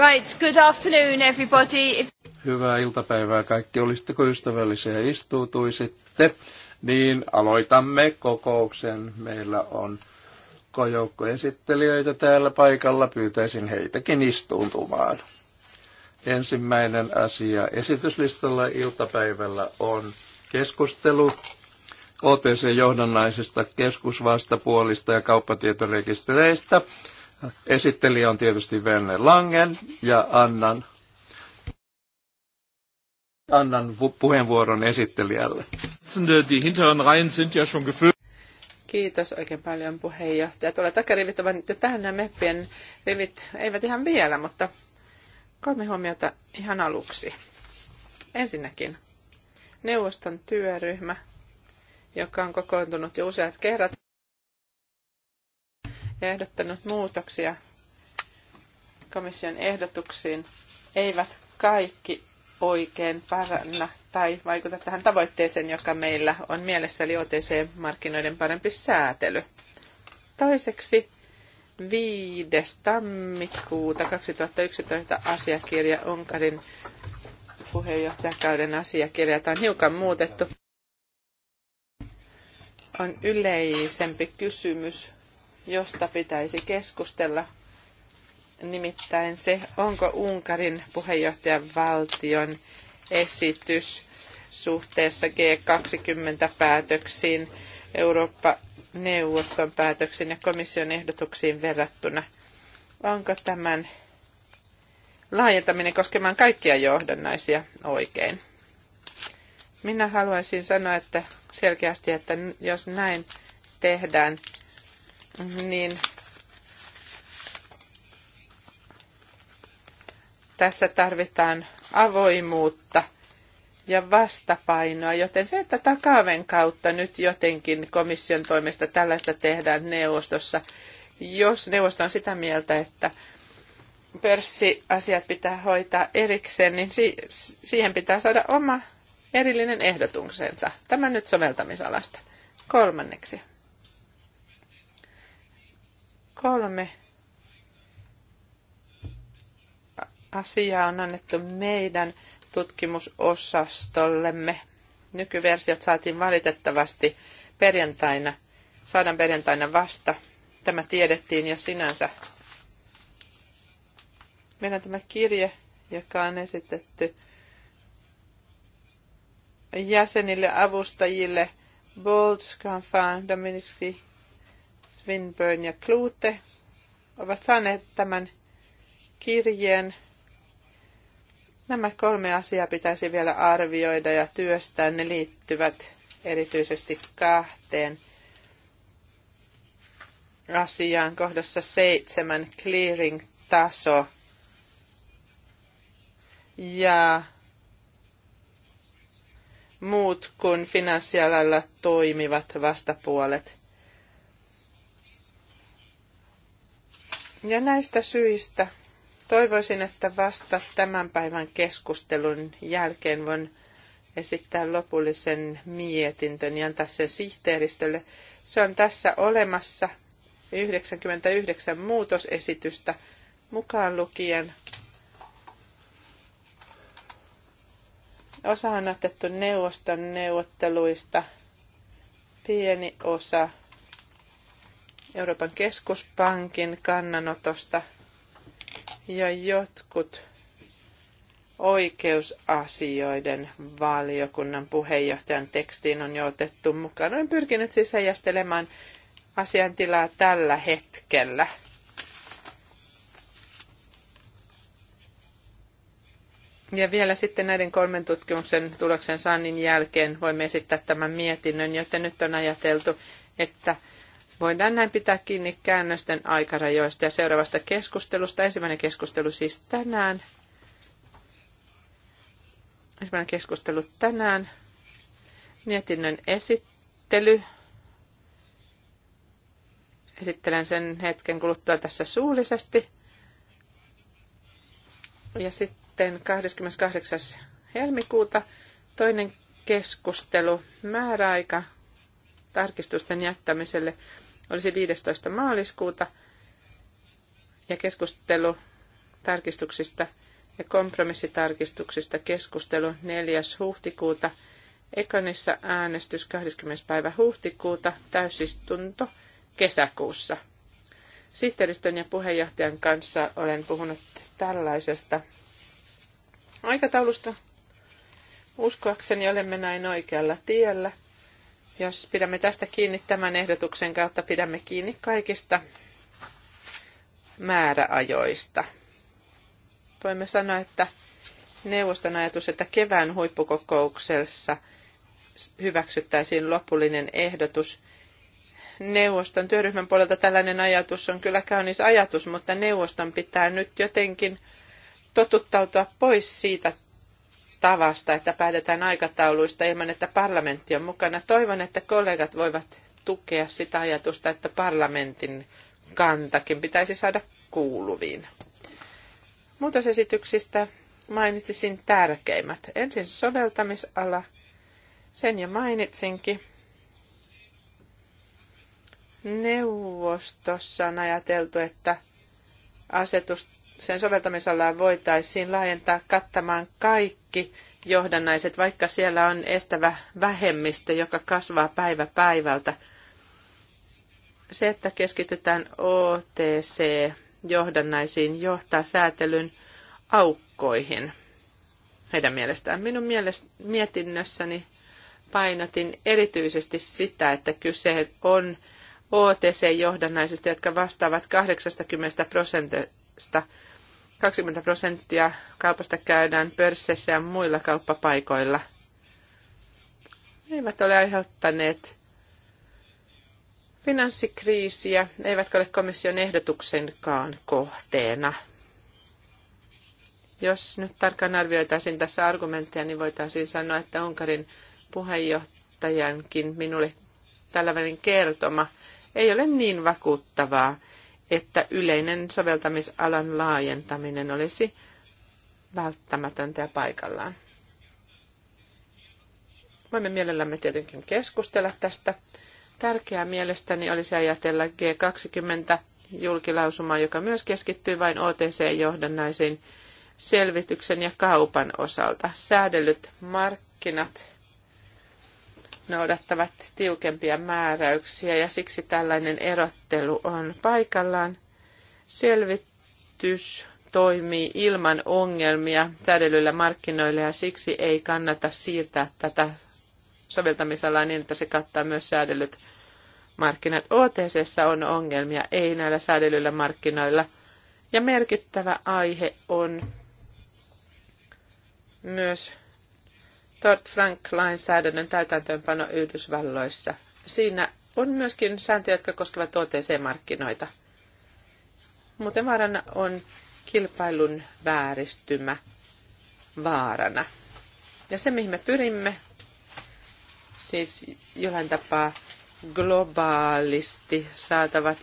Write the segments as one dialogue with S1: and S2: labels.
S1: Right, good afternoon everybody. If... Hyvää iltapäivää kaikki. Olisitteko ystävällisiä istuutuisitte? Niin, aloitamme kokouksen. Meillä on kojoukko esittelijöitä täällä paikalla. Pyytäisin heitäkin istuutumaan. Ensimmäinen asia esityslistalla iltapäivällä on keskustelu otc johdannaisista keskusvastapuolista ja kauppatietorekistereistä. Esittelijä on tietysti Venne Langen ja annan, annan puheenvuoron esittelijälle.
S2: Kiitos oikein paljon puheenjohtaja. Tuolla takarivit ovat nyt tähän nämä meppien rivit eivät ihan vielä, mutta kolme huomiota ihan aluksi. Ensinnäkin neuvoston työryhmä, joka on kokoontunut jo useat kerrat ehdottanut muutoksia komission ehdotuksiin, eivät kaikki oikein paranna tai vaikuta tähän tavoitteeseen, joka meillä on mielessä, eli OTC-markkinoiden parempi säätely. Toiseksi 5. tammikuuta 2011 asiakirja Unkarin puheenjohtajakauden asiakirja, jota on hiukan muutettu, on yleisempi kysymys josta pitäisi keskustella. Nimittäin se, onko Unkarin puheenjohtajan valtion esitys suhteessa G20-päätöksiin, Eurooppa-neuvoston päätöksiin ja komission ehdotuksiin verrattuna. Onko tämän laajentaminen koskemaan kaikkia johdannaisia oikein? Minä haluaisin sanoa että selkeästi, että jos näin tehdään, niin tässä tarvitaan avoimuutta ja vastapainoa, joten se, että takaven kautta nyt jotenkin komission toimesta tällaista tehdään neuvostossa, jos neuvosto on sitä mieltä, että pörssiasiat pitää hoitaa erikseen, niin siihen pitää saada oma erillinen ehdotuksensa. Tämä nyt soveltamisalasta. Kolmanneksi. Kolme asiaa on annettu meidän tutkimusosastollemme. Nykyversiot saatiin valitettavasti perjantaina, saadaan perjantaina vasta. Tämä tiedettiin jo sinänsä. Meillä on tämä kirje, joka on esitetty jäsenille, avustajille, Bolts, Canfan, Swinburne ja Klute ovat saaneet tämän kirjeen. Nämä kolme asiaa pitäisi vielä arvioida ja työstää. Ne liittyvät erityisesti kahteen asiaan. Kohdassa seitsemän clearing-taso ja muut kuin finanssialalla toimivat vastapuolet. Ja näistä syistä toivoisin, että vasta tämän päivän keskustelun jälkeen voin esittää lopullisen mietintöni ja antaa sen sihteeristölle. Se on tässä olemassa 99 muutosesitystä mukaan lukien. Osa on otettu neuvoston neuvotteluista, pieni osa Euroopan keskuspankin kannanotosta ja jotkut oikeusasioiden valiokunnan puheenjohtajan tekstiin on jo otettu mukaan. Olen pyrkinyt siis heijastelemaan asiantilaa tällä hetkellä. Ja vielä sitten näiden kolmen tutkimuksen tuloksen saannin jälkeen voimme esittää tämän mietinnön, joten nyt on ajateltu, että Voidaan näin pitää kiinni käännösten aikarajoista ja seuraavasta keskustelusta. Ensimmäinen keskustelu siis tänään. Ensimmäinen keskustelu tänään. Mietinnön esittely. Esittelen sen hetken kuluttua tässä suullisesti. Ja sitten 28. helmikuuta toinen keskustelu, määräaika tarkistusten jättämiselle olisi 15. maaliskuuta ja keskustelu tarkistuksista ja kompromissitarkistuksista keskustelu 4. huhtikuuta. Ekonissa äänestys 20. päivä huhtikuuta, täysistunto kesäkuussa. Sihteeristön ja puheenjohtajan kanssa olen puhunut tällaisesta aikataulusta. Uskoakseni olemme näin oikealla tiellä. Jos pidämme tästä kiinni tämän ehdotuksen kautta, pidämme kiinni kaikista määräajoista. Voimme sanoa, että neuvoston ajatus, että kevään huippukokouksessa hyväksyttäisiin lopullinen ehdotus. Neuvoston työryhmän puolelta tällainen ajatus on kyllä kaunis ajatus, mutta neuvoston pitää nyt jotenkin totuttautua pois siitä tavasta, että päätetään aikatauluista ilman, että parlamentti on mukana. Toivon, että kollegat voivat tukea sitä ajatusta, että parlamentin kantakin pitäisi saada kuuluviin. Muutosesityksistä mainitsisin tärkeimmät. Ensin soveltamisala, sen jo mainitsinkin. Neuvostossa on ajateltu, että asetus sen soveltamisalaa voitaisiin laajentaa kattamaan kaikki johdannaiset, vaikka siellä on estävä vähemmistö, joka kasvaa päivä päivältä. Se, että keskitytään OTC-johdannaisiin, johtaa säätelyn aukkoihin heidän mielestään. Minun mielestä, mietinnössäni painotin erityisesti sitä, että kyse on OTC-johdannaisista, jotka vastaavat 80 prosentista 20 prosenttia kaupasta käydään pörssissä ja muilla kauppapaikoilla. Ne eivät ole aiheuttaneet finanssikriisiä, eivät ole komission ehdotuksenkaan kohteena. Jos nyt tarkkaan arvioitaisiin tässä argumentteja, niin voitaisiin sanoa, että Unkarin puheenjohtajankin minulle tällä välin kertoma ei ole niin vakuuttavaa, että yleinen soveltamisalan laajentaminen olisi välttämätöntä ja paikallaan. Voimme mielellämme tietenkin keskustella tästä. Tärkeää mielestäni olisi ajatella G20 julkilausumaa, joka myös keskittyy vain OTC-johdannaisiin selvityksen ja kaupan osalta. Säädellyt markkinat noudattavat tiukempia määräyksiä ja siksi tällainen erottelu on paikallaan. Selvitys toimii ilman ongelmia säädellyillä markkinoilla ja siksi ei kannata siirtää tätä soveltamisalaa niin, että se kattaa myös säädellyt markkinat. OTC on ongelmia, ei näillä säädellyillä markkinoilla. Ja merkittävä aihe on myös Todd Frank-lainsäädännön täytäntöönpano Yhdysvalloissa. Siinä on myöskin sääntöjä, jotka koskevat OTC-markkinoita. Muuten vaarana on kilpailun vääristymä vaarana. Ja se, mihin me pyrimme, siis jollain tapaa globaalisti saatavat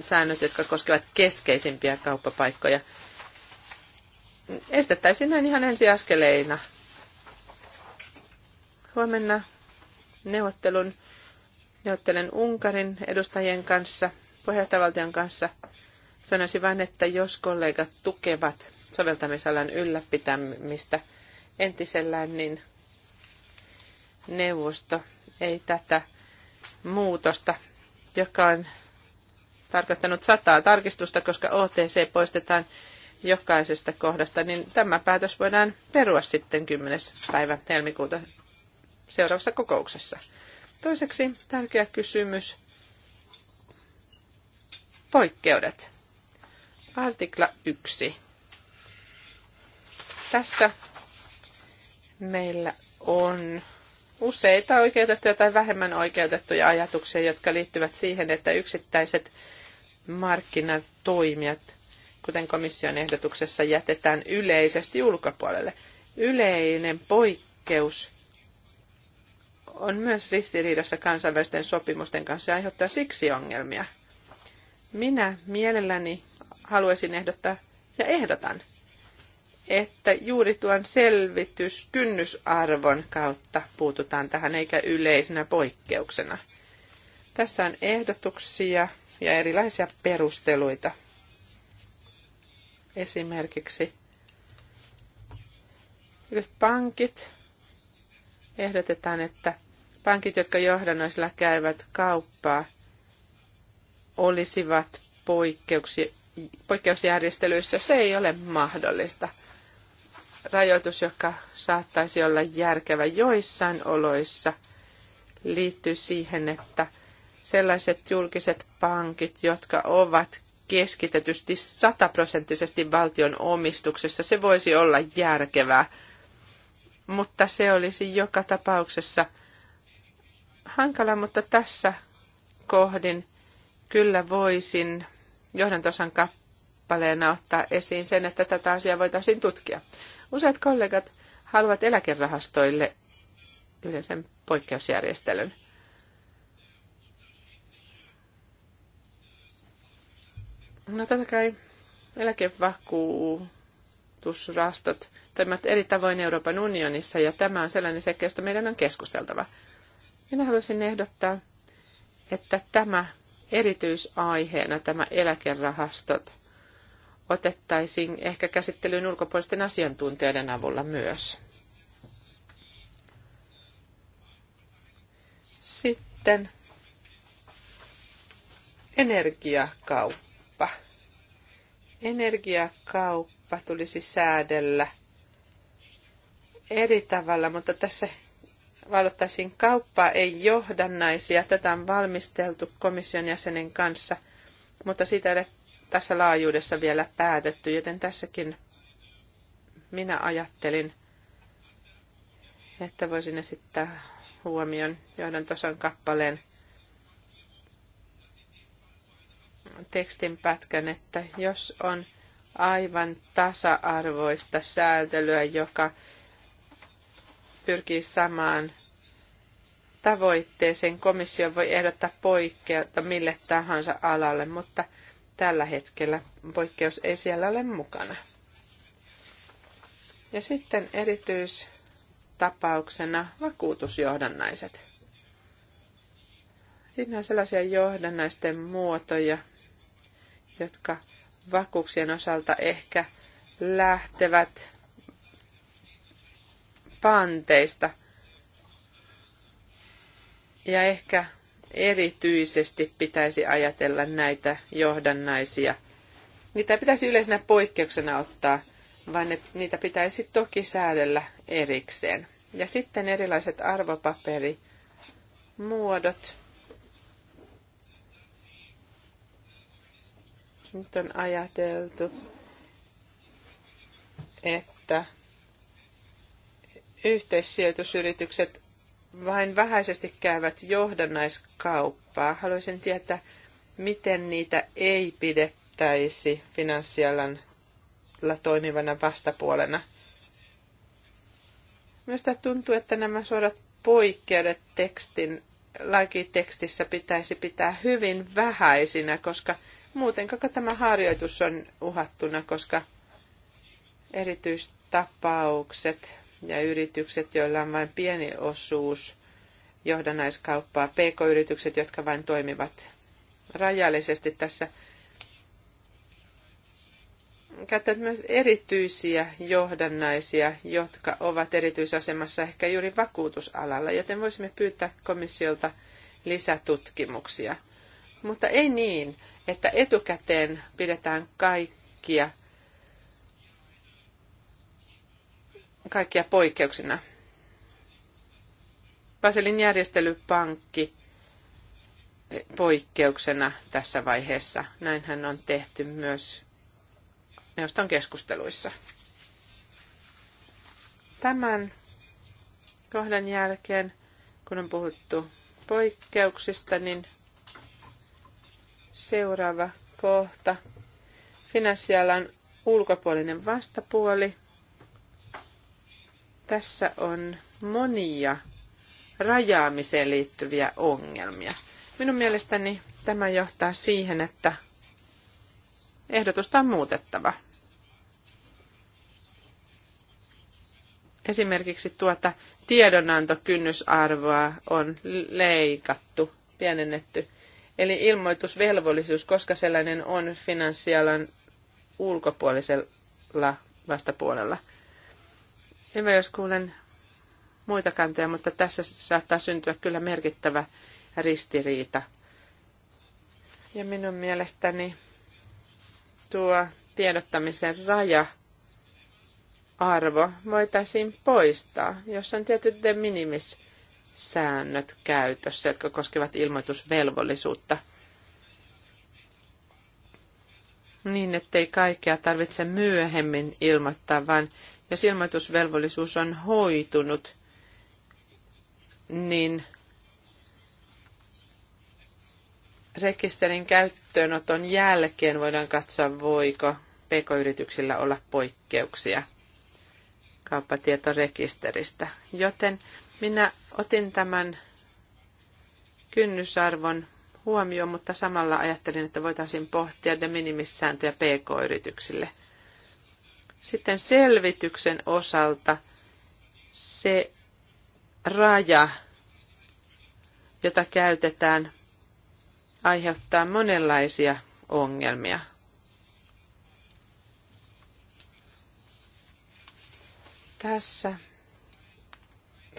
S2: säännöt, jotka koskevat keskeisimpiä kauppapaikkoja, estettäisiin näin ihan ensiaskeleina Huomenna neuvottelun neuvottelen Unkarin edustajien kanssa, puheenjohtajavaltion kanssa. Sanoisin vain, että jos kollegat tukevat soveltamisalan ylläpitämistä entisellään, niin neuvosto ei tätä muutosta, joka on tarkoittanut sataa tarkistusta, koska OTC poistetaan jokaisesta kohdasta, niin tämä päätös voidaan perua sitten 10. päivä helmikuuta seuraavassa kokouksessa. Toiseksi tärkeä kysymys. Poikkeudet. Artikla 1. Tässä meillä on useita oikeutettuja tai vähemmän oikeutettuja ajatuksia, jotka liittyvät siihen, että yksittäiset markkinatoimijat, kuten komission ehdotuksessa, jätetään yleisesti ulkopuolelle. Yleinen poikkeus on myös ristiriidassa kansainvälisten sopimusten kanssa ja aiheuttaa siksi ongelmia. Minä mielelläni haluaisin ehdottaa ja ehdotan, että juuri tuon selvityskynnysarvon kautta puututaan tähän eikä yleisenä poikkeuksena. Tässä on ehdotuksia ja erilaisia perusteluita. Esimerkiksi pankit ehdotetaan, että pankit, jotka johdannoisilla käyvät kauppaa, olisivat poikkeuksi, poikkeusjärjestelyissä. Se ei ole mahdollista. Rajoitus, joka saattaisi olla järkevä joissain oloissa, liittyy siihen, että sellaiset julkiset pankit, jotka ovat keskitetysti sataprosenttisesti valtion omistuksessa, se voisi olla järkevää. Mutta se olisi joka tapauksessa – hankala, mutta tässä kohdin kyllä voisin johdantosan kappaleena ottaa esiin sen, että tätä asiaa voitaisiin tutkia. Useat kollegat haluavat eläkerahastoille yleisen poikkeusjärjestelyn. No totta kai eläkevakuutusrastot toimivat eri tavoin Euroopan unionissa ja tämä on sellainen seikka, josta meidän on keskusteltava. Minä haluaisin ehdottaa, että tämä erityisaiheena tämä eläkerahastot otettaisiin ehkä käsittelyyn ulkopuolisten asiantuntijoiden avulla myös. Sitten energiakauppa. Energiakauppa tulisi säädellä eri tavalla, mutta tässä valvottaisiin kauppaa, ei johdannaisia. Tätä on valmisteltu komission jäsenen kanssa, mutta siitä ei ole tässä laajuudessa vielä päätetty, joten tässäkin minä ajattelin, että voisin esittää huomion johdantosan kappaleen tekstin pätkän, että jos on aivan tasa-arvoista säätelyä, joka pyrkii samaan tavoitteeseen. Komissio voi ehdottaa poikkeusta mille tahansa alalle, mutta tällä hetkellä poikkeus ei siellä ole mukana. Ja sitten erityistapauksena vakuutusjohdannaiset. Siinä on sellaisia johdannaisten muotoja, jotka vakuuksien osalta ehkä lähtevät panteista. Ja ehkä erityisesti pitäisi ajatella näitä johdannaisia. Niitä pitäisi yleisenä poikkeuksena ottaa, vaan ne, niitä pitäisi toki säädellä erikseen. Ja sitten erilaiset arvopaperimuodot. Nyt on ajateltu, että yhteissijoitusyritykset vain vähäisesti käyvät johdannaiskauppaa. Haluaisin tietää, miten niitä ei pidettäisi finanssialan toimivana vastapuolena. Minusta tuntuu, että nämä suorat poikkeudet tekstin, lakitekstissä pitäisi pitää hyvin vähäisinä, koska muuten koko tämä harjoitus on uhattuna, koska erityistapaukset ja yritykset, joilla on vain pieni osuus johdannaiskauppaa, pk-yritykset, jotka vain toimivat rajallisesti tässä käyttävät myös erityisiä johdannaisia, jotka ovat erityisasemassa ehkä juuri vakuutusalalla, joten voisimme pyytää komissiolta lisätutkimuksia. Mutta ei niin, että etukäteen pidetään kaikkia kaikkia poikkeuksina. Baselin järjestelypankki poikkeuksena tässä vaiheessa. Näinhän on tehty myös neuvoston keskusteluissa. Tämän kohdan jälkeen, kun on puhuttu poikkeuksista, niin seuraava kohta. Finanssialan ulkopuolinen vastapuoli – tässä on monia rajaamiseen liittyviä ongelmia. Minun mielestäni tämä johtaa siihen, että ehdotusta on muutettava. Esimerkiksi tuota tiedonantokynnysarvoa on leikattu, pienennetty. Eli ilmoitusvelvollisuus, koska sellainen on finanssialan ulkopuolisella vastapuolella – Hyvä, jos kuulen muita kantoja, mutta tässä saattaa syntyä kyllä merkittävä ristiriita. Ja minun mielestäni tuo tiedottamisen raja arvo voitaisiin poistaa, jos on tietyt de minimis säännöt käytössä, jotka koskevat ilmoitusvelvollisuutta. Niin, ettei kaikkea tarvitse myöhemmin ilmoittaa, vaan jos ilmoitusvelvollisuus on hoitunut, niin rekisterin käyttöönoton jälkeen voidaan katsoa, voiko pk-yrityksillä olla poikkeuksia kauppatietorekisteristä. Joten minä otin tämän kynnysarvon huomioon, mutta samalla ajattelin, että voitaisiin pohtia de minimissääntöjä pk-yrityksille – sitten selvityksen osalta se raja, jota käytetään, aiheuttaa monenlaisia ongelmia. Tässä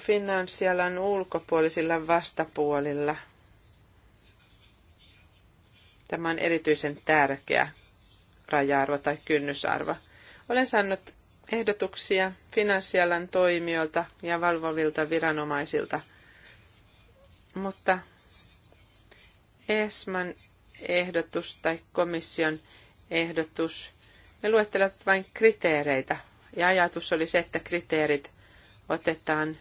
S2: finanssialan ulkopuolisilla vastapuolilla tämä on erityisen tärkeä raja-arvo tai kynnysarvo. Olen saanut ehdotuksia finanssialan toimijoilta ja valvovilta viranomaisilta, mutta ESMAN ehdotus tai komission ehdotus, ne luettelevat vain kriteereitä. Ja ajatus oli se, että kriteerit otetaan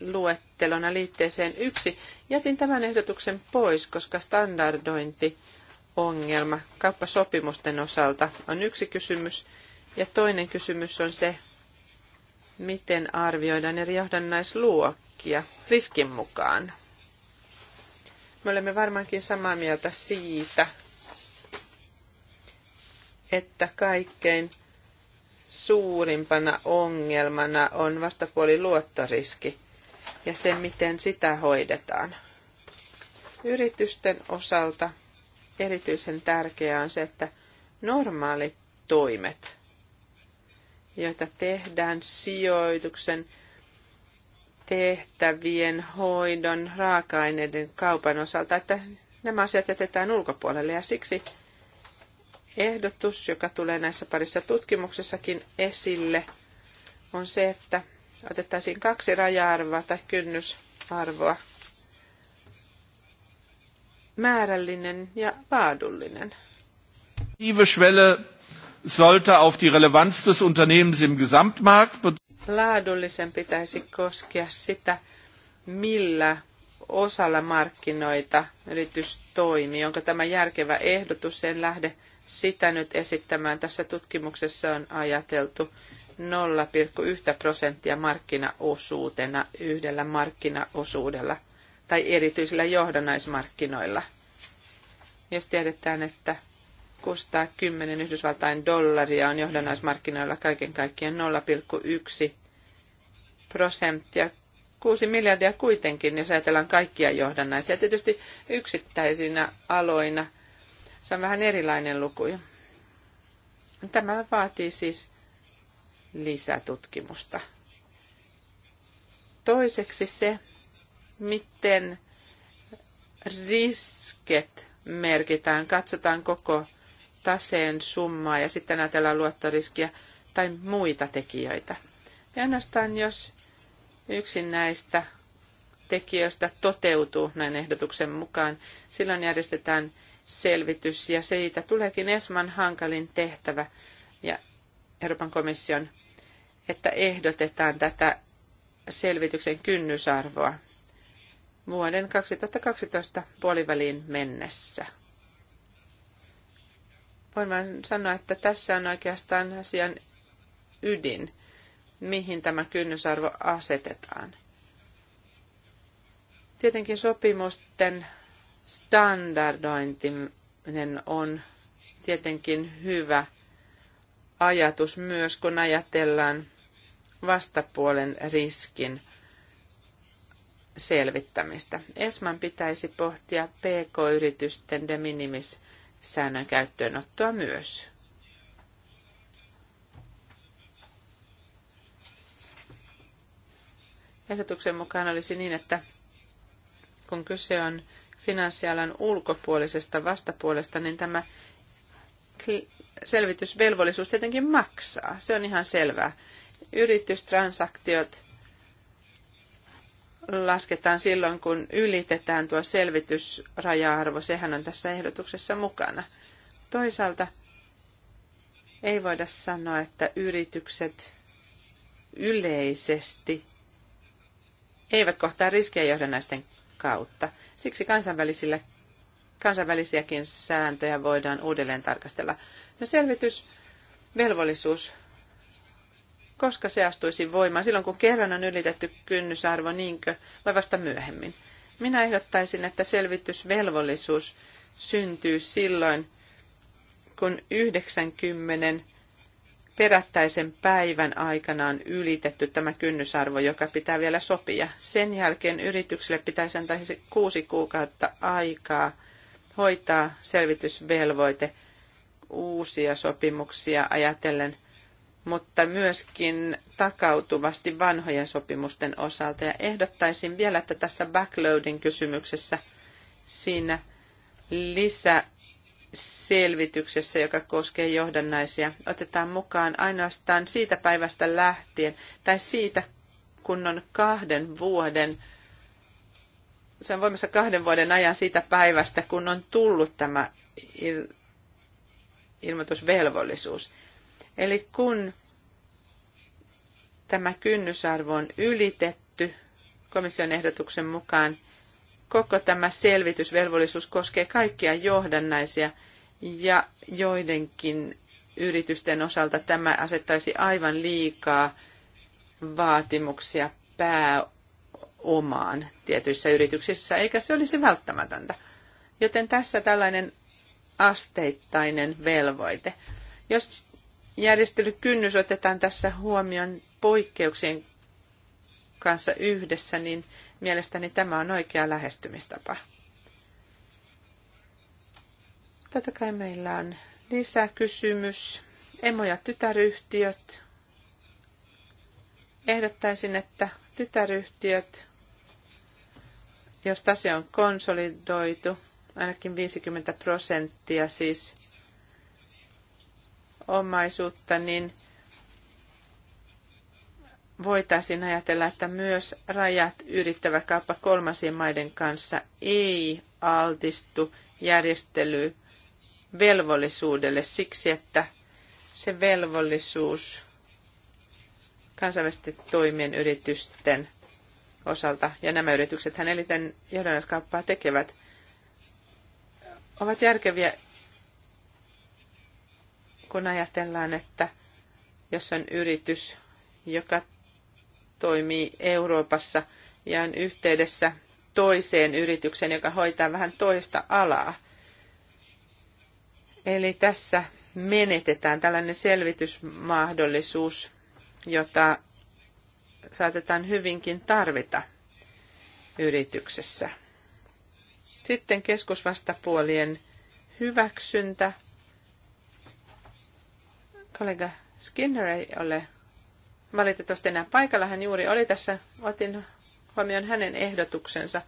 S2: luettelona liitteeseen yksi. Jätin tämän ehdotuksen pois, koska standardointi ongelma kauppasopimusten osalta on yksi kysymys. Ja toinen kysymys on se, miten arvioidaan eri johdannaisluokkia riskin mukaan. Me olemme varmaankin samaa mieltä siitä, että kaikkein suurimpana ongelmana on luottoriski ja se, miten sitä hoidetaan. Yritysten osalta erityisen tärkeää on se, että normaalit toimet, joita tehdään sijoituksen, tehtävien, hoidon, raaka-aineiden kaupan osalta, että nämä asiat jätetään ulkopuolelle ja siksi ehdotus, joka tulee näissä parissa tutkimuksessakin esille, on se, että otettaisiin kaksi raja-arvoa tai kynnysarvoa määrällinen ja laadullinen.
S1: Schwelle sollte auf die Relevanz des Unternehmens im Gesamtmarkt
S2: Laadullisen pitäisi koskea sitä, millä osalla markkinoita yritys toimii. Onko tämä järkevä ehdotus? En lähde sitä nyt esittämään. Tässä tutkimuksessa on ajateltu 0,1 prosenttia markkinaosuutena yhdellä markkinaosuudella – tai erityisillä johdannaismarkkinoilla. Jos tiedetään, että 610 Yhdysvaltain dollaria on johdannaismarkkinoilla kaiken kaikkiaan 0,1 prosenttia. 6 miljardia kuitenkin, jos ajatellaan kaikkia johdannaisia. Tietysti yksittäisinä aloina se on vähän erilainen luku. Tämä vaatii siis lisätutkimusta. Toiseksi se, miten risket merkitään, katsotaan koko taseen summaa ja sitten ajatellaan luottoriskiä tai muita tekijöitä. Ja ainoastaan jos yksin näistä tekijöistä toteutuu näin ehdotuksen mukaan, silloin järjestetään selvitys ja siitä tuleekin ESMAn hankalin tehtävä ja Euroopan komission, että ehdotetaan tätä selvityksen kynnysarvoa vuoden 2012 puoliväliin mennessä. Voin vain sanoa, että tässä on oikeastaan asian ydin, mihin tämä kynnysarvo asetetaan. Tietenkin sopimusten standardointinen on tietenkin hyvä ajatus myös, kun ajatellaan vastapuolen riskin selvittämistä. ESMAN pitäisi pohtia PK-yritysten de minimis säännön käyttöönottoa myös. Ehdotuksen mukaan olisi niin, että kun kyse on finanssialan ulkopuolisesta vastapuolesta, niin tämä selvitysvelvollisuus tietenkin maksaa. Se on ihan selvää. Yritystransaktiot lasketaan silloin, kun ylitetään tuo selvitysraja-arvo. Sehän on tässä ehdotuksessa mukana. Toisaalta ei voida sanoa, että yritykset yleisesti eivät kohtaa riskejä johdannaisten kautta. Siksi kansainvälisillä, kansainvälisiäkin sääntöjä voidaan uudelleen tarkastella. No selvitysvelvollisuus koska se astuisi voimaan, silloin kun kerran on ylitetty kynnysarvo, niinkö, vai vasta myöhemmin. Minä ehdottaisin, että selvitysvelvollisuus syntyy silloin, kun 90 perättäisen päivän aikana on ylitetty tämä kynnysarvo, joka pitää vielä sopia. Sen jälkeen yritykselle pitäisi antaa kuusi kuukautta aikaa hoitaa selvitysvelvoite uusia sopimuksia ajatellen – mutta myöskin takautuvasti vanhojen sopimusten osalta. Ja ehdottaisin vielä, että tässä backloading kysymyksessä siinä lisäselvityksessä, joka koskee johdannaisia, otetaan mukaan ainoastaan siitä päivästä lähtien tai siitä, kun on kahden vuoden se on voimassa kahden vuoden ajan siitä päivästä, kun on tullut tämä ilmoitusvelvollisuus. Eli kun tämä kynnysarvo on ylitetty komission ehdotuksen mukaan, koko tämä selvitysvelvollisuus koskee kaikkia johdannaisia ja joidenkin yritysten osalta tämä asettaisi aivan liikaa vaatimuksia pääomaan tietyissä yrityksissä, eikä se olisi välttämätöntä. Joten tässä tällainen asteittainen velvoite. Jos järjestelykynnys otetaan tässä huomioon poikkeuksien kanssa yhdessä, niin mielestäni tämä on oikea lähestymistapa. Tätä kai meillä on lisäkysymys. Emo- ja tytäryhtiöt. Ehdottaisin, että tytäryhtiöt, jos tase on konsolidoitu, ainakin 50 prosenttia siis omaisuutta, niin voitaisiin ajatella, että myös rajat yrittävä kauppa kolmansien maiden kanssa ei altistu järjestely velvollisuudelle siksi, että se velvollisuus kansainvälisten toimien yritysten osalta, ja nämä yritykset hän eliten johdannaiskauppaa tekevät, ovat järkeviä kun ajatellaan, että jos on yritys, joka toimii Euroopassa ja on yhteydessä toiseen yritykseen, joka hoitaa vähän toista alaa. Eli tässä menetetään tällainen selvitysmahdollisuus, jota saatetaan hyvinkin tarvita yrityksessä. Sitten keskusvastapuolien hyväksyntä Kollega Skinner ei ole valitettavasti enää paikalla. Hän juuri oli tässä. Otin huomioon hänen ehdotuksensa.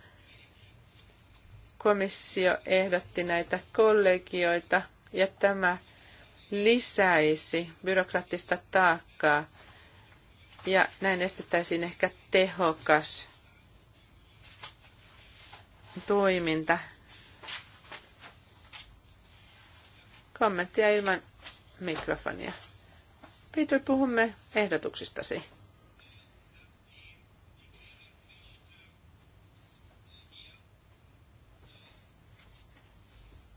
S2: Komissio ehdotti näitä kollegioita ja tämä lisäisi byrokraattista taakkaa ja näin estettäisiin ehkä tehokas toiminta. Kommenttia ilman mikrofonia. Peter, puhumme ehdotuksistasi.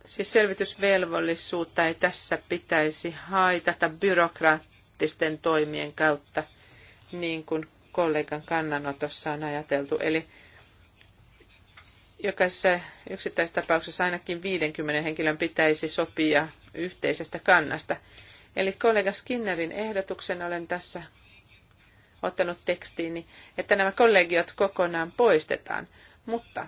S2: Siis selvitysvelvollisuutta ei tässä pitäisi haitata byrokraattisten toimien kautta, niin kuin kollegan kannanotossa on ajateltu. Eli jokaisessa yksittäistapauksessa ainakin 50 henkilön pitäisi sopia yhteisestä kannasta. Eli kollega Skinnerin ehdotuksen olen tässä ottanut tekstiini, että nämä kollegiot kokonaan poistetaan. Mutta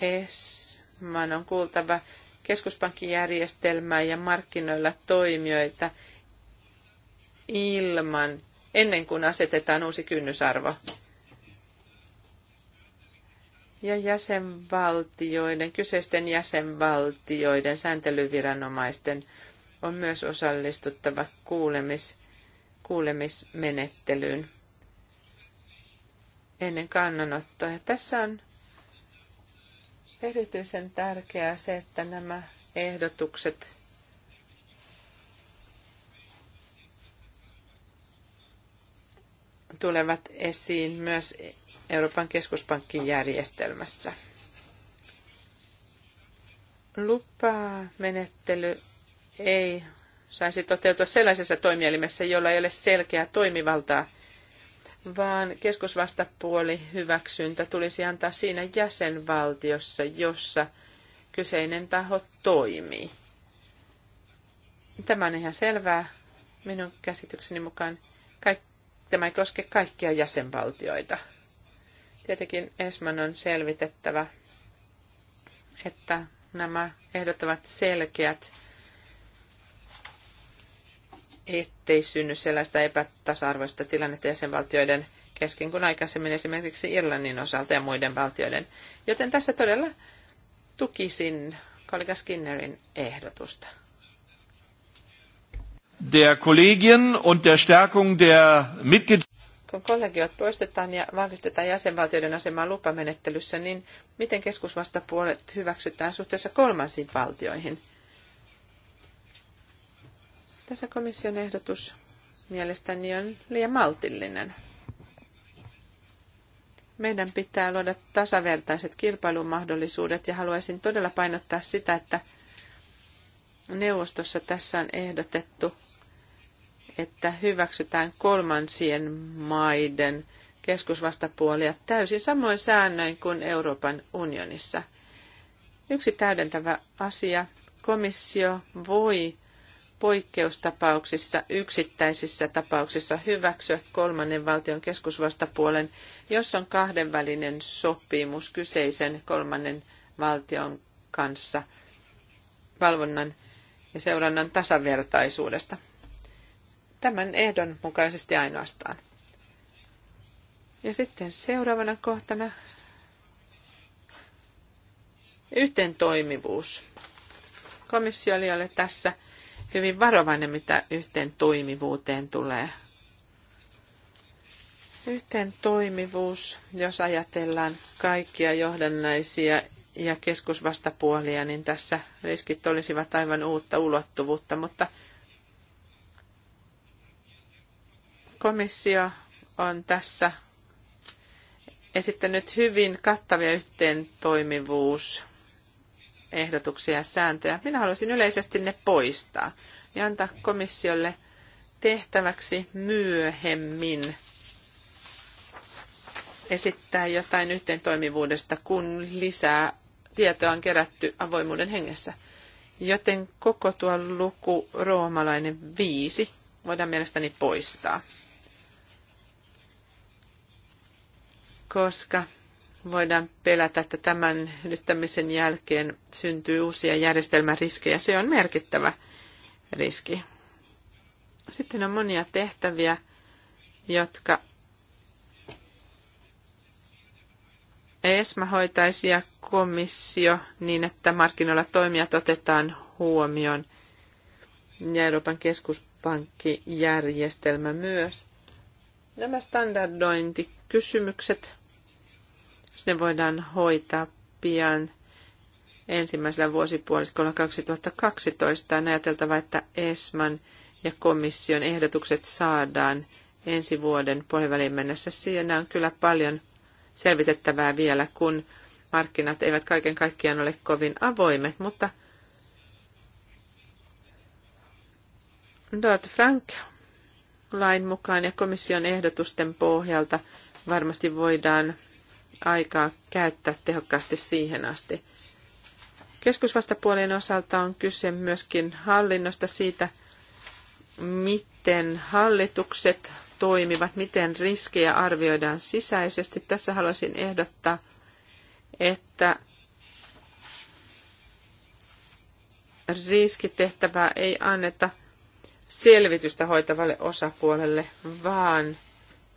S2: ESMAN on kuultava keskuspankkijärjestelmää ja markkinoilla toimijoita ilman, ennen kuin asetetaan uusi kynnysarvo ja jäsenvaltioiden, kyseisten jäsenvaltioiden sääntelyviranomaisten on myös osallistuttava kuulemis, kuulemismenettelyyn ennen kannanottoa. Ja tässä on erityisen tärkeää se, että nämä ehdotukset tulevat esiin myös Euroopan keskuspankin järjestelmässä. Lupamenettely ei saisi toteutua sellaisessa toimielimessä, jolla ei ole selkeää toimivaltaa, vaan keskusvastapuoli hyväksyntä tulisi antaa siinä jäsenvaltiossa, jossa kyseinen taho toimii. Tämä on ihan selvää minun käsitykseni mukaan. Kaik- tämä ei koske kaikkia jäsenvaltioita. Tietenkin Esman on selvitettävä, että nämä ehdot ovat selkeät, ettei synny sellaista epätasa-arvoista tilannetta jäsenvaltioiden kesken kuin aikaisemmin esimerkiksi Irlannin osalta ja muiden valtioiden. Joten tässä todella tukisin kollega Skinnerin ehdotusta.
S1: Der Kollegien und der Stärkung der Mitglied
S2: kun kollegiot poistetaan ja vahvistetaan jäsenvaltioiden asemaa lupamenettelyssä, niin miten keskusvastapuolet hyväksytään suhteessa kolmansiin valtioihin? Tässä komission ehdotus mielestäni on liian maltillinen. Meidän pitää luoda tasavertaiset kilpailumahdollisuudet ja haluaisin todella painottaa sitä, että neuvostossa tässä on ehdotettu että hyväksytään kolmansien maiden keskusvastapuolia täysin samoin säännöin kuin Euroopan unionissa. Yksi täydentävä asia. Komissio voi poikkeustapauksissa, yksittäisissä tapauksissa hyväksyä kolmannen valtion keskusvastapuolen, jos on kahdenvälinen sopimus kyseisen kolmannen valtion kanssa valvonnan ja seurannan tasavertaisuudesta. Tämän ehdon mukaisesti ainoastaan. Ja sitten seuraavana kohtana yhteen toimivuus. Komissio oli ole tässä hyvin varovainen, mitä yhteen toimivuuteen tulee. Yhteen toimivuus, jos ajatellaan kaikkia johdannaisia ja keskusvastapuolia, niin tässä riskit olisivat aivan uutta ulottuvuutta, mutta – Komissio on tässä esittänyt hyvin kattavia yhteen toimivuus ehdotuksia ja sääntöjä. Minä haluaisin yleisesti ne poistaa ja antaa komissiolle tehtäväksi myöhemmin esittää jotain yhteen toimivuudesta, kun lisää tietoa on kerätty avoimuuden hengessä. Joten koko tuo luku roomalainen viisi voidaan mielestäni poistaa. koska voidaan pelätä, että tämän yhdistämisen jälkeen syntyy uusia järjestelmäriskejä. Se on merkittävä riski. Sitten on monia tehtäviä, jotka ESMA hoitaisi ja komissio niin, että markkinoilla toimijat otetaan huomioon ja Euroopan keskuspankkijärjestelmä myös. Nämä standardointikysymykset sitten voidaan hoitaa pian ensimmäisellä vuosipuoliskolla 2012. On ajateltava, että ESMAN ja komission ehdotukset saadaan ensi vuoden puolivälin mennessä. Siinä on kyllä paljon selvitettävää vielä, kun markkinat eivät kaiken kaikkiaan ole kovin avoimet, mutta Dort Frank lain mukaan ja komission ehdotusten pohjalta varmasti voidaan aikaa käyttää tehokkaasti siihen asti. Keskusvastapuolien osalta on kyse myöskin hallinnosta siitä, miten hallitukset toimivat, miten riskejä arvioidaan sisäisesti. Tässä haluaisin ehdottaa, että riskitehtävää ei anneta selvitystä hoitavalle osapuolelle, vaan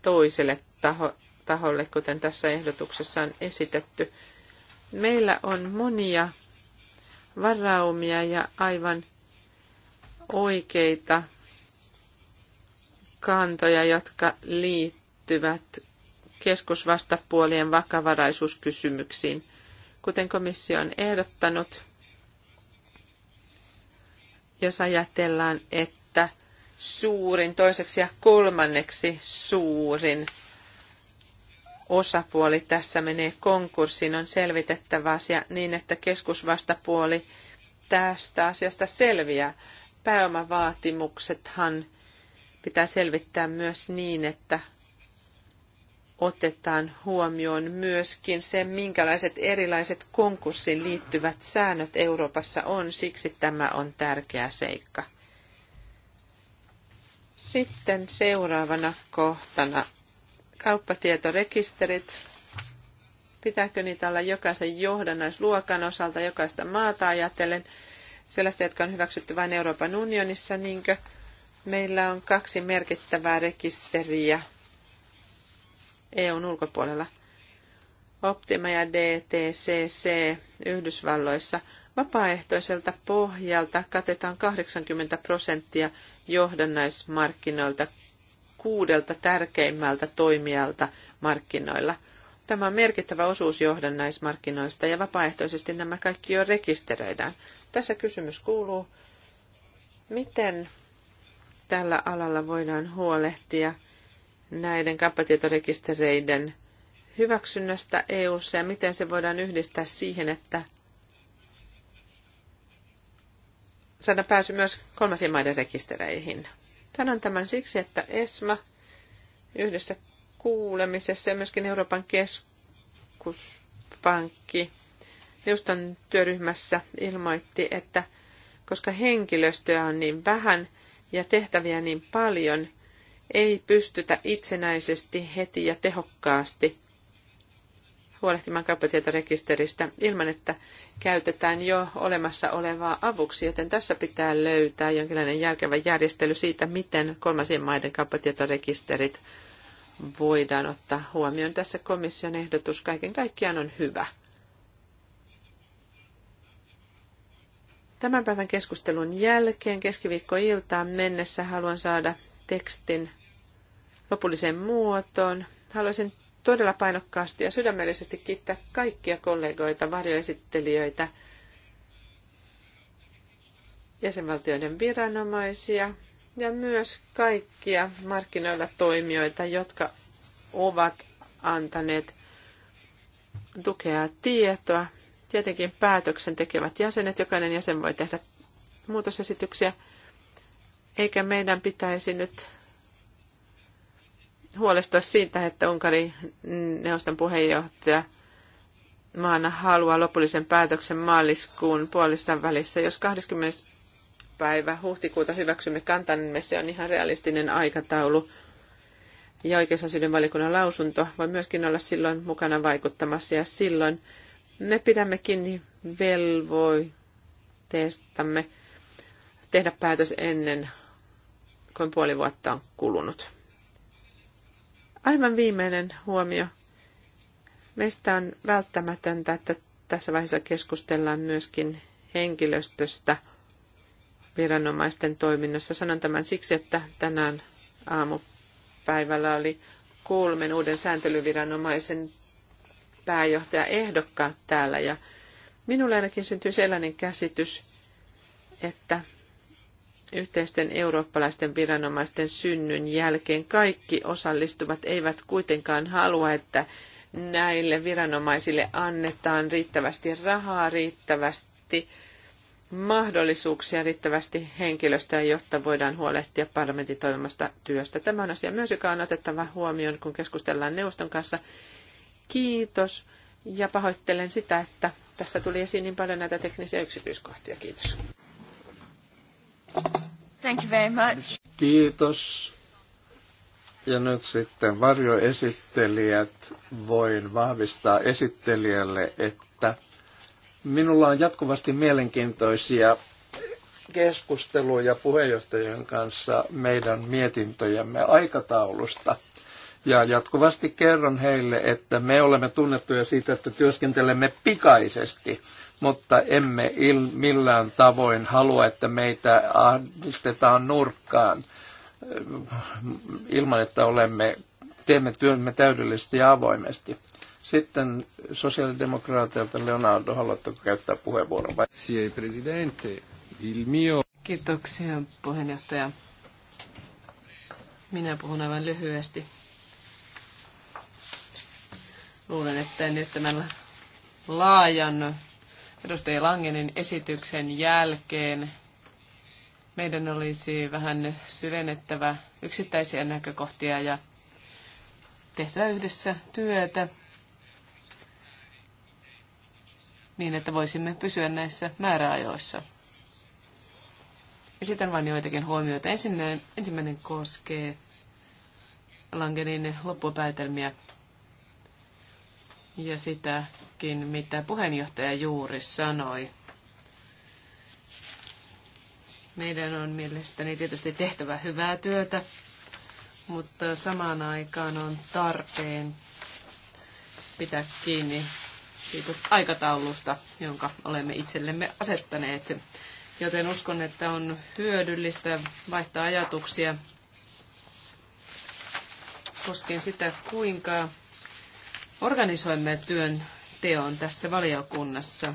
S2: toiselle taho, taholle, kuten tässä ehdotuksessa on esitetty. Meillä on monia varaumia ja aivan oikeita kantoja, jotka liittyvät keskusvastapuolien vakavaraisuuskysymyksiin. Kuten komissio on ehdottanut, jos ajatellaan, että suurin, toiseksi ja kolmanneksi suurin osapuoli tässä menee konkurssiin, on selvitettävä asia niin, että keskusvastapuoli tästä asiasta selviää. Pääomavaatimuksethan pitää selvittää myös niin, että otetaan huomioon myöskin se, minkälaiset erilaiset konkurssiin liittyvät säännöt Euroopassa on. Siksi tämä on tärkeä seikka. Sitten seuraavana kohtana kauppatietorekisterit, pitääkö niitä olla jokaisen johdannaisluokan osalta jokaista maata ajatellen, sellaista, jotka on hyväksytty vain Euroopan unionissa, niinkö meillä on kaksi merkittävää rekisteriä EUn ulkopuolella. Optima ja DTCC Yhdysvalloissa vapaaehtoiselta pohjalta katetaan 80 prosenttia johdannaismarkkinoilta kuudelta tärkeimmältä toimijalta markkinoilla. Tämä on merkittävä osuus johdannaismarkkinoista ja vapaaehtoisesti nämä kaikki jo rekisteröidään. Tässä kysymys kuuluu, miten tällä alalla voidaan huolehtia näiden kappatietorekistereiden hyväksynnästä EU:ssa ja miten se voidaan yhdistää siihen, että saadaan pääsy myös kolmasien maiden rekistereihin. Sanon tämän siksi, että ESMA yhdessä kuulemisessa ja myöskin Euroopan keskuspankki neuston työryhmässä ilmoitti, että koska henkilöstöä on niin vähän ja tehtäviä niin paljon, ei pystytä itsenäisesti heti ja tehokkaasti huolehtimaan kauppatietorekisteristä ilman, että käytetään jo olemassa olevaa avuksi, joten tässä pitää löytää jonkinlainen järkevä järjestely siitä, miten kolmansien maiden kauppatietorekisterit voidaan ottaa huomioon. Tässä komission ehdotus kaiken kaikkiaan on hyvä. Tämän päivän keskustelun jälkeen keskiviikkoiltaan mennessä haluan saada tekstin lopulliseen muotoon. Haluaisin todella painokkaasti ja sydämellisesti kiittää kaikkia kollegoita, varjoesittelijöitä, jäsenvaltioiden viranomaisia ja myös kaikkia markkinoilla toimijoita, jotka ovat antaneet tukea tietoa. Tietenkin päätöksen tekevät jäsenet, jokainen jäsen voi tehdä muutosesityksiä, eikä meidän pitäisi nyt huolestua siitä, että Unkarin neuvoston puheenjohtaja maana haluaa lopullisen päätöksen maaliskuun puolissa välissä. Jos 20. päivä huhtikuuta hyväksymme kantamme, niin se on ihan realistinen aikataulu. Ja oikeusasioiden valikunnan lausunto voi myöskin olla silloin mukana vaikuttamassa ja silloin me pidämme kiinni velvoitteestamme tehdä päätös ennen kuin puoli vuotta on kulunut. Aivan viimeinen huomio. Meistä on välttämätöntä, että tässä vaiheessa keskustellaan myöskin henkilöstöstä viranomaisten toiminnassa. Sanon tämän siksi, että tänään aamupäivällä oli kolmen uuden sääntelyviranomaisen pääjohtaja ehdokkaat täällä ja minulle ainakin syntyi sellainen käsitys, että yhteisten eurooppalaisten viranomaisten synnyn jälkeen kaikki osallistuvat eivät kuitenkaan halua, että näille viranomaisille annetaan riittävästi rahaa, riittävästi mahdollisuuksia, riittävästi henkilöstöä, jotta voidaan huolehtia parlamentin toivomasta työstä. Tämä on asia myös, joka on otettava huomioon, kun keskustellaan neuvoston kanssa. Kiitos ja pahoittelen sitä, että tässä tuli esiin niin paljon näitä teknisiä yksityiskohtia. Kiitos.
S1: Thank you very much. Kiitos. Ja nyt sitten varjoesittelijät voin vahvistaa esittelijälle, että minulla on jatkuvasti mielenkiintoisia keskusteluja puheenjohtajien kanssa meidän mietintöjämme aikataulusta. Ja jatkuvasti kerron heille, että me olemme tunnettuja siitä, että työskentelemme pikaisesti mutta emme il, millään tavoin halua, että meitä ahdistetaan nurkkaan ilman, että olemme, teemme työmme täydellisesti ja avoimesti. Sitten sosiaalidemokraatilta Leonardo, haluatteko käyttää puheenvuoron vai? presidente, il mio... Kiitoksia
S3: puheenjohtaja. Minä puhun aivan lyhyesti. Luulen, että nyt tämän laajan edustaja Langenin esityksen jälkeen meidän olisi vähän syvennettävä yksittäisiä näkökohtia ja tehtävä yhdessä työtä niin, että voisimme pysyä näissä määräajoissa. Esitän vain joitakin huomioita. Ensinnäin, ensimmäinen koskee Langenin loppupäätelmiä ja sitä, jotakin, mitä puheenjohtaja juuri sanoi. Meidän on mielestäni tietysti tehtävä hyvää työtä, mutta samaan aikaan on tarpeen pitää kiinni siitä aikataulusta, jonka olemme itsellemme asettaneet. Joten uskon, että on hyödyllistä vaihtaa ajatuksia koskien sitä, kuinka organisoimme työn teon tässä valiokunnassa.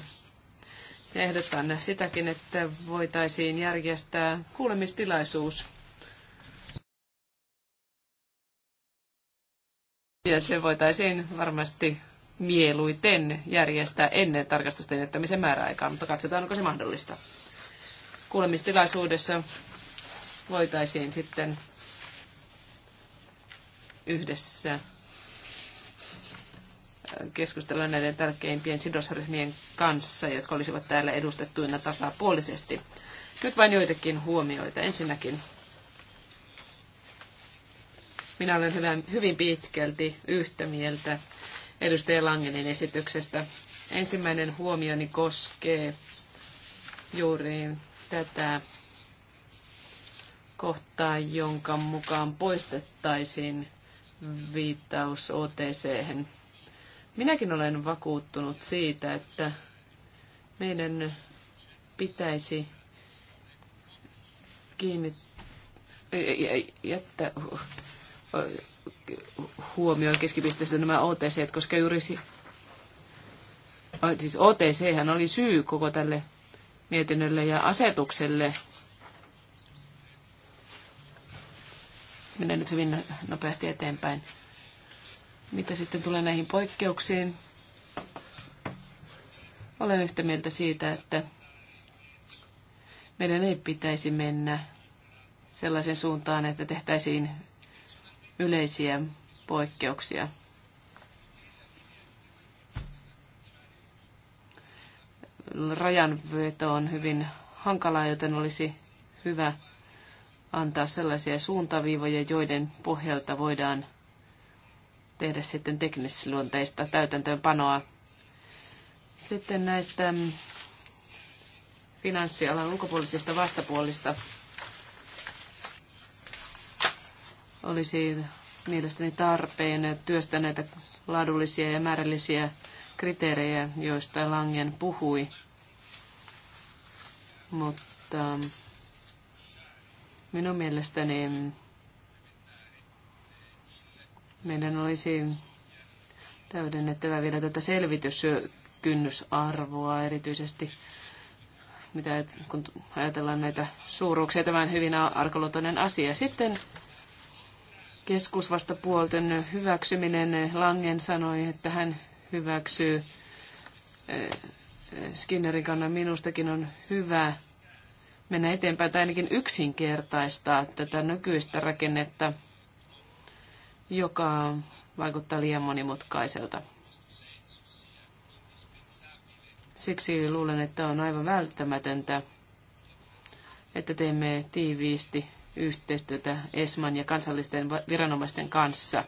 S3: Ja ehdotan sitäkin, että voitaisiin järjestää kuulemistilaisuus. Ja se voitaisiin varmasti mieluiten järjestää ennen tarkastusten jättämisen määräaikaa, mutta katsotaan, onko se mahdollista. Kuulemistilaisuudessa voitaisiin sitten yhdessä keskustella näiden tärkeimpien sidosryhmien kanssa, jotka olisivat täällä edustettuina tasapuolisesti. Nyt vain joitakin huomioita. Ensinnäkin minä olen hyvin pitkälti yhtä mieltä edustaja Langenin esityksestä. Ensimmäinen huomioni koskee juuri tätä kohtaa, jonka mukaan poistettaisiin viittaus OTC. -hän Minäkin olen vakuuttunut siitä, että meidän pitäisi kiinnittää jättää huomioon keskipisteessä nämä OTC, koska juuri si- siis OTC oli syy koko tälle mietinnölle ja asetukselle. Mennään nyt hyvin nopeasti eteenpäin. Mitä sitten tulee näihin poikkeuksiin? Olen yhtä mieltä siitä, että meidän ei pitäisi mennä sellaisen suuntaan, että tehtäisiin yleisiä poikkeuksia. Rajanveto on hyvin hankalaa, joten olisi hyvä antaa sellaisia suuntaviivoja, joiden pohjalta voidaan tehdä sitten teknisluonteista täytäntöönpanoa. Sitten näistä finanssialan ulkopuolisista vastapuolista olisi mielestäni tarpeen työstä näitä laadullisia ja määrällisiä kriteerejä, joista Langen puhui. Mutta minun mielestäni meidän olisi täydennettävä vielä tätä selvityskynnysarvoa erityisesti, mitä, kun ajatellaan näitä suuruuksia. Tämä on hyvin arkaluontoinen asia. Sitten keskusvastapuolten hyväksyminen. Langen sanoi, että hän hyväksyy eh, eh, Skinnerin kannan minustakin on hyvä mennä eteenpäin tai ainakin yksinkertaistaa tätä nykyistä rakennetta – joka vaikuttaa liian monimutkaiselta. Siksi luulen, että on aivan välttämätöntä, että teemme tiiviisti yhteistyötä ESMAN ja kansallisten viranomaisten kanssa.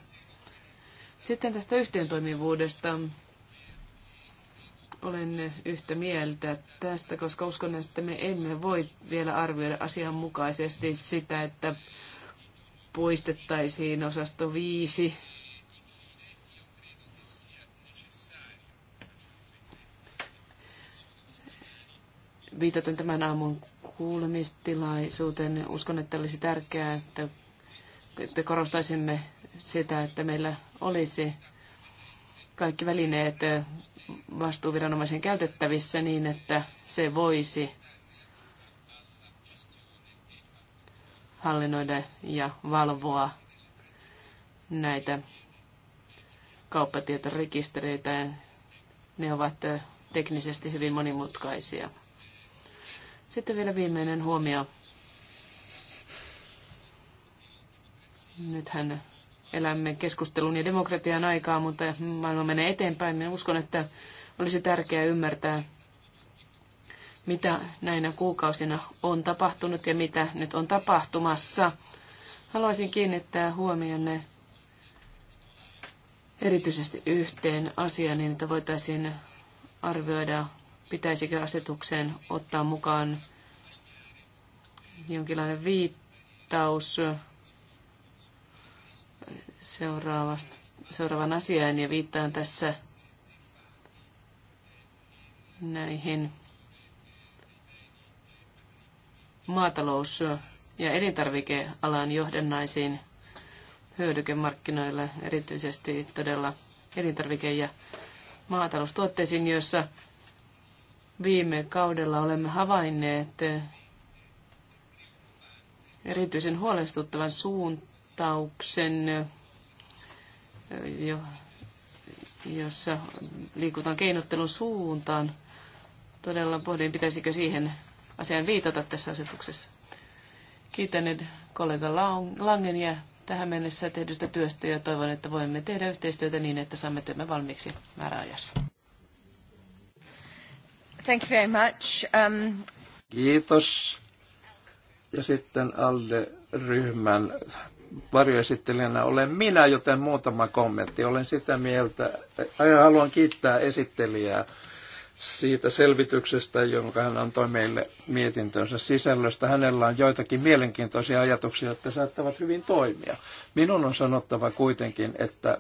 S3: Sitten tästä yhteentoimivuudesta olen yhtä mieltä tästä, koska uskon, että me emme voi vielä arvioida asianmukaisesti sitä, että poistettaisiin osasto viisi. Viitaten tämän aamun kuulemistilaisuuteen, niin uskon, että olisi tärkeää, että, että korostaisimme sitä, että meillä olisi kaikki välineet vastuuviranomaisen käytettävissä niin, että se voisi hallinnoida ja valvoa näitä kauppatietorekistereitä. Ne ovat teknisesti hyvin monimutkaisia. Sitten vielä viimeinen huomio. Nythän elämme keskustelun ja demokratian aikaa, mutta maailma menee eteenpäin. Minä uskon, että olisi tärkeää ymmärtää, mitä näinä kuukausina on tapahtunut ja mitä nyt on tapahtumassa. Haluaisin kiinnittää huomionne erityisesti yhteen asiaan, niin että voitaisiin arvioida, pitäisikö asetukseen ottaa mukaan jonkinlainen viittaus seuraavasta, seuraavan asiaan ja viittaan tässä näihin maatalous- ja elintarvikealan johdannaisiin hyödykemarkkinoille, erityisesti todella elintarvike- ja maataloustuotteisiin, joissa viime kaudella olemme havainneet erityisen huolestuttavan suuntauksen, jossa liikutaan keinottelun suuntaan. Todella pohdin, pitäisikö siihen asiaan viitata tässä asetuksessa. Kiitän kollega Langen ja tähän mennessä tehdystä työstä ja toivon, että voimme tehdä yhteistyötä niin, että saamme työmme valmiiksi määräajassa.
S1: Thank you very much. Um... Kiitos. Ja sitten ALDE-ryhmän varjoesittelijänä olen minä, joten muutama kommentti. Olen sitä mieltä, haluan kiittää esittelijää siitä selvityksestä, jonka hän antoi meille mietintönsä sisällöstä. Hänellä on joitakin mielenkiintoisia ajatuksia, jotka saattavat hyvin toimia. Minun on sanottava kuitenkin, että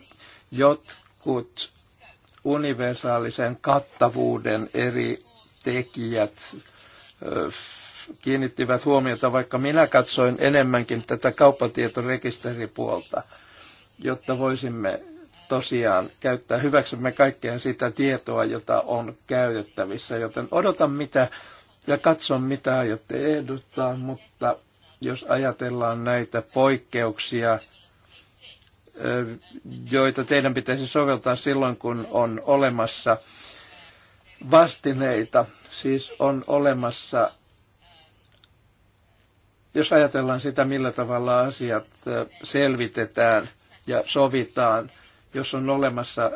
S1: jotkut universaalisen kattavuuden eri tekijät kiinnittivät huomiota, vaikka minä katsoin enemmänkin tätä kauppatietorekisteripuolta, jotta voisimme tosiaan käyttää hyväksemme kaikkea sitä tietoa, jota on käytettävissä. Joten odotan mitä ja katson mitä aiotte ehdottaa, mutta jos ajatellaan näitä poikkeuksia, joita teidän pitäisi soveltaa silloin, kun on olemassa vastineita, siis on olemassa, jos ajatellaan sitä, millä tavalla asiat selvitetään ja sovitaan – jos on olemassa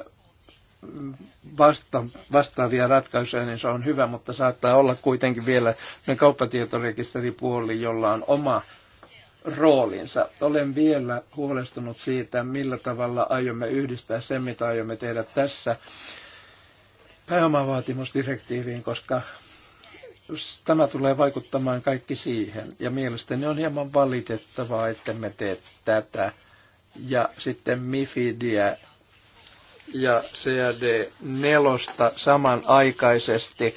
S1: vasta, vastaavia ratkaisuja, niin se on hyvä, mutta saattaa olla kuitenkin vielä ne kauppatietorekisteripuoli, jolla on oma roolinsa. Olen vielä huolestunut siitä, millä tavalla aiomme yhdistää sen, mitä aiomme tehdä tässä pääomavaatimusdirektiiviin, koska tämä tulee vaikuttamaan kaikki siihen. Ja mielestäni on hieman valitettavaa, että me tee tätä ja sitten Mifidiä ja CAD nelosta samanaikaisesti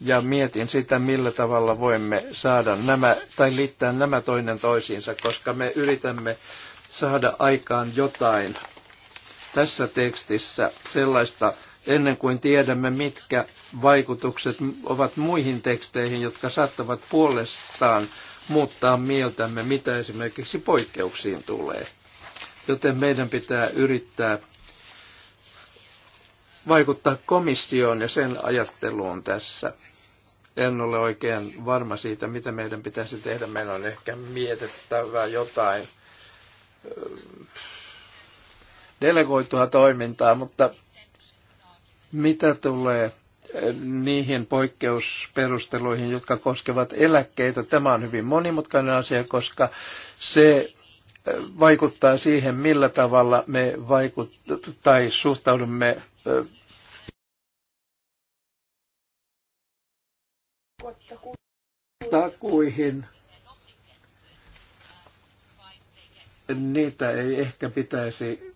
S1: ja mietin sitä, millä tavalla voimme saada nämä tai liittää nämä toinen toisiinsa, koska me yritämme saada aikaan jotain tässä tekstissä sellaista, ennen kuin tiedämme, mitkä vaikutukset ovat muihin teksteihin, jotka saattavat puolestaan muuttaa mieltämme, mitä esimerkiksi poikkeuksiin tulee joten meidän pitää yrittää vaikuttaa komissioon ja sen ajatteluun tässä. En ole oikein varma siitä, mitä meidän pitäisi tehdä. Meillä on ehkä mietittävä jotain äh, delegoitua toimintaa, mutta mitä tulee äh, niihin poikkeusperusteluihin, jotka koskevat eläkkeitä. Tämä on hyvin monimutkainen asia, koska se vaikuttaa siihen, millä tavalla me vaikut tai suhtaudumme
S3: takuihin.
S1: Niitä ei ehkä pitäisi,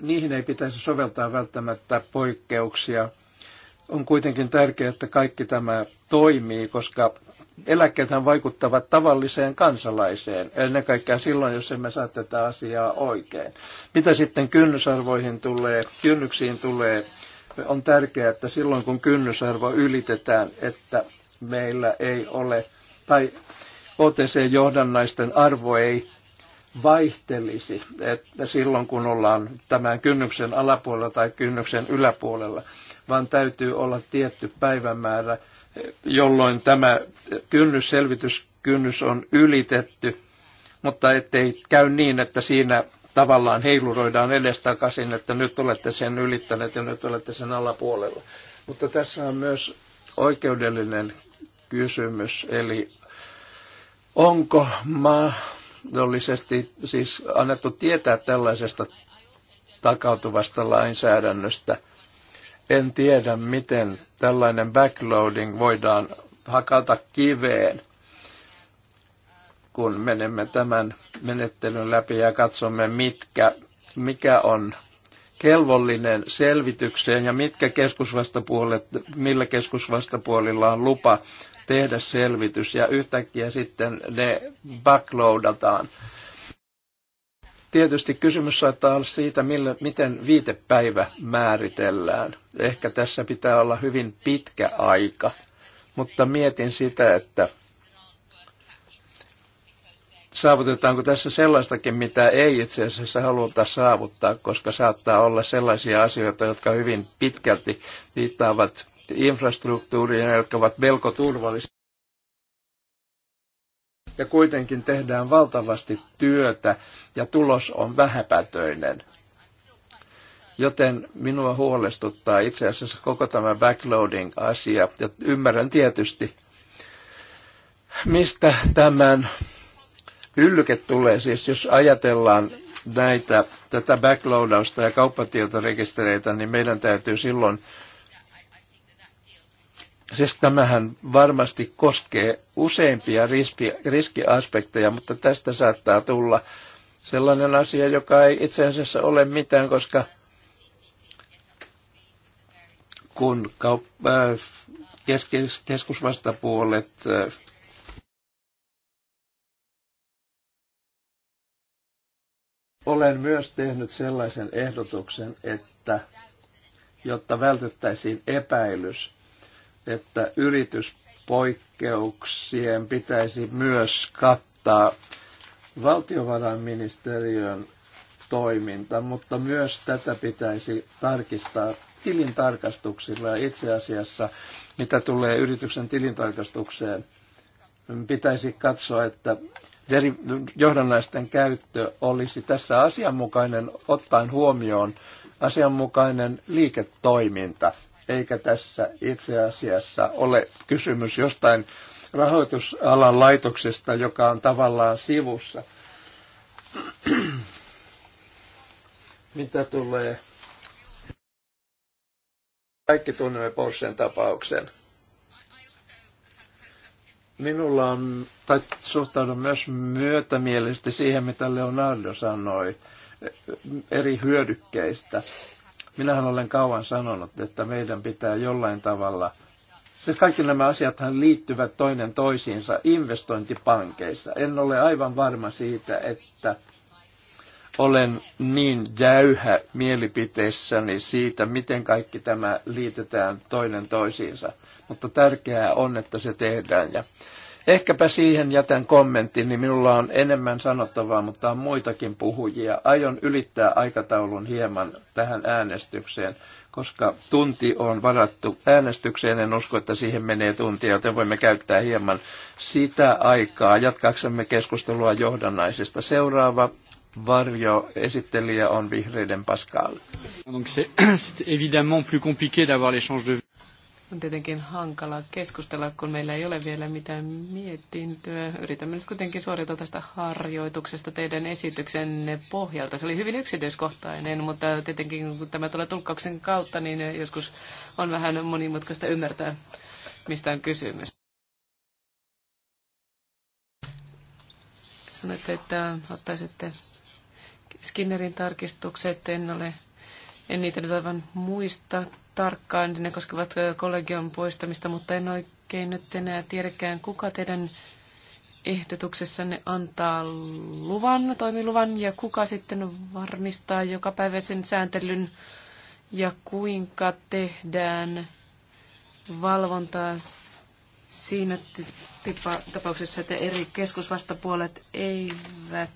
S1: niihin ei pitäisi soveltaa välttämättä poikkeuksia. On kuitenkin tärkeää, että kaikki tämä toimii, koska eläkkeethän vaikuttavat tavalliseen kansalaiseen, ennen kaikkea silloin, jos emme saa tätä asiaa oikein. Mitä sitten kynnysarvoihin tulee, kynnyksiin tulee, on tärkeää, että silloin kun kynnysarvo ylitetään, että meillä ei ole, tai OTC-johdannaisten arvo ei vaihtelisi, että silloin kun ollaan tämän kynnyksen alapuolella tai kynnyksen yläpuolella, vaan täytyy olla tietty päivämäärä – jolloin tämä kynnys, selvityskynnys on ylitetty, mutta ettei käy niin, että siinä tavallaan heiluroidaan edestakaisin, että nyt olette sen ylittäneet ja nyt olette sen alapuolella. Mutta tässä on myös oikeudellinen kysymys, eli onko mahdollisesti siis annettu tietää tällaisesta takautuvasta lainsäädännöstä – en tiedä, miten tällainen backloading voidaan hakata kiveen, kun menemme tämän menettelyn läpi ja katsomme, mitkä, mikä on kelvollinen selvitykseen ja mitkä keskusvastapuolet, millä keskusvastapuolilla on lupa tehdä selvitys ja yhtäkkiä sitten ne backloadataan Tietysti kysymys saattaa olla siitä, millä, miten viitepäivä määritellään. Ehkä tässä pitää olla hyvin pitkä aika, mutta mietin sitä, että saavutetaanko tässä sellaistakin, mitä ei itse asiassa haluta saavuttaa, koska saattaa olla sellaisia asioita, jotka hyvin pitkälti viittaavat infrastruktuuriin, jotka ovat melko turvallisia ja kuitenkin tehdään valtavasti työtä ja tulos on vähäpätöinen. Joten minua huolestuttaa itse asiassa koko tämä backloading-asia ja ymmärrän tietysti, mistä tämän yllyke tulee. Siis jos ajatellaan näitä, tätä backloadausta ja kauppatietorekistereitä, niin meidän täytyy silloin siis tämähän varmasti koskee useimpia riski, riskiaspekteja, mutta tästä saattaa tulla sellainen asia, joka ei itse asiassa ole mitään, koska kun kaup- äh, kes- keskusvastapuolet äh, olen myös tehnyt sellaisen ehdotuksen, että jotta vältettäisiin epäilys, että yrityspoikkeuksien pitäisi myös kattaa valtiovarainministeriön toiminta, mutta myös tätä pitäisi tarkistaa tilintarkastuksilla. itse asiassa, mitä tulee yrityksen tilintarkastukseen, pitäisi katsoa, että johdannaisten käyttö olisi tässä asianmukainen ottaen huomioon asianmukainen liiketoiminta eikä tässä itse asiassa ole kysymys jostain rahoitusalan laitoksesta, joka on tavallaan sivussa. Mitä tulee? Kaikki tunnemme Porschen tapauksen. Minulla on, tai suhtaudun myös myötämielisesti siihen, mitä Leonardo sanoi eri hyödykkeistä. Minähän olen kauan sanonut, että meidän pitää jollain tavalla, siis kaikki nämä asiathan liittyvät toinen toisiinsa investointipankeissa. En ole aivan varma siitä, että olen niin jäyhä mielipiteissäni siitä, miten kaikki tämä liitetään toinen toisiinsa. Mutta tärkeää on, että se tehdään. Ja Ehkäpä siihen jätän kommentin, niin minulla on enemmän sanottavaa, mutta on muitakin puhujia. Aion ylittää aikataulun hieman tähän äänestykseen, koska tunti on varattu äänestykseen. En usko, että siihen menee tuntia, joten voimme käyttää hieman sitä aikaa. Jatkaaksemme keskustelua johdannaisista. Seuraava varjo esittelijä on vihreiden Pascal. Donc c'est évidemment plus compliqué d'avoir de
S3: on tietenkin hankala keskustella, kun meillä ei ole vielä mitään mietintöä. Yritämme nyt kuitenkin suoriutua tästä harjoituksesta teidän esityksenne pohjalta. Se oli hyvin yksityiskohtainen, mutta tietenkin kun tämä tulee tulkkauksen kautta, niin joskus on vähän monimutkaista ymmärtää, mistä on kysymys. Sanoitte, että ottaisitte Skinnerin tarkistukset. En ole en niitä nyt aivan muista tarkkaan. Ne koskevat kollegion poistamista, mutta en oikein nyt enää tiedäkään, kuka teidän ehdotuksessanne antaa luvan, toimiluvan ja kuka sitten varmistaa joka päivä sen sääntelyn ja kuinka tehdään valvontaa siinä tapauksessa, että eri keskusvastapuolet eivät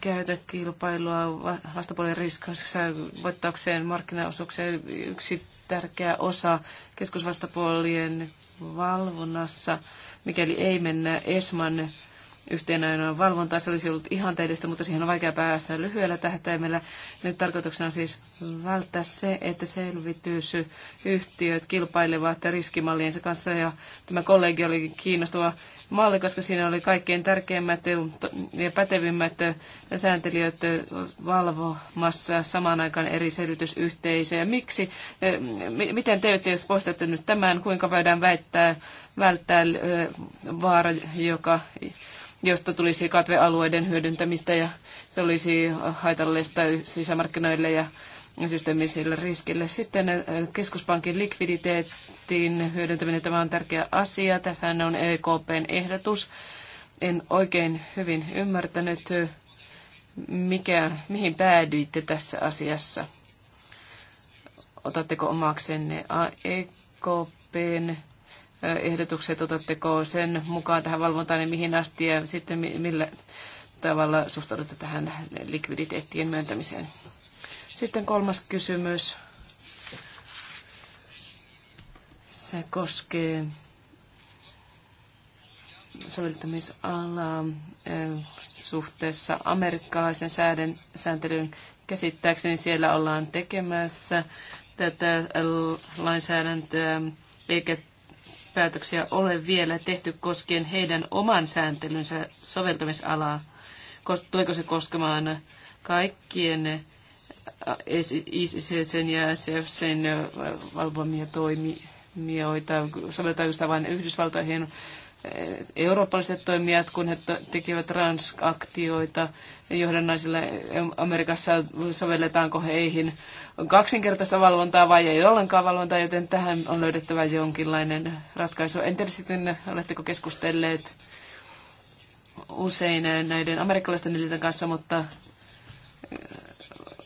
S3: käytä kilpailua vastapuolen riskauksessa voittaakseen markkinaosuuksia. Yksi tärkeä osa keskusvastapuolien valvonnassa, mikäli ei mennä ESMAN yhteen ainoan valvontaa. Se olisi ollut ihan teidestä, mutta siihen on vaikea päästä lyhyellä tähtäimellä. Nyt tarkoituksena on siis välttää se, että selvitysyhtiöt kilpailevat riskimalliensa kanssa. Ja tämä kollegi oli kiinnostava malli, koska siinä oli kaikkein tärkeimmät ja pätevimmät sääntelijät valvomassa samaan aikaan eri selvitysyhteisöjä. Miksi, eh, miten te, jos poistatte nyt tämän, kuinka voidaan väittää, välttää eh, vaara, joka josta tulisi katvealueiden hyödyntämistä ja se olisi haitallista sisämarkkinoille ja systeemisille riskille. Sitten äh, keskuspankin likviditeettiin hyödyntäminen, tämä on tärkeä asia. Tässähän on EKPn ehdotus. En oikein hyvin ymmärtänyt, äh, mikä, mihin päädyitte tässä asiassa. Otatteko omaksenne EKPn äh, ehdotukset, otatteko sen mukaan tähän valvontaan ja mihin asti ja sitten millä tavalla suhtaudutte tähän likviditeettien myöntämiseen? Sitten kolmas kysymys. Se koskee soveltamisalaa eh, suhteessa amerikkalaisen sääden, sääntelyn käsittääkseni siellä ollaan tekemässä tätä lainsäädäntöä, eikä päätöksiä ole vielä tehty koskien heidän oman sääntelynsä soveltamisalaa. Tuleeko se koskemaan kaikkien ICCn ja SFCn valvomia toimijoita? Sovelletaanko sitä vain Yhdysvaltoihin eurooppalaiset toimijat, kun he tekevät transaktioita johdannaisilla Amerikassa, sovelletaanko heihin kaksinkertaista valvontaa vai ei ollenkaan valvontaa, joten tähän on löydettävä jonkinlainen ratkaisu. En tiedä sitten, oletteko keskustelleet usein näiden amerikkalaisten elinten kanssa, mutta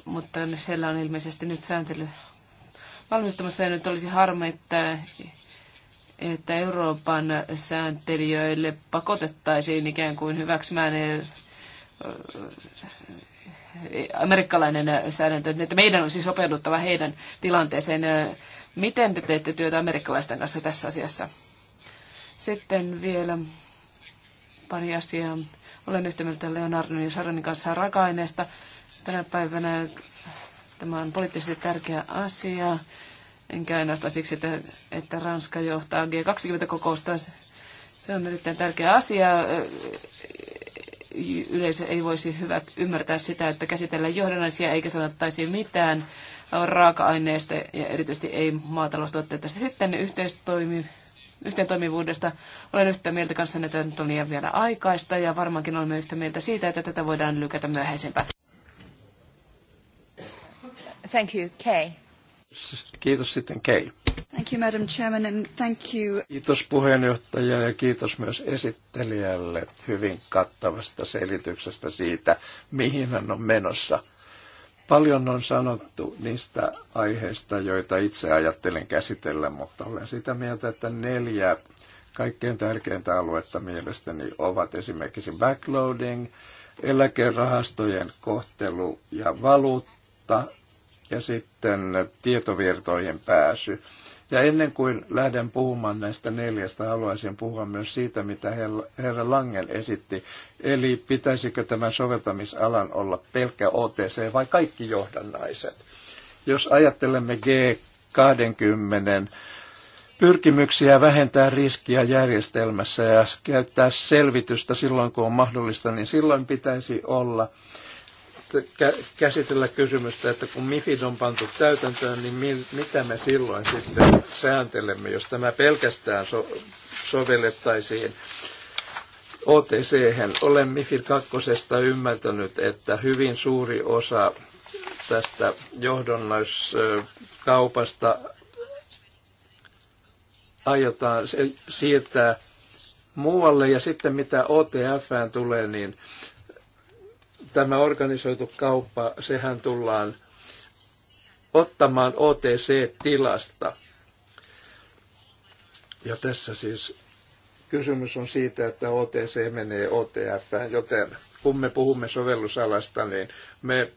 S3: mutta siellä on ilmeisesti nyt sääntely valmistumassa ja nyt olisi harmi, että, että Euroopan sääntelijöille pakotettaisiin ikään kuin hyväksymään amerikkalainen säädäntö, että meidän olisi siis sopeuduttava heidän tilanteeseen. Miten te teette työtä amerikkalaisten kanssa tässä asiassa? Sitten vielä pari asiaa. Olen yhtä mieltä Leonardo ja Saranin kanssa raaka-aineesta. Tänä päivänä tämä on poliittisesti tärkeä asia, enkä ainoastaan siksi, että, että Ranska johtaa G20-kokousta. Se on erittäin tärkeä asia. Yleisö ei voisi hyvä ymmärtää sitä, että käsitellään johdannaisia eikä sanottaisi mitään raaka-aineista ja erityisesti ei maataloustuotteita. Sitten yhteistoimi, yhteen toimivuudesta olen yhtä mieltä kanssa, että nyt on liian vielä aikaista ja varmaankin olemme yhtä mieltä siitä, että tätä voidaan lykätä myöhäisempään. Thank you, Kay.
S1: Kiitos sitten Kay.
S3: Thank you, Madam Chairman, and thank you.
S1: Kiitos puheenjohtaja ja kiitos myös esittelijälle hyvin kattavasta selityksestä siitä, mihin hän on menossa. Paljon on sanottu niistä aiheista, joita itse ajattelin käsitellä, mutta olen sitä mieltä, että neljä kaikkein tärkeintä aluetta mielestäni ovat esimerkiksi backloading, eläkerahastojen kohtelu ja valuutta, ja sitten tietovirtoihin pääsy. Ja ennen kuin lähden puhumaan näistä neljästä, haluaisin puhua myös siitä, mitä herra Langen esitti. Eli pitäisikö tämän soveltamisalan olla pelkkä OTC vai kaikki johdannaiset? Jos ajattelemme G20 pyrkimyksiä vähentää riskiä järjestelmässä ja käyttää selvitystä silloin, kun on mahdollista, niin silloin pitäisi olla käsitellä kysymystä, että kun MIFID on pantu täytäntöön, niin mi, mitä me silloin sitten sääntelemme, jos tämä pelkästään so, sovellettaisiin otc -hän. Olen MIFID 2. ymmärtänyt, että hyvin suuri osa tästä johdonnaiskaupasta aiotaan siirtää muualle ja sitten mitä OTF tulee, niin tämä organisoitu kauppa, sehän tullaan ottamaan OTC-tilasta. Ja tässä siis kysymys on siitä, että OTC menee OTF, joten kun me puhumme sovellusalasta, niin me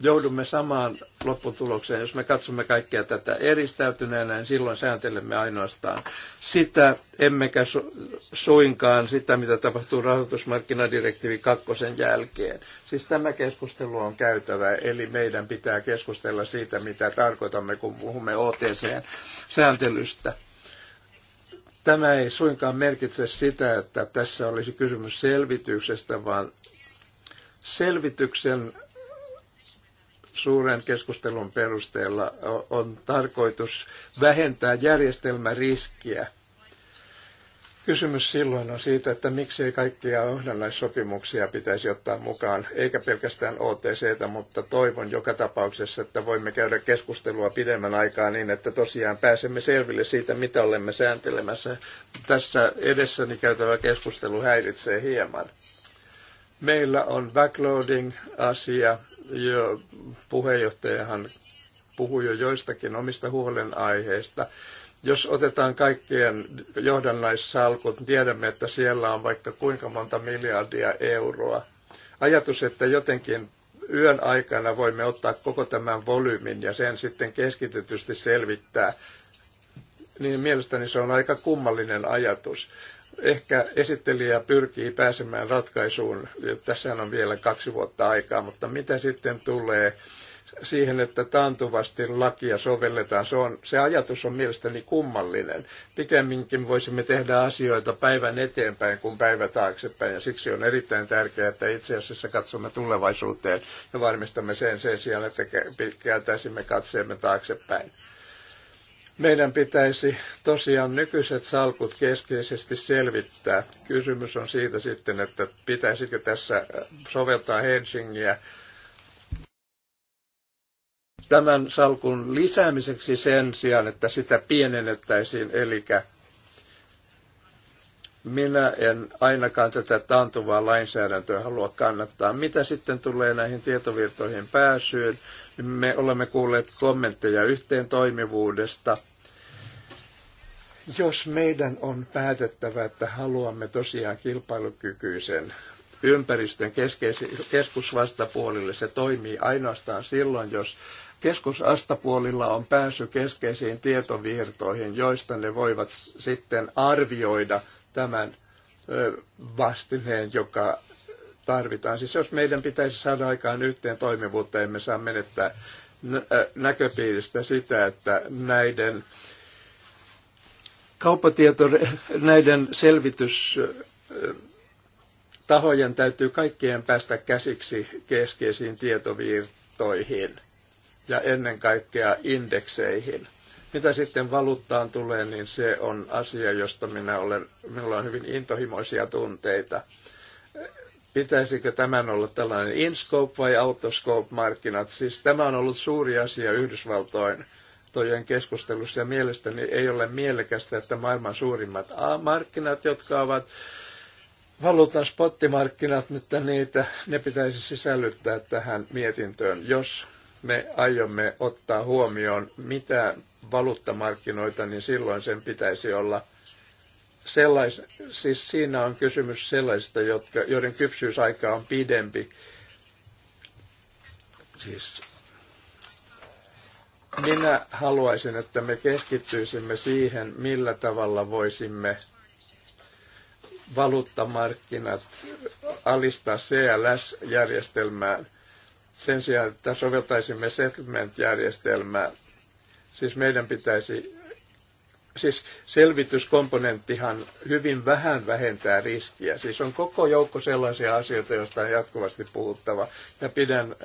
S1: joudumme samaan lopputulokseen. Jos me katsomme kaikkea tätä eristäytyneenä, niin silloin sääntelemme ainoastaan sitä, emmekä suinkaan sitä, mitä tapahtuu rahoitusmarkkinadirektiivi kakkosen jälkeen. Siis tämä keskustelu on käytävä, eli meidän pitää keskustella siitä, mitä tarkoitamme, kun puhumme OTC-sääntelystä. Tämä ei suinkaan merkitse sitä, että tässä olisi kysymys selvityksestä, vaan selvityksen suuren keskustelun perusteella on tarkoitus vähentää järjestelmäriskiä. Kysymys silloin on siitä, että miksi ei kaikkia ohdannaissopimuksia pitäisi ottaa mukaan, eikä pelkästään OTCtä, mutta toivon joka tapauksessa, että voimme käydä keskustelua pidemmän aikaa niin, että tosiaan pääsemme selville siitä, mitä olemme sääntelemässä. Tässä edessäni käytävä keskustelu häiritsee hieman. Meillä on backloading-asia, jo, puheenjohtajahan puhui jo joistakin omista huolenaiheista. Jos otetaan kaikkien johdannaissalkut, tiedämme, että siellä on vaikka kuinka monta miljardia euroa. Ajatus, että jotenkin yön aikana voimme ottaa koko tämän volyymin ja sen sitten keskitetysti selvittää, niin mielestäni se on aika kummallinen ajatus ehkä esittelijä pyrkii pääsemään ratkaisuun. Tässähän on vielä kaksi vuotta aikaa, mutta mitä sitten tulee siihen, että taantuvasti lakia sovelletaan, se, on, se ajatus on mielestäni kummallinen. Pikemminkin voisimme tehdä asioita päivän eteenpäin kuin päivä taaksepäin, ja siksi on erittäin tärkeää, että itse asiassa katsomme tulevaisuuteen ja varmistamme sen sen sijaan, että kääntäisimme katseemme taaksepäin. Meidän pitäisi tosiaan nykyiset salkut keskeisesti selvittää. Kysymys on siitä sitten, että pitäisikö tässä äh, soveltaa Helsingiä tämän salkun lisäämiseksi sen sijaan, että sitä pienennettäisiin. Eli minä en ainakaan tätä taantuvaa lainsäädäntöä halua kannattaa. Mitä sitten tulee näihin tietovirtoihin pääsyyn? Me olemme kuulleet kommentteja yhteen toimivuudesta. Jos meidän on päätettävä, että haluamme tosiaan kilpailukykyisen ympäristön keskusvastapuolille, se toimii ainoastaan silloin, jos keskusastapuolilla on pääsy keskeisiin tietovirtoihin, joista ne voivat sitten arvioida tämän vastineen, joka tarvitaan. Siis jos meidän pitäisi saada aikaan yhteen toimivuutta, emme saa menettää näköpiiristä sitä, että näiden kauppatieto, näiden selvitys tahojen täytyy kaikkien päästä käsiksi keskeisiin tietovirtoihin ja ennen kaikkea indekseihin. Mitä sitten valuuttaan tulee, niin se on asia, josta minä olen, minulla on hyvin intohimoisia tunteita pitäisikö tämän olla tällainen inscope vai autoscope-markkinat. Siis tämä on ollut suuri asia Yhdysvaltojen tojen keskustelussa ja mielestäni ei ole mielekästä, että maailman suurimmat markkinat, jotka ovat valuutan spottimarkkinat, mutta niitä, ne pitäisi sisällyttää tähän mietintöön, jos me aiomme ottaa huomioon mitä valuuttamarkkinoita, niin silloin sen pitäisi olla – sellais, siis siinä on kysymys sellaisista, jotka, joiden kypsyysaika on pidempi. Siis minä haluaisin, että me keskittyisimme siihen, millä tavalla voisimme valuuttamarkkinat alistaa CLS-järjestelmään sen sijaan, että soveltaisimme settlement-järjestelmää. Siis meidän pitäisi siis selvityskomponenttihan hyvin vähän vähentää riskiä. Siis on koko joukko sellaisia asioita, joista on jatkuvasti puhuttava. Ja pidän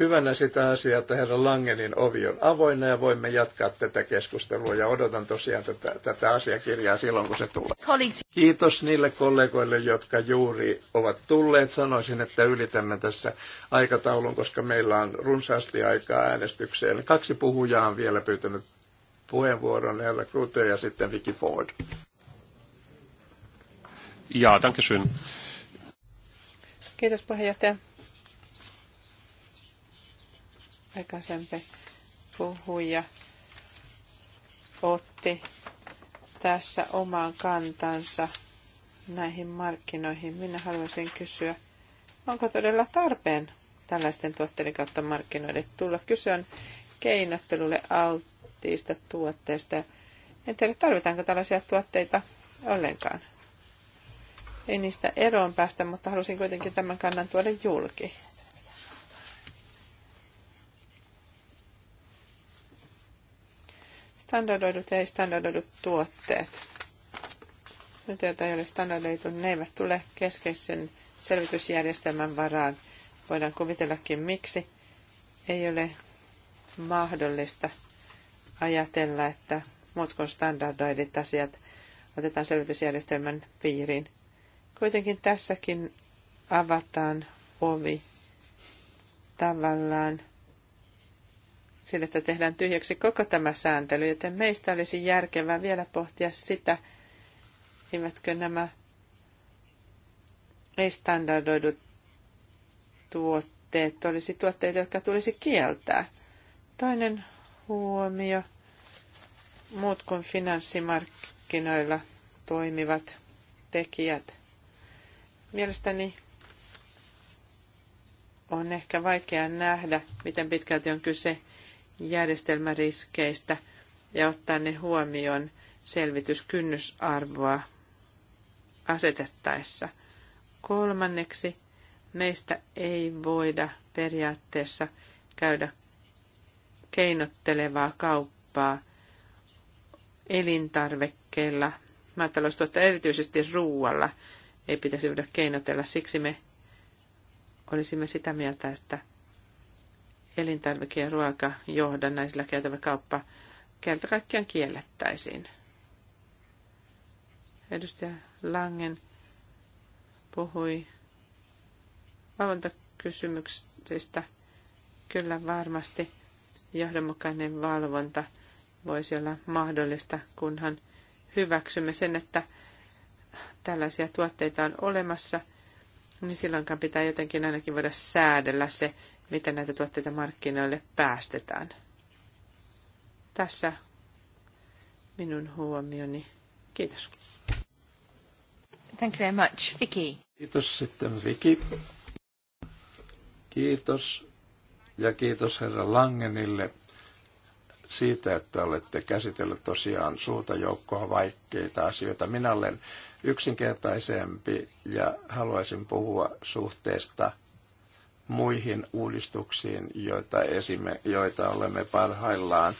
S1: hyvänä sitä asiaa, että herra Langenin ovi on avoinna ja voimme jatkaa tätä keskustelua. Ja odotan tosiaan tätä, tätä asiakirjaa silloin, kun se tulee. Kiitos niille kollegoille, jotka juuri ovat tulleet. Sanoisin, että ylitämme tässä aikataulun, koska meillä on runsaasti aikaa äänestykseen. Kaksi puhujaa on vielä pyytänyt puheenvuoron herra Krute ja sitten Vicky Ford.
S3: Ja, danke schön.
S2: Kiitos puheenjohtaja. Aikaisempi puhuja otti tässä oman kantansa näihin markkinoihin. Minä haluaisin kysyä, onko todella tarpeen tällaisten tuotteiden kautta markkinoiden tulla? kysyä keinottelulle alt innovatiivista tuotteista. En tiedä, tarvitaanko tällaisia tuotteita ollenkaan. Ei niistä eroon päästä, mutta halusin kuitenkin tämän kannan tuoda julki. Standardoidut ja ei-standardoidut tuotteet. Nyt, joita ei ole standardoitu, ne eivät tule keskeisen selvitysjärjestelmän varaan. Voidaan kuvitellakin miksi. Ei ole mahdollista – ajatella, että motkon kuin standardoidit asiat otetaan selvitysjärjestelmän piiriin. Kuitenkin tässäkin avataan ovi tavallaan sille, että tehdään tyhjäksi koko tämä sääntely, joten meistä olisi järkevää vielä pohtia sitä, eivätkö nämä ei-standardoidut tuotteet olisi tuotteita, jotka tulisi kieltää. Toinen huomio. Muut kuin finanssimarkkinoilla toimivat tekijät. Mielestäni on ehkä vaikea nähdä, miten pitkälti on kyse järjestelmäriskeistä ja ottaa ne huomioon selvityskynnysarvoa asetettaessa. Kolmanneksi, meistä ei voida periaatteessa käydä keinottelevaa kauppaa elintarvikkeilla, maataloustuotta erityisesti ruualla ei pitäisi voida keinotella. Siksi me olisimme sitä mieltä, että elintarvike- ja ruokajohdannaisilla käytävä kauppa kerta kaikkiaan kiellettäisiin. Edustaja Langen puhui valvontakysymyksistä. Kyllä varmasti johdonmukainen valvonta voisi olla mahdollista, kunhan hyväksymme sen, että tällaisia tuotteita on olemassa, niin silloinkaan pitää jotenkin ainakin voida säädellä se, miten näitä tuotteita markkinoille päästetään. Tässä minun huomioni. Kiitos.
S3: Thank you very much. Vicky.
S1: Kiitos sitten Vicky. Kiitos. Ja kiitos herra Langenille siitä, että olette käsitellyt tosiaan suuta joukkoa vaikeita asioita. Minä olen yksinkertaisempi ja haluaisin puhua suhteesta muihin uudistuksiin, joita, esime, joita olemme parhaillaan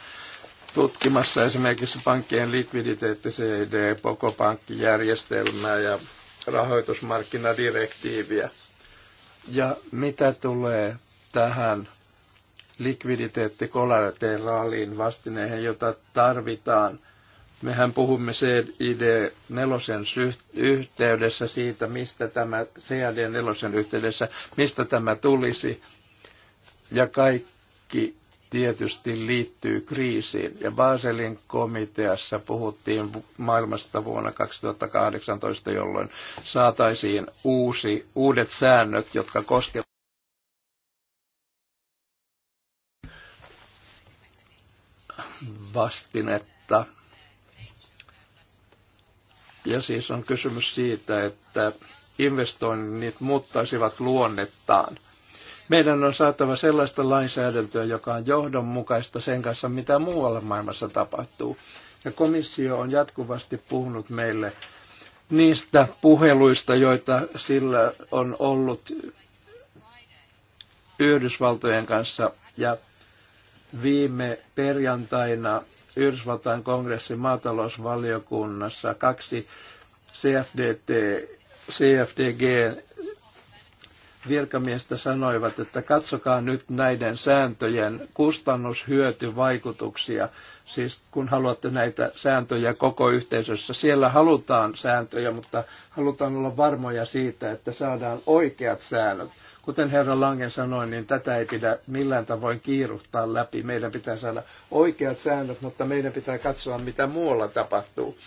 S1: tutkimassa. Esimerkiksi pankkien likviditeetti, CD, koko pankkijärjestelmää ja rahoitusmarkkinadirektiiviä. Ja mitä tulee tähän likviditeettikolateraalin vastineihin, jota tarvitaan. Mehän puhumme CID 4 yhteydessä siitä, mistä tämä CID 4 yhteydessä, mistä tämä tulisi. Ja kaikki tietysti liittyy kriisiin. Ja Baselin komiteassa puhuttiin maailmasta vuonna 2018, jolloin saataisiin uusi, uudet säännöt, jotka koskevat vastinetta. Ja siis on kysymys siitä, että investoinnit muuttaisivat luonnettaan. Meidän on saatava sellaista lainsäädäntöä, joka on johdonmukaista sen kanssa, mitä muualla maailmassa tapahtuu. Ja komissio on jatkuvasti puhunut meille niistä puheluista, joita sillä on ollut Yhdysvaltojen kanssa ja viime perjantaina Yhdysvaltain kongressin maatalousvaliokunnassa kaksi CFDT, CFDG virkamiestä sanoivat, että katsokaa nyt näiden sääntöjen kustannushyötyvaikutuksia, siis kun haluatte näitä sääntöjä koko yhteisössä. Siellä halutaan sääntöjä, mutta halutaan olla varmoja siitä, että saadaan oikeat säännöt. Kuten herra Langen sanoi, niin tätä ei pidä millään tavoin kiiruhtaa läpi. Meidän pitää saada oikeat säännöt, mutta meidän pitää katsoa, mitä muualla tapahtuu.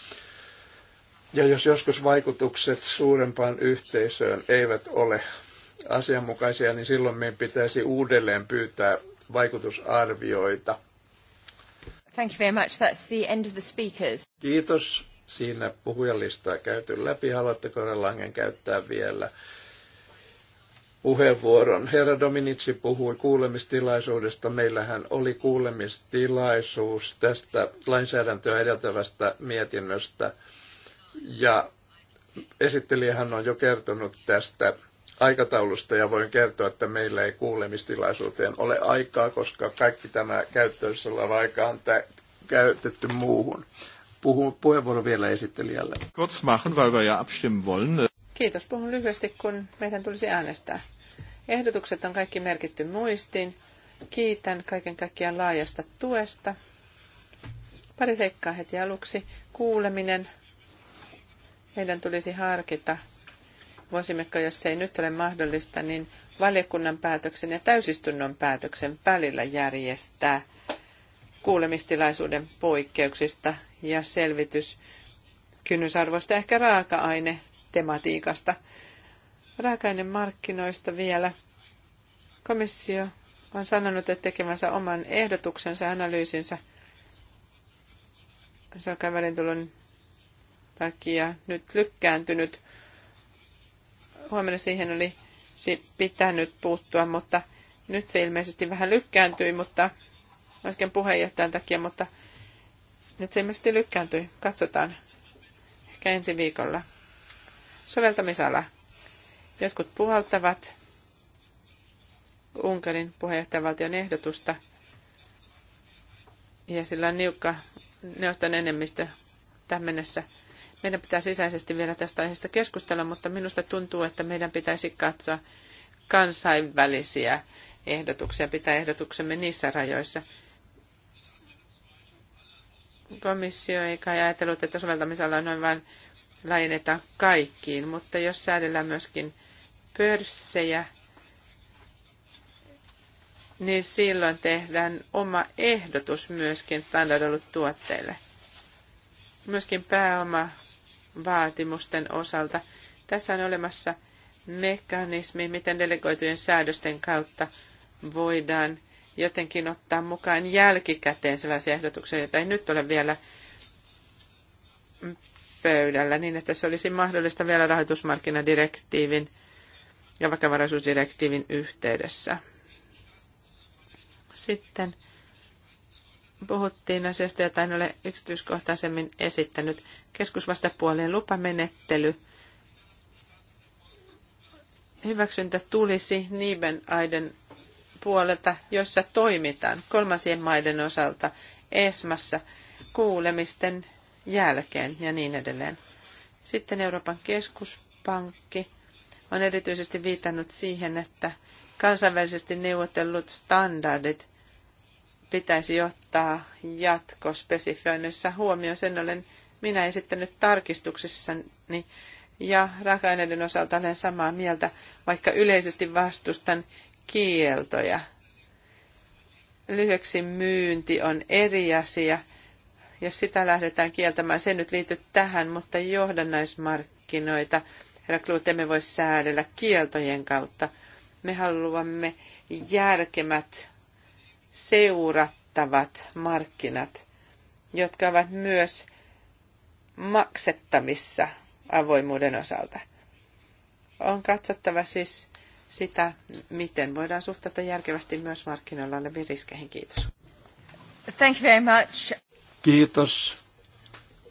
S1: Ja jos joskus vaikutukset suurempaan yhteisöön eivät ole asianmukaisia, niin silloin meidän pitäisi uudelleen pyytää vaikutusarvioita. Thank you very much. That's the end of the speakers. Kiitos. Siinä puhujalistaa käyty läpi. Haluatteko Langen käyttää vielä puheenvuoron. Herra Dominici puhui kuulemistilaisuudesta. Meillähän oli kuulemistilaisuus tästä lainsäädäntöä edeltävästä mietinnöstä. Ja esittelijähän on jo kertonut tästä aikataulusta ja voin kertoa, että meillä ei kuulemistilaisuuteen ole aikaa, koska kaikki tämä käyttöissä oleva aika on käytetty muuhun. Puhu, puheenvuoro vielä esittelijälle. Kurz machen, weil wir ja abstimmen wollen.
S2: Kiitos. Puhun lyhyesti, kun meidän tulisi äänestää. Ehdotukset on kaikki merkitty muistiin. Kiitän kaiken kaikkiaan laajasta tuesta. Pari seikkaa heti aluksi. Kuuleminen. Meidän tulisi harkita, voisimmeko, jos se ei nyt ole mahdollista, niin valiokunnan päätöksen ja täysistunnon päätöksen välillä järjestää kuulemistilaisuuden poikkeuksista ja selvitys kynnysarvoista ehkä raaka-aine tematiikasta. raaka markkinoista vielä. Komissio on sanonut, että tekemänsä oman ehdotuksensa ja analyysinsä se on kävelintulon takia nyt lykkääntynyt. Huomenna siihen oli pitänyt puuttua, mutta nyt se ilmeisesti vähän lykkääntyi, mutta äsken puheenjohtajan takia, mutta nyt se ilmeisesti lykkääntyi. Katsotaan ehkä ensi viikolla soveltamisala. Jotkut puhaltavat Unkarin puheenjohtajavaltion ehdotusta ja sillä on niukka neuvoston enemmistö tähän mennessä. Meidän pitää sisäisesti vielä tästä aiheesta keskustella, mutta minusta tuntuu, että meidän pitäisi katsoa kansainvälisiä ehdotuksia, pitää ehdotuksemme niissä rajoissa. Komissio ei kai ajatellut, että soveltamisala on noin vain laajenneta kaikkiin, mutta jos säädellään myöskin pörssejä, niin silloin tehdään oma ehdotus myöskin standardoidut tuotteille. Myöskin pääomavaatimusten osalta. Tässä on olemassa mekanismi, miten delegoitujen säädösten kautta voidaan jotenkin ottaa mukaan jälkikäteen sellaisia ehdotuksia, joita ei nyt ole vielä pöydällä niin, että se olisi mahdollista vielä rahoitusmarkkinadirektiivin ja vakavaraisuusdirektiivin yhteydessä. Sitten puhuttiin asiasta, jota en ole yksityiskohtaisemmin esittänyt. Keskusvastapuolien lupamenettely. Hyväksyntä tulisi niiden aiden puolelta, jossa toimitaan kolmansien maiden osalta ESMassa kuulemisten jälkeen ja niin edelleen. Sitten Euroopan keskuspankki on erityisesti viitannut siihen, että kansainvälisesti neuvotellut standardit pitäisi ottaa jatkospesifioinnissa huomioon. Sen olen minä esittänyt tarkistuksessani ja raaka-aineiden osalta olen samaa mieltä, vaikka yleisesti vastustan kieltoja. Lyhyeksi myynti on eri asia – jos sitä lähdetään kieltämään, se nyt liittyy tähän, mutta johdannaismarkkinoita, herra Kluut, emme voi säädellä kieltojen kautta. Me haluamme järkemät, seurattavat markkinat, jotka ovat myös maksettavissa avoimuuden osalta. On katsottava siis sitä, miten voidaan suhtata järkevästi myös markkinoilla oleviin riskeihin. Kiitos. Thank you very much.
S1: Kiitos.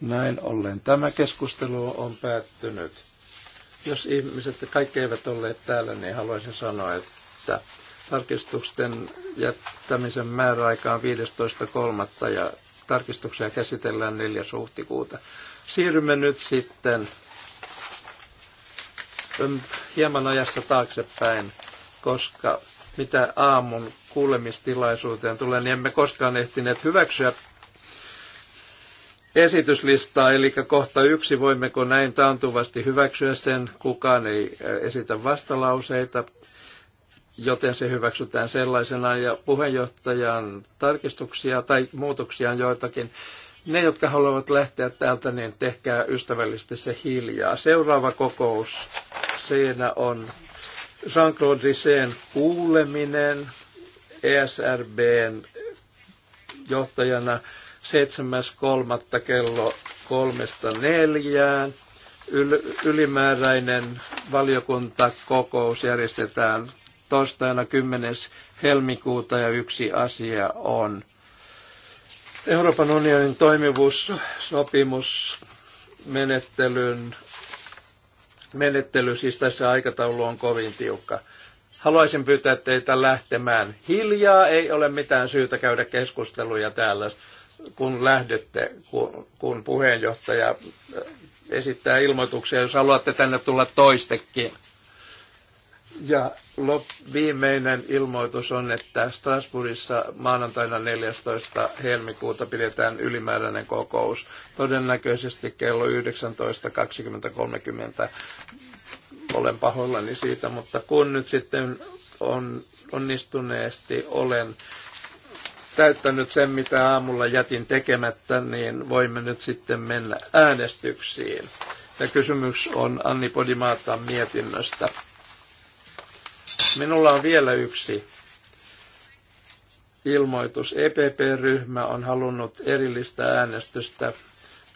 S1: Näin ollen tämä keskustelu on päättynyt. Jos ihmiset kaikki eivät olleet täällä, niin haluaisin sanoa, että tarkistusten jättämisen määräaika on 15.3. ja tarkistuksia käsitellään 4. huhtikuuta. Siirrymme nyt sitten ähm, hieman ajassa taaksepäin, koska mitä aamun kuulemistilaisuuteen tulee, niin emme koskaan ehtineet hyväksyä esityslistaa, eli kohta yksi, voimmeko näin taantuvasti hyväksyä sen, kukaan ei esitä vastalauseita, joten se hyväksytään sellaisena ja puheenjohtajan tarkistuksia tai muutoksia on joitakin. Ne, jotka haluavat lähteä täältä, niin tehkää ystävällisesti se hiljaa. Seuraava kokous, siinä on Jean-Claude Risseen kuuleminen ESRBn johtajana. 7.3. kello kolmesta neljään. Ylimääräinen valiokuntakokous järjestetään torstaina 10. helmikuuta ja yksi asia on Euroopan unionin toimivuussopimus menettelyn menettely, siis tässä aikataulu on kovin tiukka. Haluaisin pyytää teitä lähtemään. Hiljaa ei ole mitään syytä käydä keskusteluja täällä kun lähdette, kun, kun puheenjohtaja äh, esittää ilmoituksia, jos haluatte tänne tulla toistekin. Ja lop, viimeinen ilmoitus on, että Strasbourgissa maanantaina 14. helmikuuta pidetään ylimääräinen kokous, todennäköisesti kello 19.20.30. Olen pahoillani siitä, mutta kun nyt sitten on onnistuneesti olen täyttänyt sen, mitä aamulla jätin tekemättä, niin voimme nyt sitten mennä äänestyksiin. Ja kysymys on Anni Podimaatan mietinnöstä. Minulla on vielä yksi ilmoitus. EPP-ryhmä on halunnut erillistä äänestystä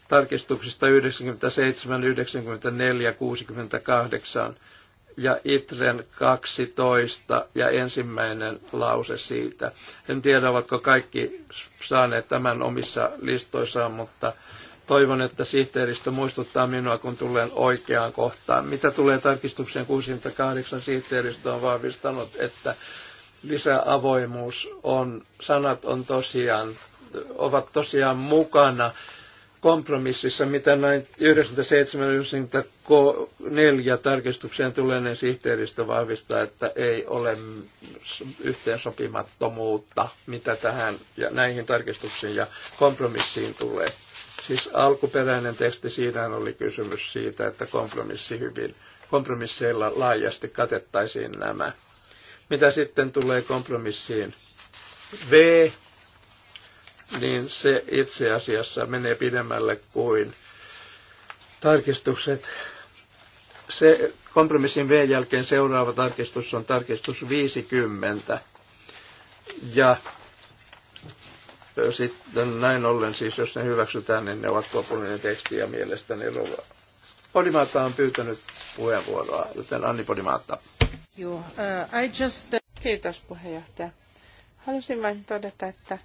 S1: tarkistuksista 97, 94, 68 ja Itren 12 ja ensimmäinen lause siitä. En tiedä, ovatko kaikki saaneet tämän omissa listoissaan, mutta toivon, että sihteeristö muistuttaa minua, kun tulen oikeaan kohtaan. Mitä tulee tarkistukseen 68, sihteeristö on vahvistanut, että lisäavoimuus on, sanat on tosiaan, ovat tosiaan mukana kompromississa, mitä näin 97-94 tarkistukseen tulee, niin sihteeristö vahvistaa, että ei ole yhteensopimattomuutta, mitä tähän ja näihin tarkistuksiin ja kompromissiin tulee. Siis alkuperäinen teksti, siinä oli kysymys siitä, että kompromissi hyvin, kompromisseilla laajasti katettaisiin nämä. Mitä sitten tulee kompromissiin? V niin se itse asiassa menee pidemmälle kuin tarkistukset. Se kompromissin V jälkeen seuraava tarkistus on tarkistus 50. Ja sitten näin ollen, siis jos ne hyväksytään, niin ne ovat lopullinen teksti ja mielestäni ruva. Podimaatta on pyytänyt puheenvuoroa, joten Anni Podimaatta.
S2: Joo, uh, I just... Kiitos puheenjohtaja. Halusin vain todeta, että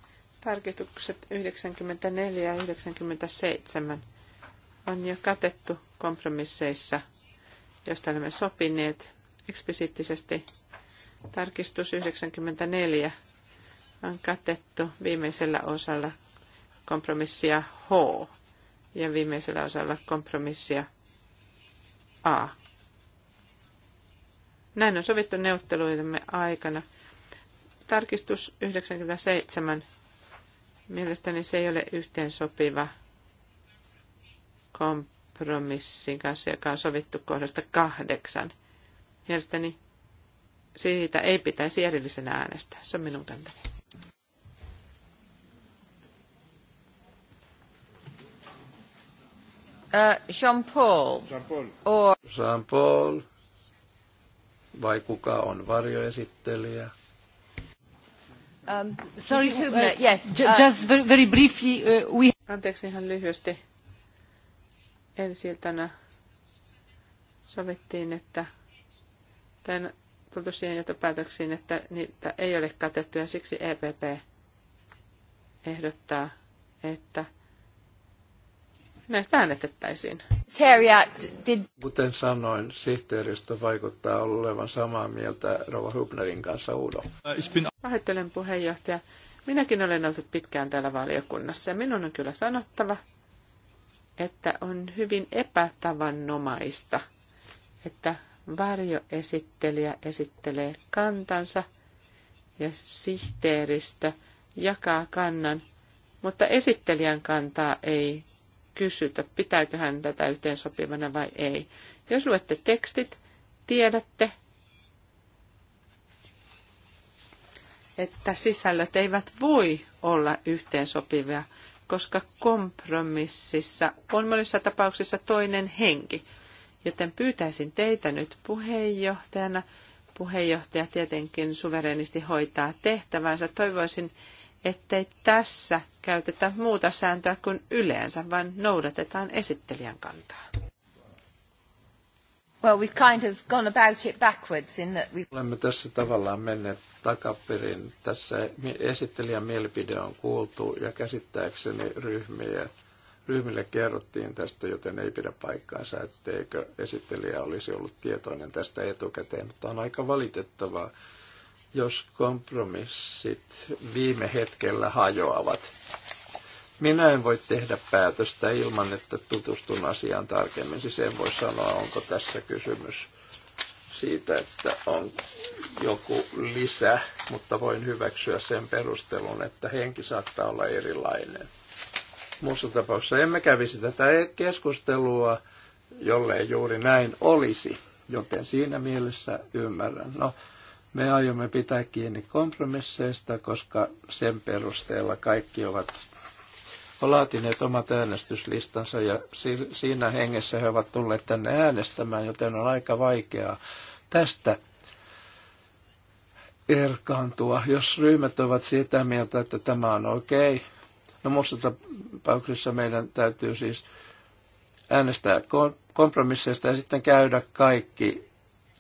S2: Tarkistukset 94 ja 97 on jo katettu kompromisseissa, joista olemme sopineet eksplisiittisesti. Tarkistus 94 on katettu viimeisellä osalla kompromissia H ja viimeisellä osalla kompromissia A. Näin on sovittu neuvotteluidemme aikana. Tarkistus 97 Mielestäni se ei ole yhteen sopiva kompromissin kanssa, joka on sovittu kohdasta kahdeksan. Mielestäni siitä ei pitäisi erillisenä äänestää. Se on minun kantani.
S1: Uh, Jean-Paul. Jean-Paul. Or... Jean-Paul. Vai kuka on varjoesittelijä?
S3: Um, sorry, Hübner, uh, yes. Uh, just
S2: very briefly, uh, we... Anteeksi ihan lyhyesti. Ensiltana sovittiin, että tämän no, tultu siihen johtopäätöksiin, että niitä ei ole katettu ja siksi EPP ehdottaa, että näistä äänetettäisiin. Uh, did...
S1: Kuten sanoin, sihteeristö vaikuttaa olevan samaa mieltä Rova Hubnerin kanssa Udo. Uh,
S2: Pahoittelen puheenjohtaja. Minäkin olen ollut pitkään täällä valiokunnassa ja minun on kyllä sanottava, että on hyvin epätavannomaista, että varjoesittelijä esittelee kantansa ja sihteeristö jakaa kannan, mutta esittelijän kantaa ei kysytä, pitääkö hän tätä yhteensopivana vai ei. Jos luette tekstit, tiedätte, että sisällöt eivät voi olla yhteensopivia, koska kompromississa on monissa tapauksissa toinen henki. Joten pyytäisin teitä nyt puheenjohtajana, puheenjohtaja tietenkin suverenisti hoitaa tehtävänsä. Toivoisin, ettei tässä käytetä muuta sääntöä kuin yleensä, vaan noudatetaan esittelijän kantaa. Well, we've kind of gone about it backwards in that
S1: Olemme tässä tavallaan menneet takaperin. Tässä esittelijän mielipide on kuultu ja käsittääkseni ryhmiä, ryhmille kerrottiin tästä, joten ei pidä paikkaansa, etteikö esittelijä olisi ollut tietoinen tästä etukäteen. Mutta on aika valitettavaa, jos kompromissit viime hetkellä hajoavat. Minä en voi tehdä päätöstä ilman, että tutustun asiaan tarkemmin. Siis en voi sanoa, onko tässä kysymys siitä, että on joku lisä, mutta voin hyväksyä sen perustelun, että henki saattaa olla erilainen. Muussa tapauksessa emme kävisi tätä keskustelua, jollei juuri näin olisi, joten siinä mielessä ymmärrän. No, me aiomme pitää kiinni kompromisseista, koska sen perusteella kaikki ovat laatineet omat äänestyslistansa ja siinä hengessä he ovat tulleet tänne äänestämään, joten on aika vaikeaa tästä erkaantua. Jos ryhmät ovat sitä mieltä, että tämä on okei, okay, no muussa tapauksessa meidän täytyy siis äänestää kompromisseista ja sitten käydä kaikki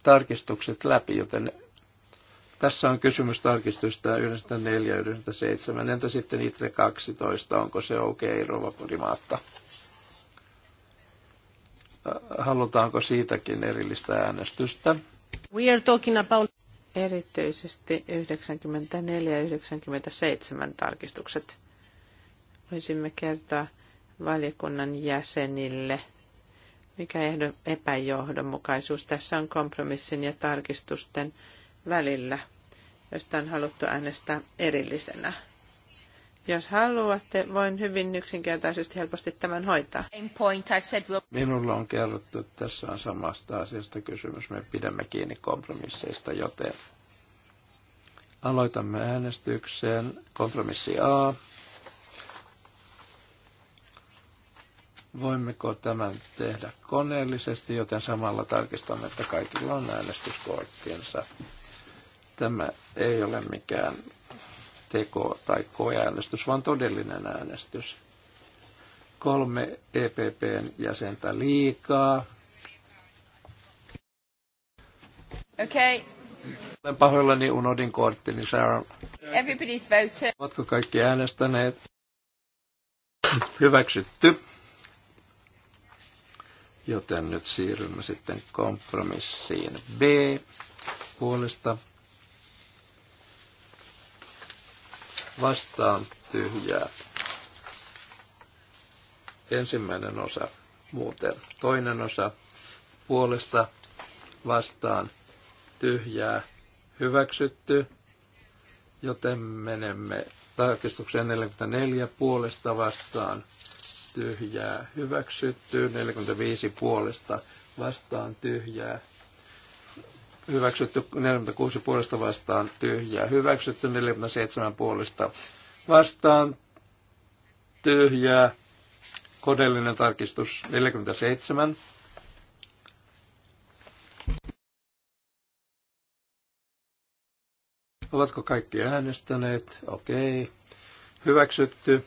S1: tarkistukset läpi, joten tässä on kysymys tarkistusta 94 ja 97. Entä sitten ITRE 12? Onko se okei, okay, Rova Podimaatta? Halutaanko siitäkin erillistä äänestystä?
S2: We are talking about... Erityisesti 94 ja 97 tarkistukset. Voisimme kertoa valiokunnan jäsenille, mikä epäjohdonmukaisuus tässä on kompromissin ja tarkistusten välillä, josta on haluttu äänestää erillisenä. Jos haluatte, voin hyvin yksinkertaisesti helposti tämän hoitaa.
S1: Minulla on kerrottu, että tässä on samasta asiasta kysymys. Me pidämme kiinni kompromisseista, joten aloitamme äänestykseen. Kompromissi A. Voimmeko tämän tehdä koneellisesti, joten samalla tarkistamme, että kaikilla on äänestyskorttinsa. Tämä ei ole mikään teko- tai koeäänestys, vaan todellinen äänestys. Kolme EPPn jäsentä liikaa.
S2: Okei. Okay.
S1: Olen pahoillani, unohdin korttini, Sharon.
S2: Everybody's voted. Ovatko
S1: kaikki äänestäneet? Hyväksytty. Joten nyt siirrymme sitten kompromissiin B puolesta vastaan tyhjää. Ensimmäinen osa muuten. Toinen osa puolesta vastaan tyhjää hyväksytty, joten menemme tarkistukseen 44 puolesta vastaan tyhjää hyväksytty, 45 puolesta vastaan tyhjää hyväksytty 46 puolesta vastaan tyhjää, hyväksytty 47 puolesta vastaan tyhjää, kodellinen tarkistus 47. Ovatko kaikki äänestäneet? Okei. Okay. Hyväksytty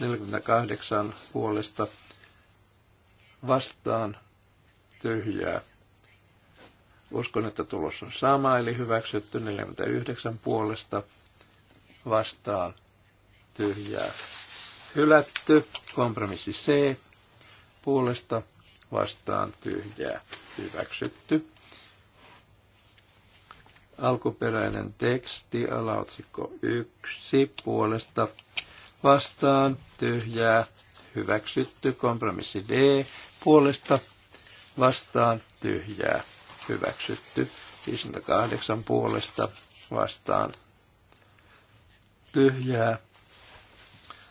S1: 48 puolesta vastaan tyhjää Uskon, että tulos on sama, eli hyväksytty 49 puolesta vastaan tyhjää. Hylätty, kompromissi C, puolesta vastaan tyhjää, hyväksytty. Alkuperäinen teksti, alaotsikko 1, puolesta vastaan tyhjää, hyväksytty. Kompromissi D, puolesta vastaan tyhjää, hyväksytty. 58 puolesta vastaan tyhjää.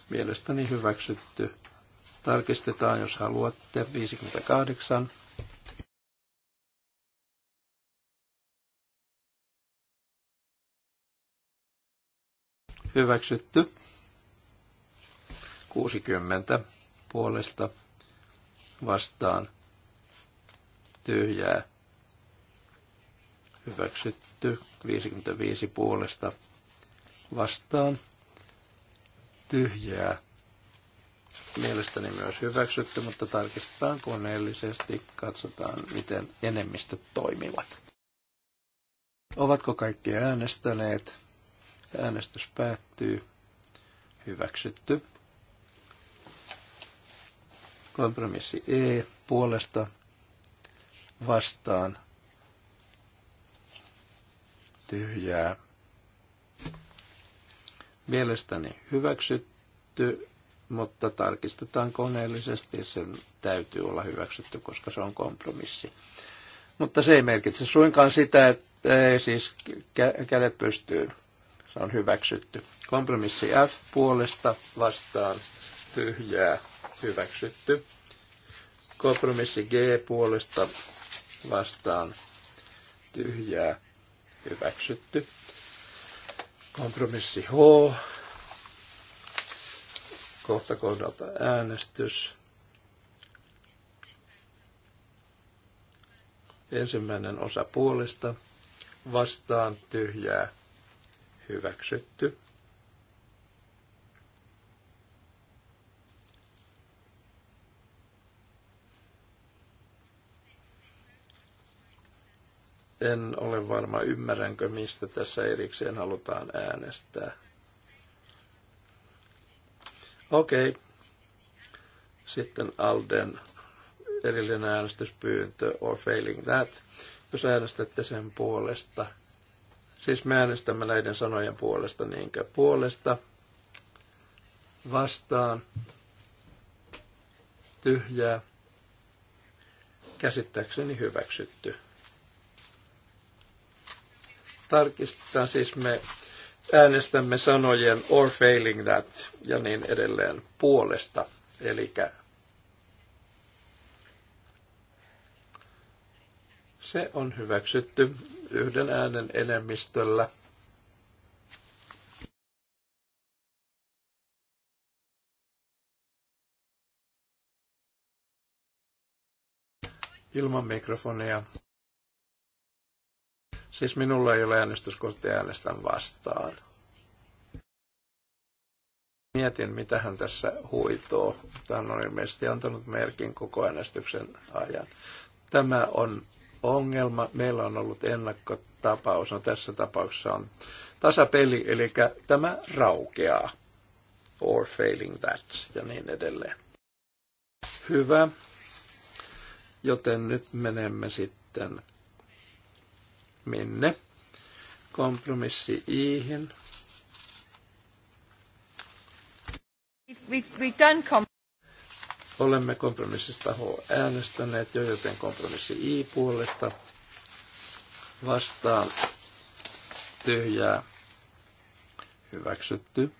S1: Mielestäni hyväksytty. Tarkistetaan, jos haluatte. 58. Hyväksytty. 60 puolesta vastaan tyhjää hyväksytty 55 puolesta vastaan tyhjää. Mielestäni myös hyväksytty, mutta tarkistetaan koneellisesti, katsotaan miten enemmistö toimivat. Ovatko kaikki äänestäneet? Äänestys päättyy. Hyväksytty. Kompromissi E puolesta vastaan tyhjää. Mielestäni hyväksytty, mutta tarkistetaan koneellisesti. Sen täytyy olla hyväksytty, koska se on kompromissi. Mutta se ei merkitse suinkaan sitä, että ei, siis kä- kädet pystyyn. Se on hyväksytty. Kompromissi F puolesta vastaan tyhjää hyväksytty. Kompromissi G puolesta vastaan tyhjää hyväksytty. Kompromissi H, kohta kohdalta äänestys. Ensimmäinen osa puolesta vastaan tyhjää hyväksytty. en ole varma, ymmärränkö, mistä tässä erikseen halutaan äänestää. Okei. Okay. Sitten Alden erillinen äänestyspyyntö, or failing that, jos äänestätte sen puolesta. Siis me äänestämme näiden sanojen puolesta, niinkö puolesta, vastaan, tyhjää, käsittääkseni hyväksytty tarkistetaan, siis me äänestämme sanojen or failing that ja niin edelleen puolesta, eli se on hyväksytty yhden äänen enemmistöllä. Ilman mikrofonia. Siis minulla ei ole äänestyskorttia äänestän vastaan. Mietin, mitä hän tässä huitoo. Hän on ilmeisesti antanut merkin koko äänestyksen ajan. Tämä on ongelma. Meillä on ollut ennakkotapaus. No tässä tapauksessa on tasapeli, eli tämä raukeaa. Or failing that ja niin edelleen. Hyvä. Joten nyt menemme sitten minne? Kompromissi ihin.
S2: We, we done
S1: Olemme kompromissista H äänestäneet jo, joten kompromissi I puolesta vastaan tyhjää hyväksytty.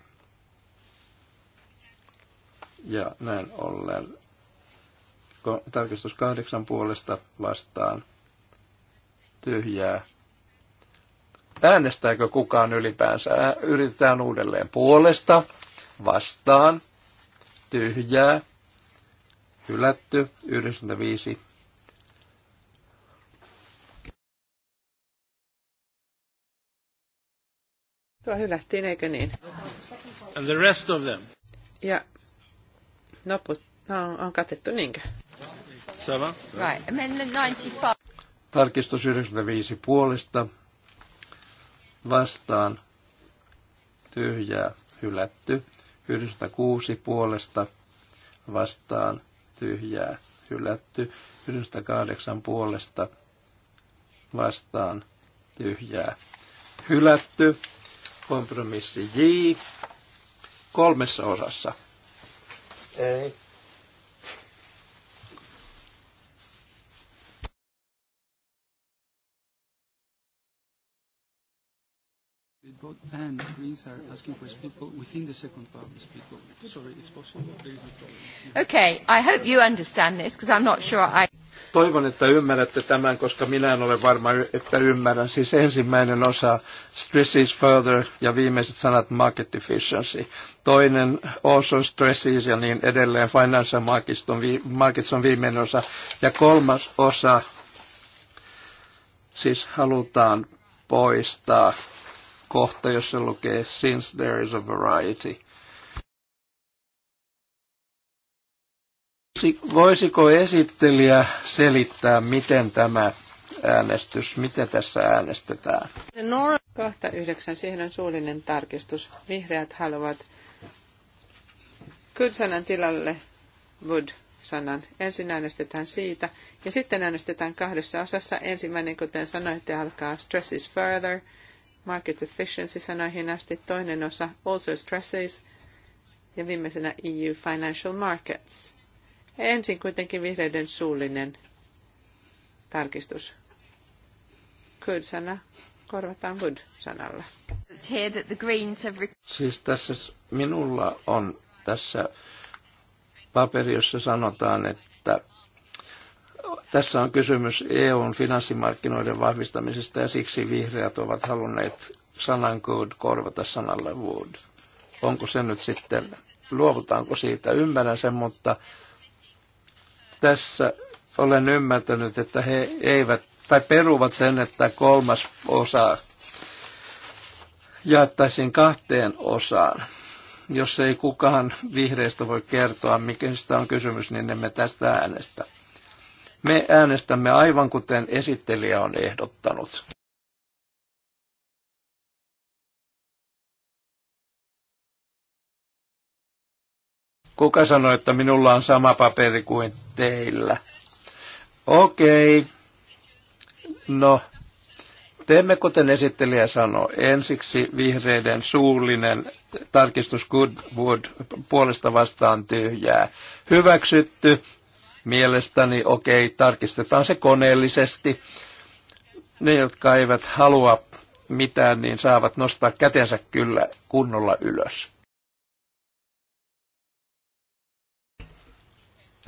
S1: Ja näin ollen tarkistus kahdeksan puolesta vastaan tyhjää Äänestääkö kukaan ylipäänsä? Yritetään uudelleen puolesta, vastaan, tyhjää, hylätty, 95.
S2: Tuo hylättiin, eikö niin? And
S1: the rest of them.
S2: Ja loput no, on, on katettu, niinkö? Sama. Right. Amendment 95.
S1: Tarkistus 95 puolesta vastaan tyhjää hylätty. 906 puolesta vastaan tyhjää hylätty. 908 puolesta vastaan tyhjää hylätty. Kompromissi J kolmessa osassa. Ei vote, and Greens are asking for a split vote
S3: within the second part of the split vote. Sorry, it's possible. There is no problem.
S1: Okay, I hope you
S3: understand this, because I'm not sure I...
S1: Toivon, että ymmärrätte tämän, koska minä en ole varma, että ymmärrän. Siis ensimmäinen osa stress is further ja viimeiset sanat market efficiency. Toinen also stresses ja niin edelleen financial markets on, vi- markets on viimeinen osa. Ja kolmas osa siis halutaan poistaa kohta, jossa lukee Since there is a variety. Voisiko esittelijä selittää, miten tämä äänestys, miten tässä äänestetään?
S2: Kohta yhdeksän, siihen on suullinen tarkistus. Vihreät haluavat good-sanan tilalle would-sanan. Ensin äänestetään siitä ja sitten äänestetään kahdessa osassa. Ensimmäinen, kuten sanoitte, alkaa stresses further – Market Efficiency sanoihin asti, toinen osa Also Stresses ja viimeisenä EU Financial Markets. Ensin kuitenkin vihreiden suullinen tarkistus. Good-sana korvataan good sanalla
S1: Siis tässä minulla on tässä paperi, jossa sanotaan, että tässä on kysymys EUn finanssimarkkinoiden vahvistamisesta ja siksi vihreät ovat halunneet sanan good korvata sanalla wood. Onko se nyt sitten, luovutaanko siitä, ymmärrän sen, mutta tässä olen ymmärtänyt, että he eivät, tai peruvat sen, että kolmas osa jaettaisiin kahteen osaan. Jos ei kukaan vihreistä voi kertoa, mikä sitä on kysymys, niin emme tästä äänestä. Me äänestämme aivan kuten esittelijä on ehdottanut. Kuka sanoi, että minulla on sama paperi kuin teillä? Okei. Okay. No, teemme kuten esittelijä sanoi. Ensiksi vihreiden suullinen tarkistus Goodwood puolesta vastaan tyhjää. Hyväksytty mielestäni, okei, okay, tarkistetaan se koneellisesti. Ne, jotka eivät halua mitään, niin saavat nostaa kätensä kyllä kunnolla ylös.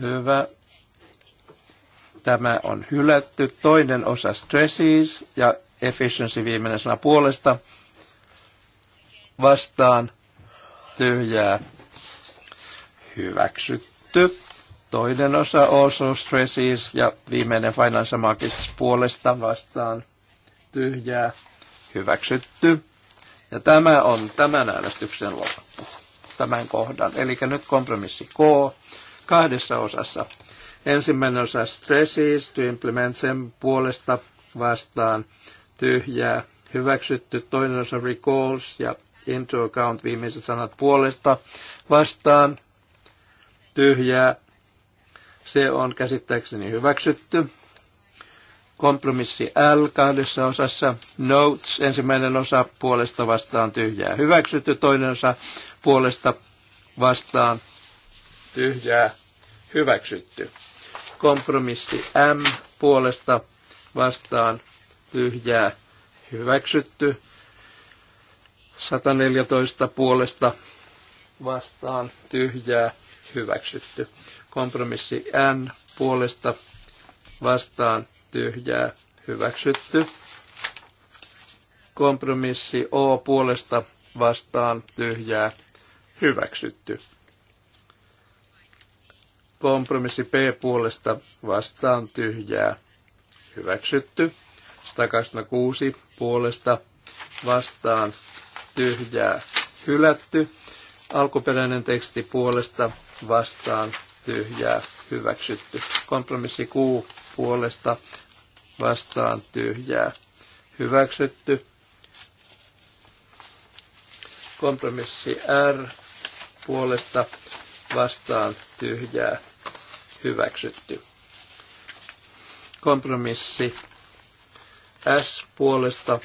S1: Hyvä. Tämä on hylätty. Toinen osa stresses ja efficiency viimeinen sana puolesta. Vastaan tyhjää hyväksytty. Toinen osa also stresses ja viimeinen Finance Markets puolesta vastaan tyhjää hyväksytty. Ja tämä on tämän äänestyksen loppu, tämän kohdan. Eli nyt kompromissi K kahdessa osassa. Ensimmäinen osa stresses to implement sen puolesta vastaan tyhjää hyväksytty. Toinen osa recalls ja into account viimeiset sanat puolesta vastaan tyhjää se on käsittääkseni hyväksytty. Kompromissi L kahdessa osassa. Notes, ensimmäinen osa puolesta vastaan tyhjää hyväksytty, toinen osa puolesta vastaan tyhjää hyväksytty. Kompromissi M puolesta vastaan tyhjää hyväksytty. 114 puolesta vastaan tyhjää hyväksytty. Kompromissi N puolesta vastaan tyhjää hyväksytty. Kompromissi O puolesta vastaan tyhjää hyväksytty. Kompromissi P puolesta vastaan tyhjää hyväksytty. 126 puolesta vastaan tyhjää hylätty. Alkuperäinen teksti puolesta vastaan tyhjää hyväksytty. Kompromissi Q puolesta vastaan tyhjää hyväksytty. Kompromissi R puolesta vastaan tyhjää hyväksytty. Kompromissi S puolesta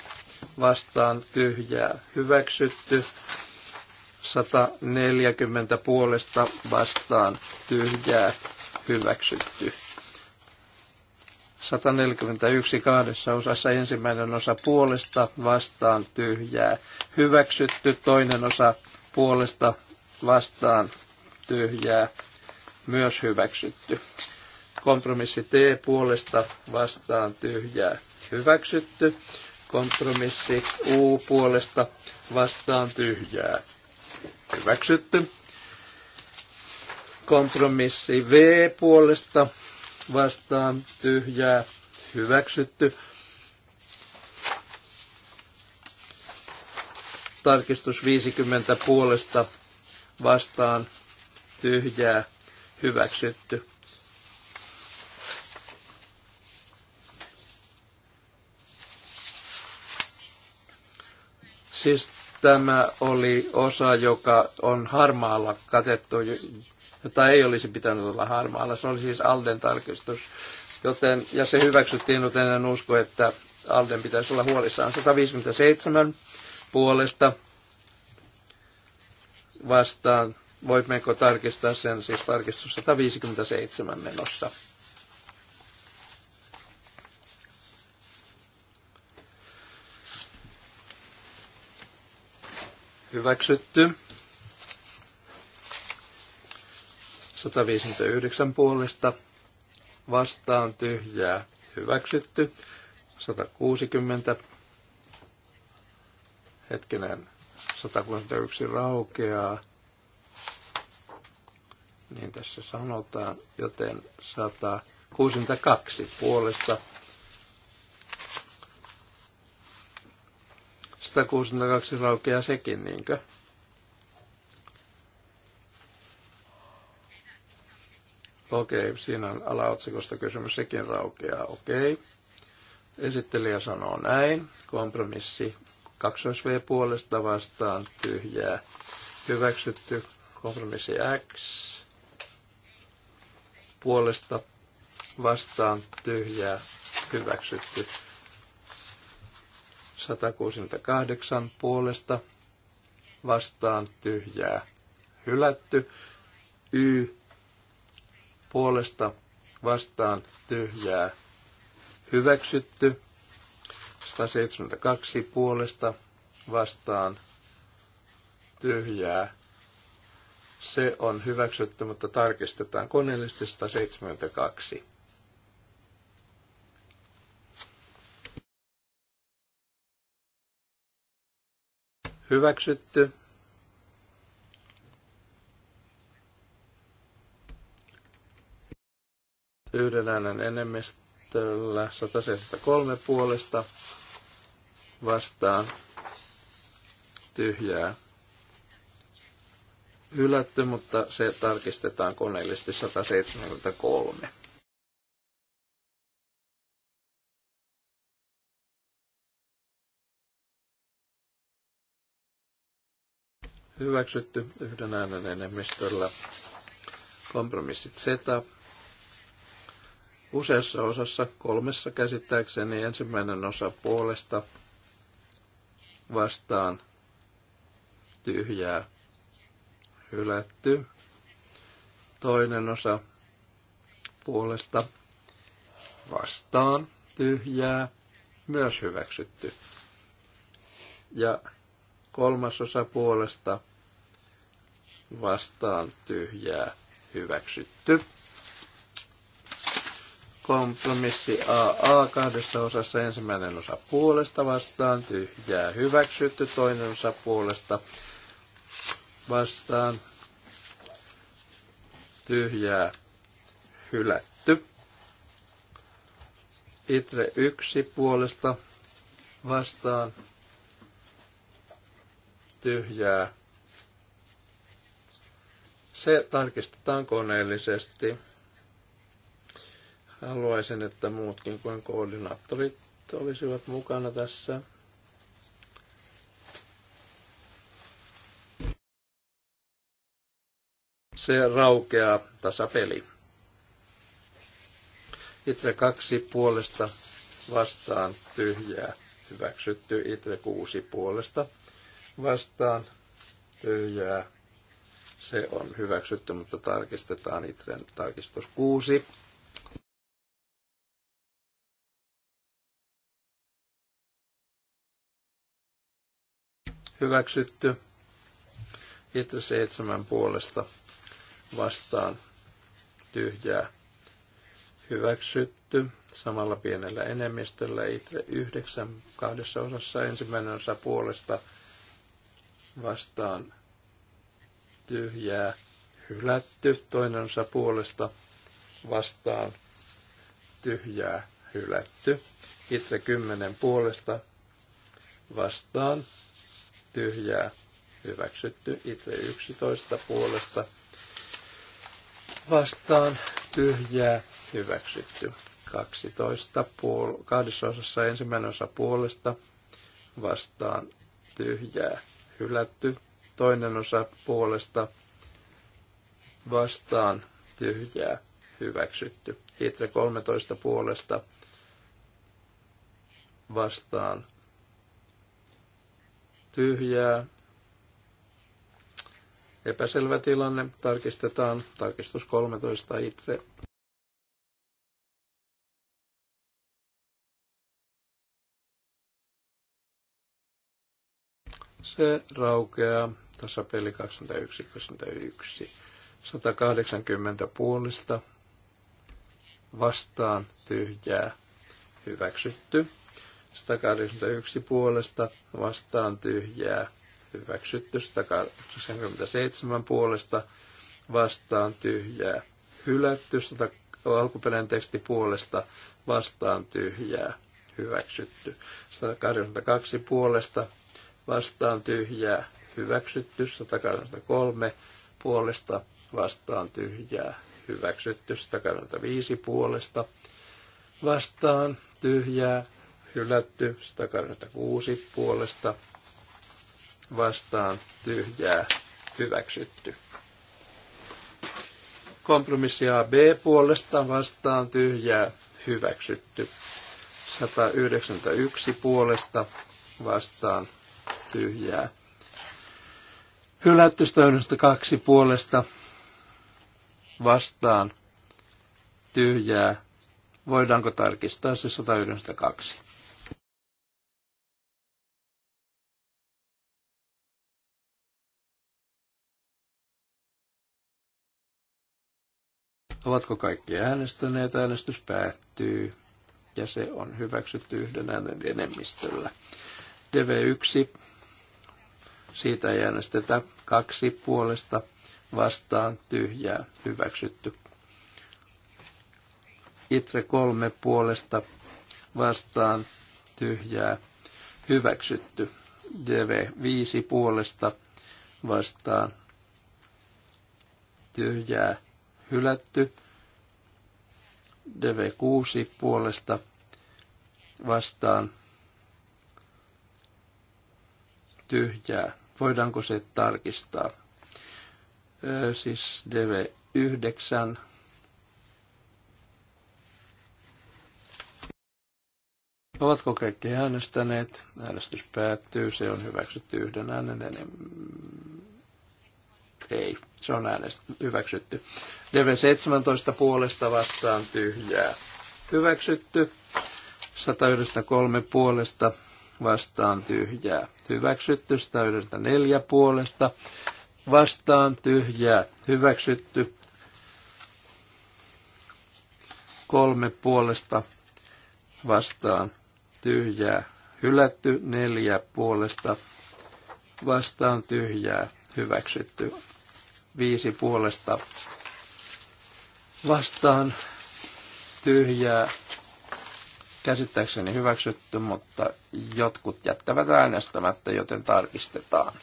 S1: vastaan tyhjää hyväksytty. 140 puolesta vastaan tyhjää hyväksytty. 141 kahdessa osassa ensimmäinen osa puolesta vastaan tyhjää hyväksytty, toinen osa puolesta vastaan tyhjää myös hyväksytty. Kompromissi T puolesta vastaan tyhjää hyväksytty. Kompromissi U puolesta vastaan tyhjää Hyväksytty. Kompromissi V puolesta vastaan tyhjää. Hyväksytty. Tarkistus 50 puolesta vastaan tyhjää. Hyväksytty. siis tämä oli osa, joka on harmaalla katettu, jota ei olisi pitänyt olla harmaalla. Se oli siis Alden tarkistus. Joten, ja se hyväksyttiin, joten en usko, että Alden pitäisi olla huolissaan. 157 puolesta vastaan. Voimmeko tarkistaa sen, siis tarkistus 157 menossa. Hyväksytty. 159 puolesta vastaan tyhjää hyväksytty. 160 hetkinen 161 raukeaa. Niin tässä sanotaan, joten 162 puolesta 162 raukeaa sekin, niinkö? Okei, okay, siinä on alaotsikosta kysymys, sekin raukeaa, okei. Okay. Esittelijä sanoo näin, kompromissi 2V puolesta vastaan tyhjää, hyväksytty, kompromissi X puolesta vastaan tyhjää, hyväksytty. 168 puolesta vastaan tyhjää hylätty. Y puolesta vastaan tyhjää hyväksytty. 172 puolesta vastaan tyhjää. Se on hyväksytty, mutta tarkistetaan koneellisesti 172. Hyväksytty. Yhden äänen enemmistöllä 173 puolesta vastaan tyhjää hylätty, mutta se tarkistetaan koneellisesti 173. hyväksytty yhden äänen enemmistöllä. Kompromissit Z. Useassa osassa, kolmessa käsittääkseni, ensimmäinen osa puolesta vastaan tyhjää hylätty. Toinen osa puolesta vastaan tyhjää myös hyväksytty. Ja kolmas osa puolesta vastaan tyhjää hyväksytty. Kompromissi AA kahdessa osassa ensimmäinen osa puolesta vastaan tyhjää hyväksytty, toinen osa puolesta vastaan tyhjää hylätty. Itre yksi puolesta vastaan tyhjää se tarkistetaan koneellisesti. Haluaisin, että muutkin kuin koordinaattorit olisivat mukana tässä. Se raukeaa tasapeli. Itre kaksi puolesta vastaan tyhjää. Hyväksytty Itre kuusi puolesta vastaan tyhjää se on hyväksytty, mutta tarkistetaan Itren tarkistus 6. Hyväksytty. Itre 7 puolesta vastaan tyhjää hyväksytty samalla pienellä enemmistöllä itse yhdeksän kahdessa osassa ensimmäinen osa puolesta vastaan tyhjää hylätty, toinen osa puolesta vastaan tyhjää hylätty. itse kymmenen puolesta vastaan tyhjää hyväksytty. itse yksitoista puolesta vastaan tyhjää hyväksytty. 12 puol- kahdessa osassa ensimmäinen osa puolesta vastaan tyhjää hylätty toinen osa puolesta vastaan tyhjää hyväksytty. Itre 13 puolesta vastaan tyhjää. Epäselvä tilanne. Tarkistetaan. Tarkistus 13 itre. Se raukeaa tasapeli 21, 180 puolista vastaan tyhjää hyväksytty. 181 puolesta vastaan tyhjää hyväksytty. 187 puolesta vastaan tyhjää hylätty. 100, alkuperäinen teksti puolesta vastaan tyhjää hyväksytty. 182 puolesta vastaan tyhjää hyväksytty, 183 puolesta vastaan tyhjää, hyväksytty, 185 puolesta vastaan tyhjää, hylätty, 186 puolesta vastaan tyhjää, hyväksytty. Kompromissi AB puolesta vastaan tyhjää, hyväksytty. 191 puolesta vastaan tyhjää Hylätty kaksi puolesta vastaan tyhjää. Voidaanko tarkistaa se 192? Ovatko kaikki äänestäneet? Äänestys päättyy ja se on hyväksytty yhden äänen enemmistöllä. DV1 siitä ei äänestetä kaksi puolesta vastaan tyhjää hyväksytty. Itre kolme puolesta vastaan tyhjää hyväksytty. DV viisi puolesta vastaan tyhjää hylätty. DV kuusi puolesta vastaan tyhjää Voidaanko se tarkistaa? Ö, siis DV9. Ovatko kaikki äänestäneet? Äänestys päättyy. Se on hyväksytty yhden äänen enemmän. Ei, se on äänestetty, hyväksytty. DV17 puolesta vastaan tyhjää. Hyväksytty. 193 puolesta vastaan tyhjää. Hyväksytty 194 puolesta vastaan tyhjää. Hyväksytty kolme puolesta vastaan tyhjää. Hylätty neljä puolesta vastaan tyhjää. Hyväksytty viisi puolesta vastaan tyhjää käsittääkseni hyväksytty, mutta jotkut jättävät äänestämättä, joten tarkistetaan.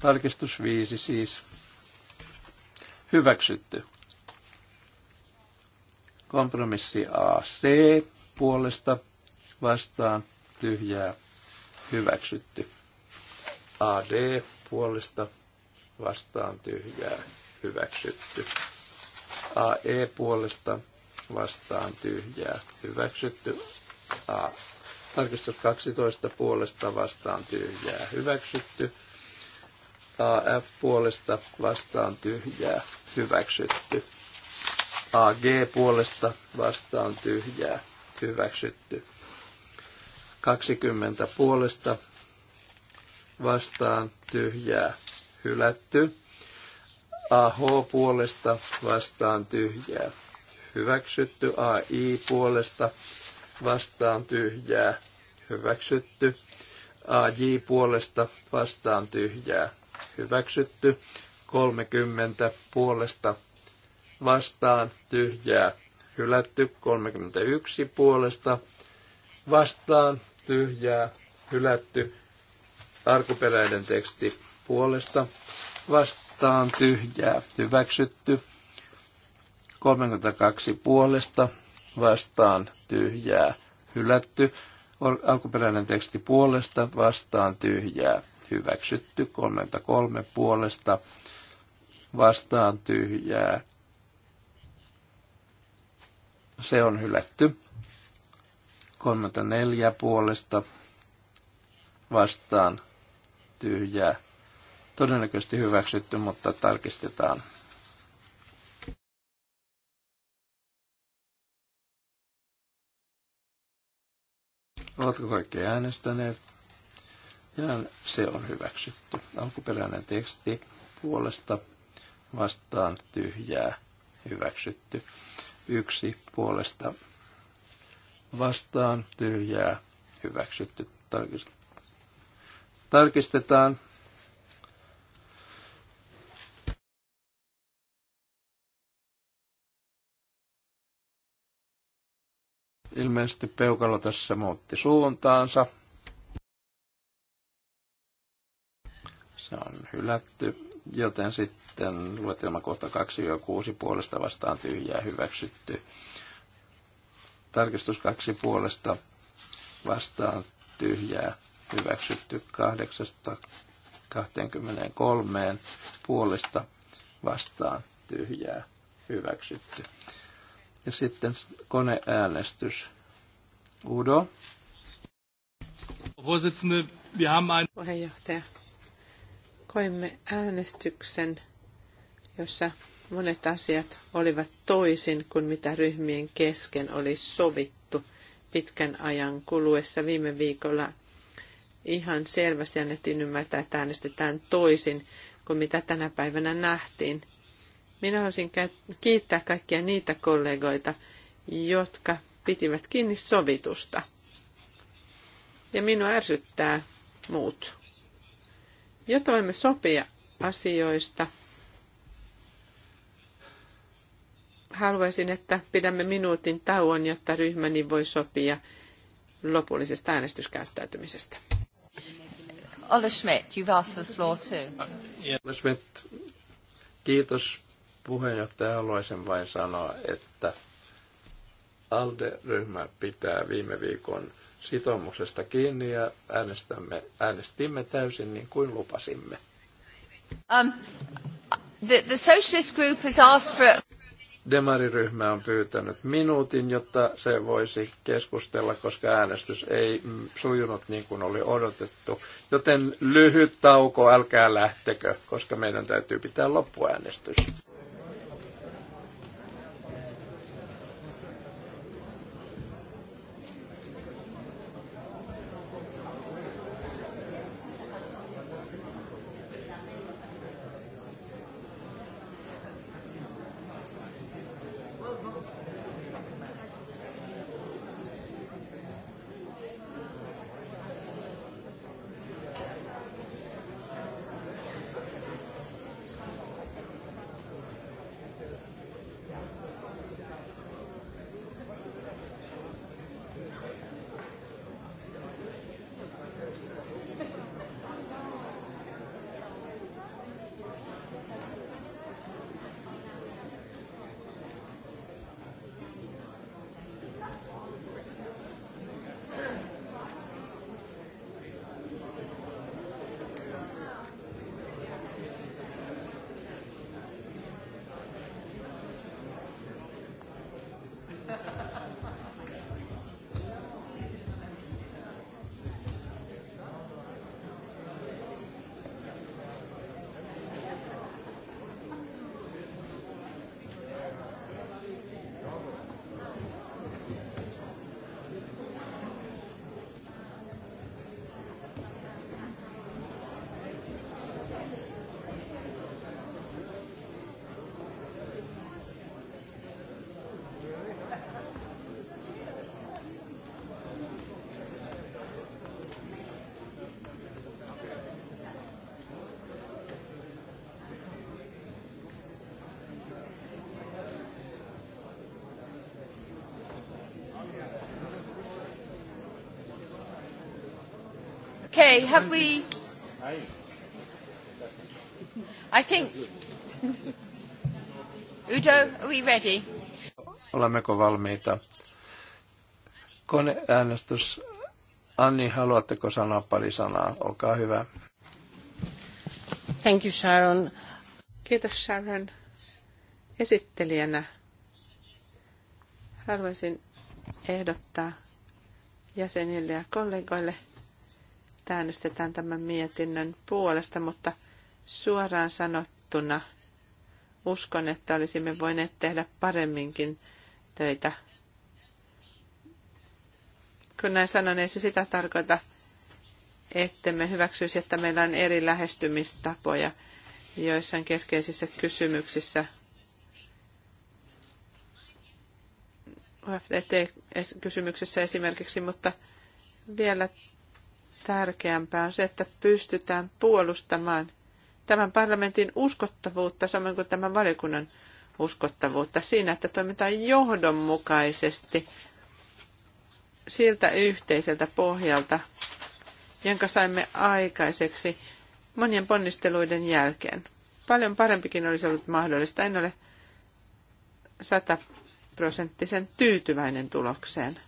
S1: Tarkistus 5 siis. Hyväksytty. Kompromissi AC puolesta vastaan tyhjää hyväksytty. AD puolesta vastaan tyhjää hyväksytty. AE puolesta vastaan tyhjää hyväksytty. A. Tarkistus 12 puolesta vastaan tyhjää hyväksytty. AF puolesta vastaan tyhjää hyväksytty. AG puolesta vastaan tyhjää hyväksytty. 20 puolesta vastaan tyhjää hylätty. AH puolesta vastaan tyhjää. Hyväksytty AI puolesta vastaan tyhjää. Hyväksytty. AJ puolesta vastaan tyhjää. Hyväksytty. 30 puolesta vastaan tyhjää. Hylätty 31 puolesta vastaan tyhjää. Hylätty arkuperäinen teksti puolesta vastaan tyhjää hyväksytty. 32 puolesta vastaan tyhjää hylätty. Alkuperäinen teksti puolesta vastaan tyhjää hyväksytty. 33 puolesta vastaan tyhjää. Se on hylätty. 34 puolesta vastaan tyhjää Todennäköisesti hyväksytty, mutta tarkistetaan. Oletko kaikki äänestäneet? Ja se on hyväksytty. Alkuperäinen teksti puolesta vastaan tyhjää hyväksytty. Yksi puolesta vastaan tyhjää hyväksytty. Tarkistetaan. ilmeisesti peukalo tässä muutti suuntaansa. Se on hylätty, joten sitten luetelma kohta 2 ja 6 puolesta vastaan tyhjää hyväksytty. Tarkistus 2 puolesta vastaan tyhjää hyväksytty 823 puolesta vastaan tyhjää hyväksytty. Ja sitten koneäänestys Udo. Vorsitzende,
S2: wir haben ein... Puheenjohtaja. Koimme äänestyksen, jossa monet asiat olivat toisin kuin mitä ryhmien kesken oli sovittu pitkän ajan kuluessa viime viikolla. Ihan selvästi annettiin ymmärtää, että äänestetään toisin kuin mitä tänä päivänä nähtiin. Minä haluaisin kiittää kaikkia niitä kollegoita, jotka pitivät kiinni sovitusta. Ja minua ärsyttää muut. Jotta voimme sopia asioista, haluaisin, että pidämme minuutin tauon, jotta ryhmäni voi sopia lopullisesta äänestyskäyttäytymisestä.
S1: Olle Schmidt, you've asked the floor too. Olle Schmidt, kiitos puheenjohtaja. Haluaisin vain sanoa, että ALDE-ryhmä pitää viime viikon sitoumuksesta kiinni ja äänestämme, äänestimme täysin niin kuin lupasimme.
S3: Um, the, the socialist group has asked for...
S1: Demariryhmä on pyytänyt minuutin, jotta se voisi keskustella, koska äänestys ei mm, sujunut niin kuin oli odotettu. Joten lyhyt tauko, älkää lähtekö, koska meidän täytyy pitää loppuäänestys.
S2: have we? I think. Udo, are we ready?
S1: Olemmeko valmiita? Koneäänestys. Anni, haluatteko sanoa pari sanaa? Olkaa hyvä.
S3: Thank you, Sharon.
S2: Kiitos, Sharon. Esittelijänä haluaisin ehdottaa jäsenille ja kollegoille – että äänestetään tämän mietinnön puolesta, mutta suoraan sanottuna uskon, että olisimme voineet tehdä paremminkin töitä. Kun näin sanon, ei se sitä tarkoita, että me hyväksyisi, että meillä on eri lähestymistapoja joissain keskeisissä kysymyksissä. UFDT-kysymyksessä esimerkiksi, mutta vielä tärkeämpää on se, että pystytään puolustamaan tämän parlamentin uskottavuutta, samoin kuin tämän valiokunnan uskottavuutta siinä, että toimitaan johdonmukaisesti siltä yhteiseltä pohjalta, jonka saimme aikaiseksi monien ponnisteluiden jälkeen. Paljon parempikin olisi ollut mahdollista. En ole sataprosenttisen tyytyväinen tulokseen.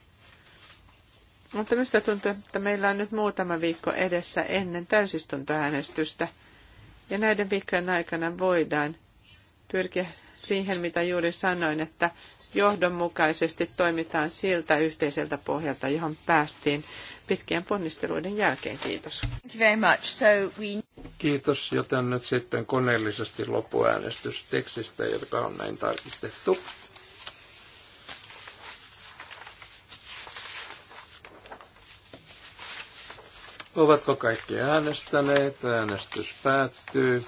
S2: Mutta minusta tuntuu, että meillä on nyt muutama viikko edessä ennen täysistuntoäänestystä. Ja näiden viikkojen aikana voidaan pyrkiä siihen, mitä juuri sanoin, että johdonmukaisesti toimitaan siltä yhteiseltä pohjalta, johon päästiin pitkien ponnisteluiden jälkeen. Kiitos.
S1: Kiitos, joten nyt sitten koneellisesti loppuäänestys tekstistä, joka on näin tarkistettu. Ovatko kaikki äänestäneet? Äänestys päättyy.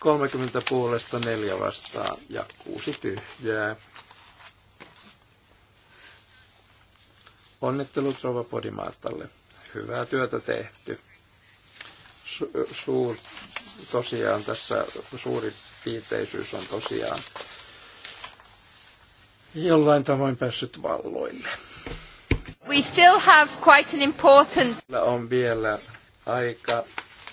S1: 30 puolesta, 4 vastaan ja 6 tyhjää. Onnittelut Rova Podimaatalle. Hyvää työtä tehty. Su- suur, tosiaan tässä suuri piiteisyys on tosiaan jollain tavoin päässyt valloille
S2: we still have quite an important...
S1: on vielä aika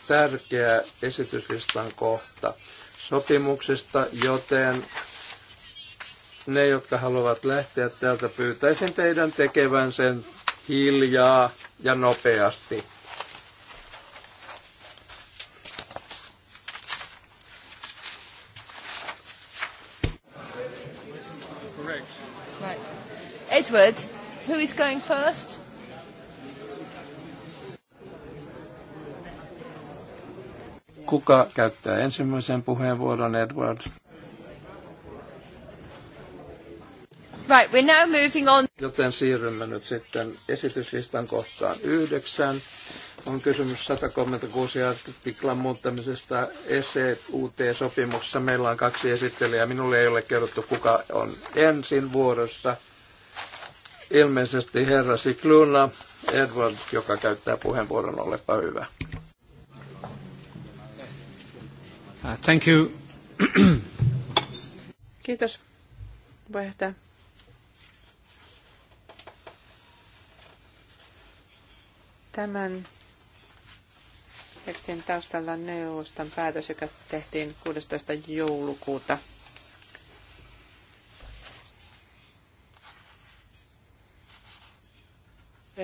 S1: tärkeä esityslistan kohta sopimuksesta, joten ne, jotka haluavat lähteä täältä, pyytäisin teidän tekevän sen hiljaa ja nopeasti.
S3: Edward, Who is going first?
S1: Kuka käyttää ensimmäisen puheenvuoron, Edward?
S2: Right, we're now moving on.
S1: Joten siirrymme nyt sitten esityslistan kohtaan yhdeksän. On kysymys 136 artiklan muuttamisesta SEUT-sopimuksessa. Meillä on kaksi esittelijää. Minulle ei ole kerrottu, kuka on ensin vuorossa – ilmeisesti herra Sikluna. Edward, joka käyttää puheenvuoron, olepa hyvä. Uh, thank you.
S2: Kiitos, Vaihtaa. Tämän tekstin taustalla neuvoston päätös, joka tehtiin 16. joulukuuta –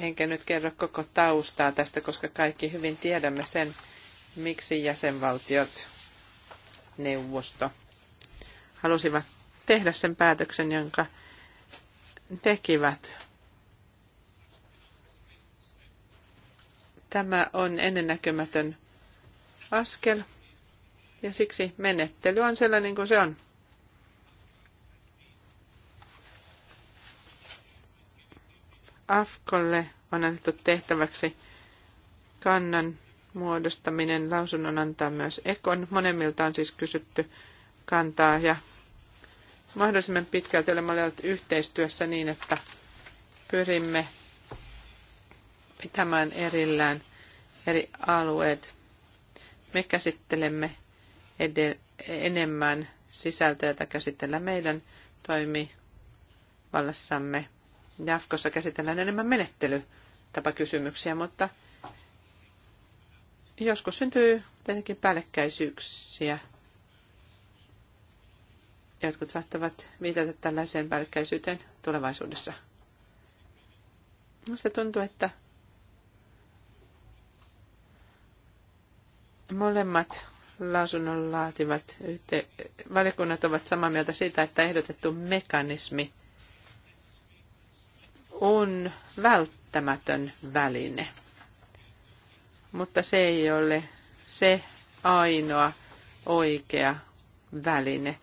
S2: enkä nyt kerro koko taustaa tästä, koska kaikki hyvin tiedämme sen, miksi jäsenvaltiot, neuvosto, halusivat tehdä sen päätöksen, jonka tekivät. Tämä on ennennäkemätön askel ja siksi menettely on sellainen kuin se on. AFKolle on annettu tehtäväksi kannan muodostaminen. Lausunnon antaa myös Ekon. Monemmilta on siis kysytty kantaa ja mahdollisimman pitkälti olemme olleet yhteistyössä niin, että pyrimme pitämään erillään eri alueet. Me käsittelemme ed- enemmän sisältöä, jota käsitellään meidän toimivallassamme jatkossa käsitellään enemmän menettelytapakysymyksiä, mutta joskus syntyy tietenkin päällekkäisyyksiä. Jotkut saattavat viitata tällaiseen päällekkäisyyteen tulevaisuudessa. Minusta tuntuu, että molemmat lausunnon laativat valiokunnat ovat samaa mieltä siitä, että ehdotettu mekanismi – on välttämätön väline, mutta se ei ole se ainoa oikea väline,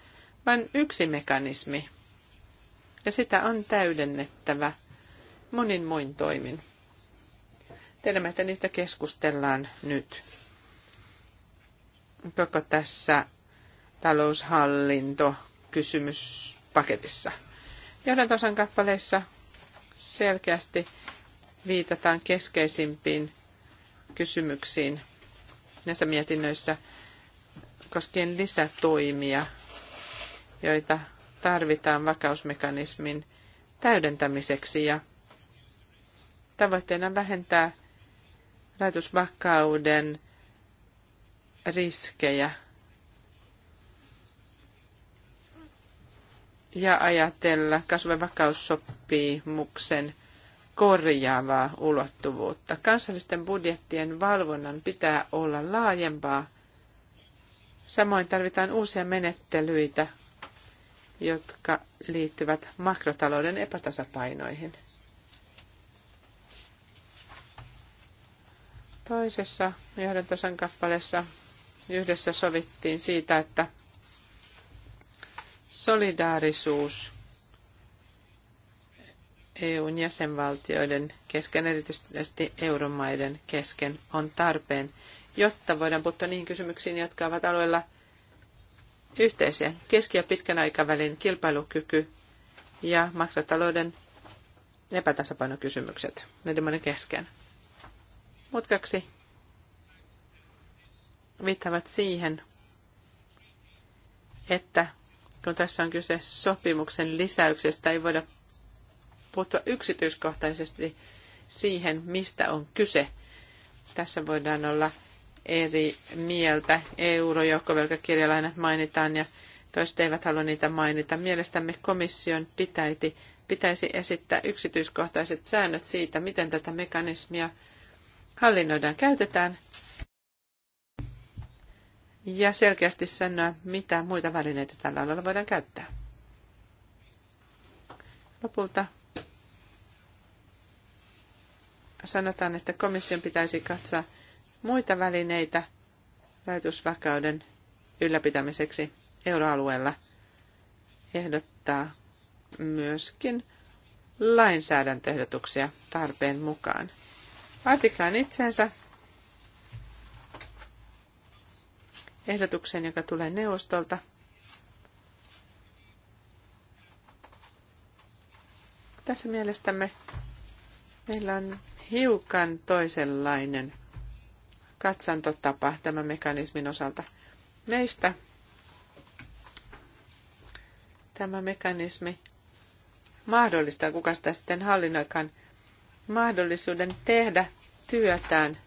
S2: vaan yksi mekanismi. Ja sitä on täydennettävä monin muin toimin. Tiedämme, että niistä keskustellaan nyt. Koko tässä taloushallinto kysymyspaketissa. Johdantosan kappaleissa selkeästi viitataan keskeisimpiin kysymyksiin näissä mietinnöissä koskien lisätoimia, joita tarvitaan vakausmekanismin täydentämiseksi ja tavoitteena vähentää rahoitusvakauden riskejä ja ajatella kasvu- vakaussopimuksen korjaavaa ulottuvuutta. Kansallisten budjettien valvonnan pitää olla laajempaa. Samoin tarvitaan uusia menettelyitä, jotka liittyvät makrotalouden epätasapainoihin. Toisessa johdantosan kappaleessa yhdessä sovittiin siitä, että solidaarisuus EUn jäsenvaltioiden kesken, erityisesti euromaiden kesken, on tarpeen, jotta voidaan puuttua niihin kysymyksiin, jotka ovat alueella yhteisiä. Keski- ja pitkän aikavälin kilpailukyky ja makrotalouden epätasapainokysymykset näiden maiden kesken. Mutkaksi viittavat siihen, että kun tässä on kyse sopimuksen lisäyksestä, ei voida puuttua yksityiskohtaisesti siihen, mistä on kyse. Tässä voidaan olla eri mieltä. Eurojoukkovelkakirjalaina mainitaan ja toiset eivät halua niitä mainita. Mielestämme komission pitäisi, pitäisi esittää yksityiskohtaiset säännöt siitä, miten tätä mekanismia hallinnoidaan, käytetään ja selkeästi sanoa, mitä muita välineitä tällä alalla voidaan käyttää. Lopulta sanotaan, että komission pitäisi katsoa muita välineitä rahoitusvakauden ylläpitämiseksi euroalueella. Ehdottaa myöskin lainsäädäntöehdotuksia tarpeen mukaan. Artiklan itsensä ehdotukseen, joka tulee neuvostolta. Tässä mielestämme meillä on hiukan toisenlainen katsantotapa tämän mekanismin osalta. Meistä tämä mekanismi mahdollistaa, kuka sitä sitten hallinnoikaan, mahdollisuuden tehdä työtään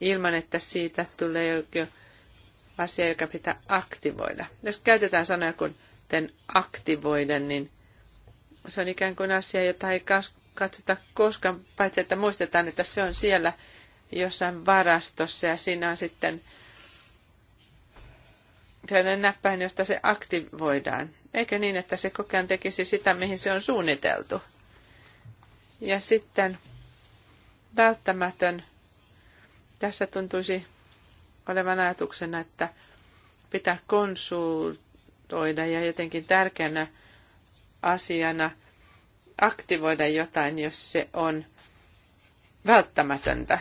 S2: ilman, että siitä tulee joku asia, joka pitää aktivoida. Jos käytetään sanoja "ten aktivoida, niin se on ikään kuin asia, jota ei katsota koskaan, paitsi että muistetaan, että se on siellä jossain varastossa ja siinä on sitten sellainen näppäin, josta se aktivoidaan. Eikä niin, että se kokean tekisi sitä, mihin se on suunniteltu. Ja sitten välttämätön tässä tuntuisi olevan ajatuksena, että pitää konsultoida ja jotenkin tärkeänä asiana aktivoida jotain, jos se on välttämätöntä.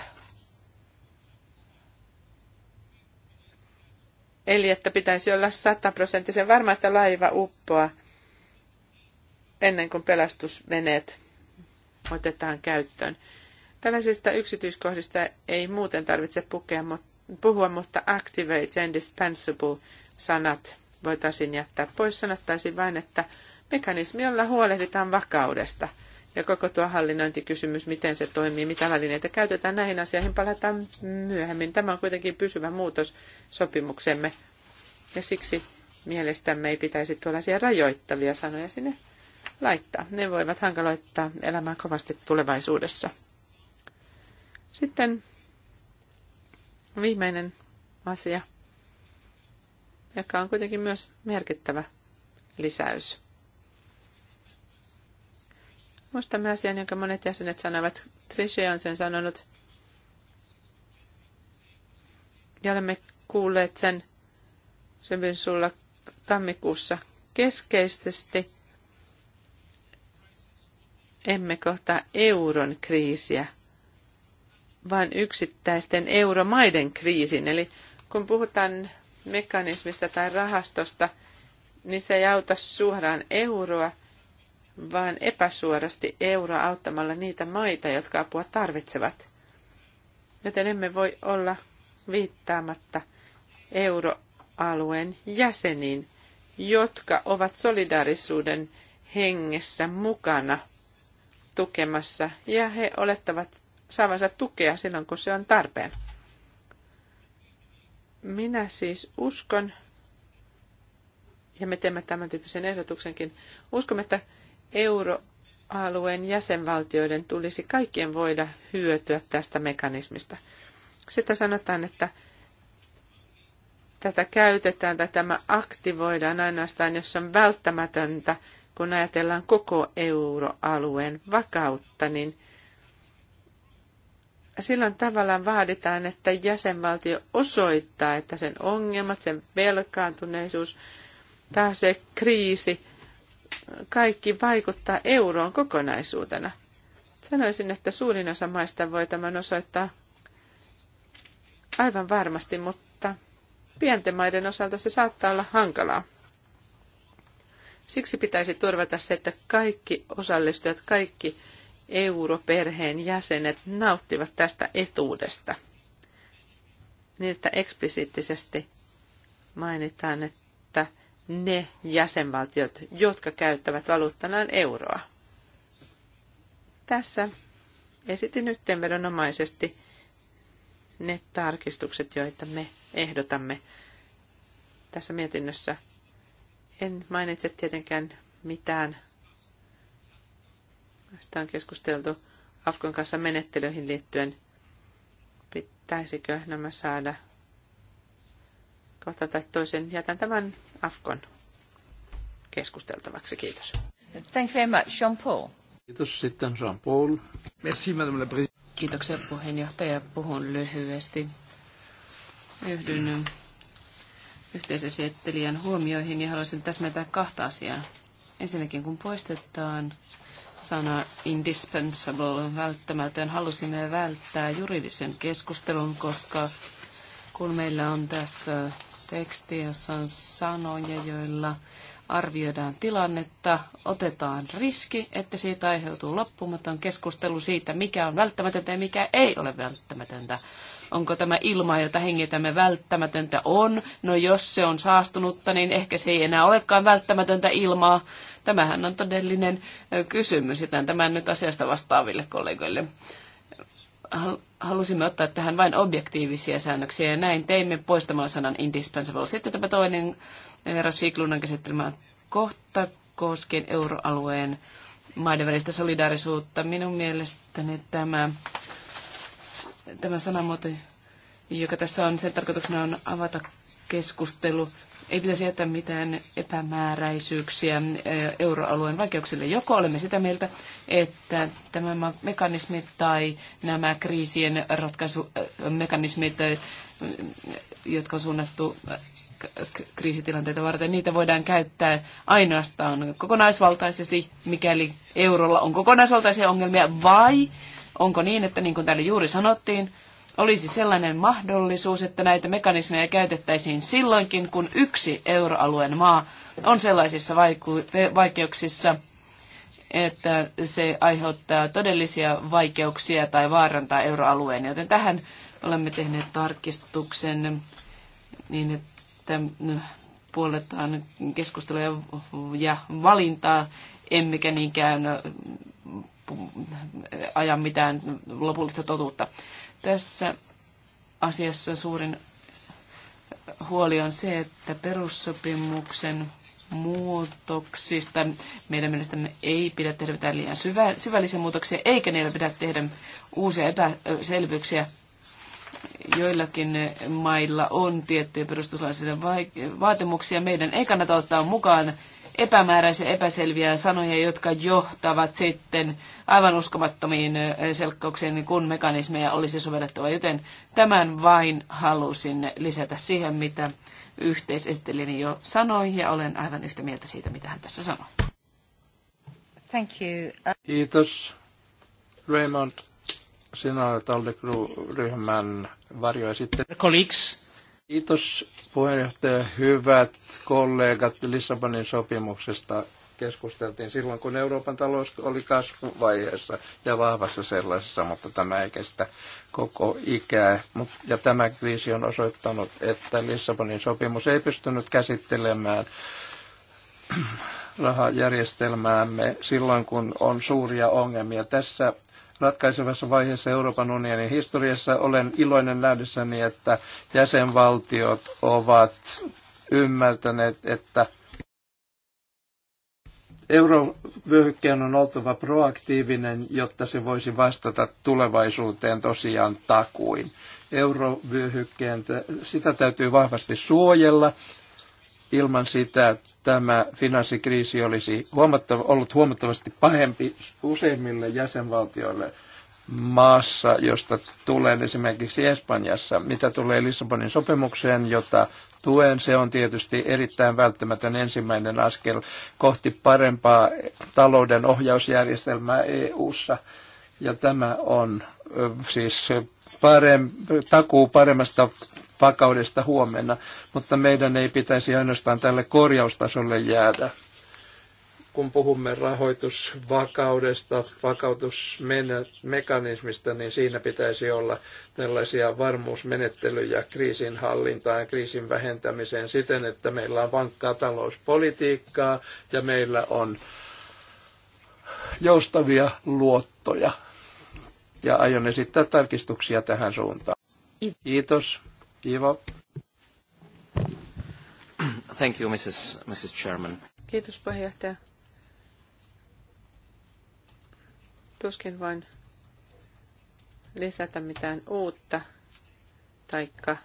S2: Eli että pitäisi olla sataprosenttisen varma, että laiva uppoaa ennen kuin pelastusveneet otetaan käyttöön. Tällaisista yksityiskohdista ei muuten tarvitse pukea, puhua, mutta activate ja indispensable sanat voitaisiin jättää pois. Sanottaisiin vain, että mekanismi, jolla huolehditaan vakaudesta ja koko tuo hallinnointikysymys, miten se toimii, mitä välineitä käytetään näihin asioihin, palataan myöhemmin. Tämä on kuitenkin pysyvä muutos sopimuksemme ja siksi mielestämme ei pitäisi tuollaisia rajoittavia sanoja sinne laittaa. Ne voivat hankaloittaa elämää kovasti tulevaisuudessa. Sitten viimeinen asia, joka on kuitenkin myös merkittävä lisäys. Muistamme asian, jonka monet jäsenet sanovat. Trishe on sen sanonut. Ja olemme kuulleet sen syvyn sulla tammikuussa keskeisesti. Emme kohta euron kriisiä, vain yksittäisten euromaiden kriisin. Eli kun puhutaan mekanismista tai rahastosta, niin se ei auta suoraan euroa, vaan epäsuorasti euroa auttamalla niitä maita, jotka apua tarvitsevat. Joten emme voi olla viittaamatta euroalueen jäseniin, jotka ovat solidaarisuuden hengessä mukana tukemassa, ja he olettavat saavansa tukea silloin, kun se on tarpeen. Minä siis uskon, ja me teemme tämän tyyppisen ehdotuksenkin, uskomme, että euroalueen jäsenvaltioiden tulisi kaikkien voida hyötyä tästä mekanismista. Sitä sanotaan, että tätä käytetään tai tämä aktivoidaan ainoastaan, jos on välttämätöntä, kun ajatellaan koko euroalueen vakautta, niin silloin tavallaan vaaditaan, että jäsenvaltio osoittaa, että sen ongelmat, sen velkaantuneisuus, taas se kriisi, kaikki vaikuttaa euroon kokonaisuutena. Sanoisin, että suurin osa maista voi tämän osoittaa aivan varmasti, mutta pienten maiden osalta se saattaa olla hankalaa. Siksi pitäisi turvata se, että kaikki osallistujat, kaikki europerheen jäsenet nauttivat tästä etuudesta. Niin, että eksplisiittisesti mainitaan, että ne jäsenvaltiot, jotka käyttävät valuuttanaan euroa. Tässä esitin yhteenvedonomaisesti ne tarkistukset, joita me ehdotamme tässä mietinnössä. En mainitse tietenkään mitään Tästä on keskusteltu Afkon kanssa menettelyihin liittyen. Pitäisikö nämä saada kohta tai toisen? Jätän tämän Afkon keskusteltavaksi. Kiitos.
S3: Thank you very much, Jean-Paul. Kiitos sitten Jean-Paul. Merci, madame la présidente. Kiitoksia puheenjohtaja. Puhun lyhyesti. Yhdyn yhteisösiettelijän huomioihin ja haluaisin täsmätä kahta asiaa. Ensinnäkin kun poistetaan sana indispensable, välttämätön. Halusimme välttää juridisen keskustelun, koska kun meillä on tässä teksti, jossa on sanoja, joilla arvioidaan tilannetta, otetaan riski, että siitä aiheutuu loppumaton keskustelu siitä, mikä on välttämätöntä ja mikä ei ole välttämätöntä. Onko tämä ilma, jota hengitämme välttämätöntä on? No jos se on saastunutta, niin ehkä se ei enää olekaan välttämätöntä ilmaa, Tämähän on todellinen kysymys, jätän tämän nyt asiasta vastaaville kollegoille. Halusimme ottaa tähän vain objektiivisia säännöksiä ja näin teimme poistamalla sanan indispensable. Sitten tämä toinen Rasviklunan käsittelemä kohta koskien euroalueen maiden välistä solidaarisuutta. Minun mielestäni tämä, tämä sanamuoto, joka tässä on, sen tarkoituksena on avata keskustelu ei pitäisi jättää mitään epämääräisyyksiä eh, euroalueen vaikeuksille. Joko olemme sitä mieltä, että tämä mekanismi tai nämä kriisien ratkaisumekanismit, eh, eh, jotka on suunnattu kriisitilanteita varten, niitä voidaan käyttää ainoastaan kokonaisvaltaisesti, mikäli eurolla on kokonaisvaltaisia ongelmia, vai onko niin, että niin kuin täällä juuri sanottiin, olisi sellainen mahdollisuus, että näitä mekanismeja käytettäisiin silloinkin, kun yksi euroalueen maa on sellaisissa vaikeuksissa, että se aiheuttaa todellisia vaikeuksia tai vaarantaa euroalueen. Joten tähän olemme tehneet tarkistuksen niin, että puoletaan keskustelua ja valintaa, emmekä niinkään aja mitään lopullista totuutta. Tässä asiassa suurin huoli on se, että perussopimuksen muutoksista meidän mielestämme ei pidä tehdä mitään liian syvä, syvällisiä muutoksia, eikä niillä pidä tehdä uusia epäselvyyksiä. Joillakin mailla on tiettyjä perustuslaillisia vaatimuksia. Meidän ei kannata ottaa mukaan epämääräisiä, epäselviä sanoja, jotka johtavat sitten aivan uskomattomiin selkkauksiin, kun mekanismeja olisi sovellettava. Joten tämän vain halusin lisätä siihen, mitä yhteisettelini jo sanoi, ja olen aivan yhtä mieltä siitä, mitä hän tässä sanoi.
S2: Thank you.
S1: Kiitos. Raymond, sinä olet ryhmän varjoesittelijä. Colleagues, Kiitos puheenjohtaja. Hyvät kollegat Lissabonin sopimuksesta keskusteltiin silloin, kun Euroopan talous oli kasvuvaiheessa ja vahvassa sellaisessa, mutta tämä ei kestä koko ikää. Ja tämä kriisi on osoittanut, että Lissabonin sopimus ei pystynyt käsittelemään rahajärjestelmäämme silloin, kun on suuria ongelmia. Tässä ratkaisevassa vaiheessa Euroopan unionin historiassa. Olen iloinen lähdössäni, että jäsenvaltiot ovat ymmärtäneet, että eurovyöhykkeen on oltava proaktiivinen, jotta se voisi vastata tulevaisuuteen tosiaan takuin. Eurovyöhykkeen, sitä täytyy vahvasti suojella. Ilman sitä tämä finanssikriisi olisi huomattava, ollut huomattavasti pahempi useimmille jäsenvaltioille maassa, josta tulee esimerkiksi Espanjassa. Mitä tulee Lissabonin sopimukseen, jota tuen, se on tietysti erittäin välttämätön ensimmäinen askel kohti parempaa talouden ohjausjärjestelmää EU:ssa. Ja tämä on siis parem, takuu paremmasta vakaudesta huomenna, mutta meidän ei pitäisi ainoastaan tälle korjaustasolle jäädä. Kun puhumme rahoitusvakaudesta, vakautusmekanismista, niin siinä pitäisi olla tällaisia varmuusmenettelyjä kriisin hallintaan ja kriisin vähentämiseen siten, että meillä on vankkaa talouspolitiikkaa ja meillä on joustavia luottoja. Ja aion esittää tarkistuksia tähän suuntaan. Kiitos.
S2: Kiitos puheenjohtaja. Tuskin vain lisätä mitään uutta, taikka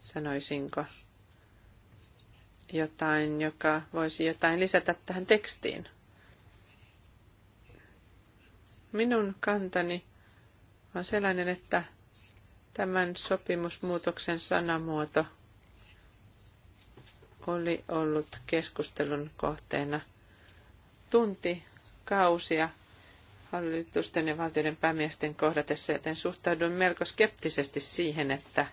S2: sanoisinko jotain, joka voisi jotain lisätä tähän tekstiin. Minun kantani on sellainen, että Tämän sopimusmuutoksen sanamuoto oli ollut keskustelun kohteena tunti, kausia hallitusten ja valtioiden päämiesten kohdatessa, joten suhtaudun melko skeptisesti siihen, että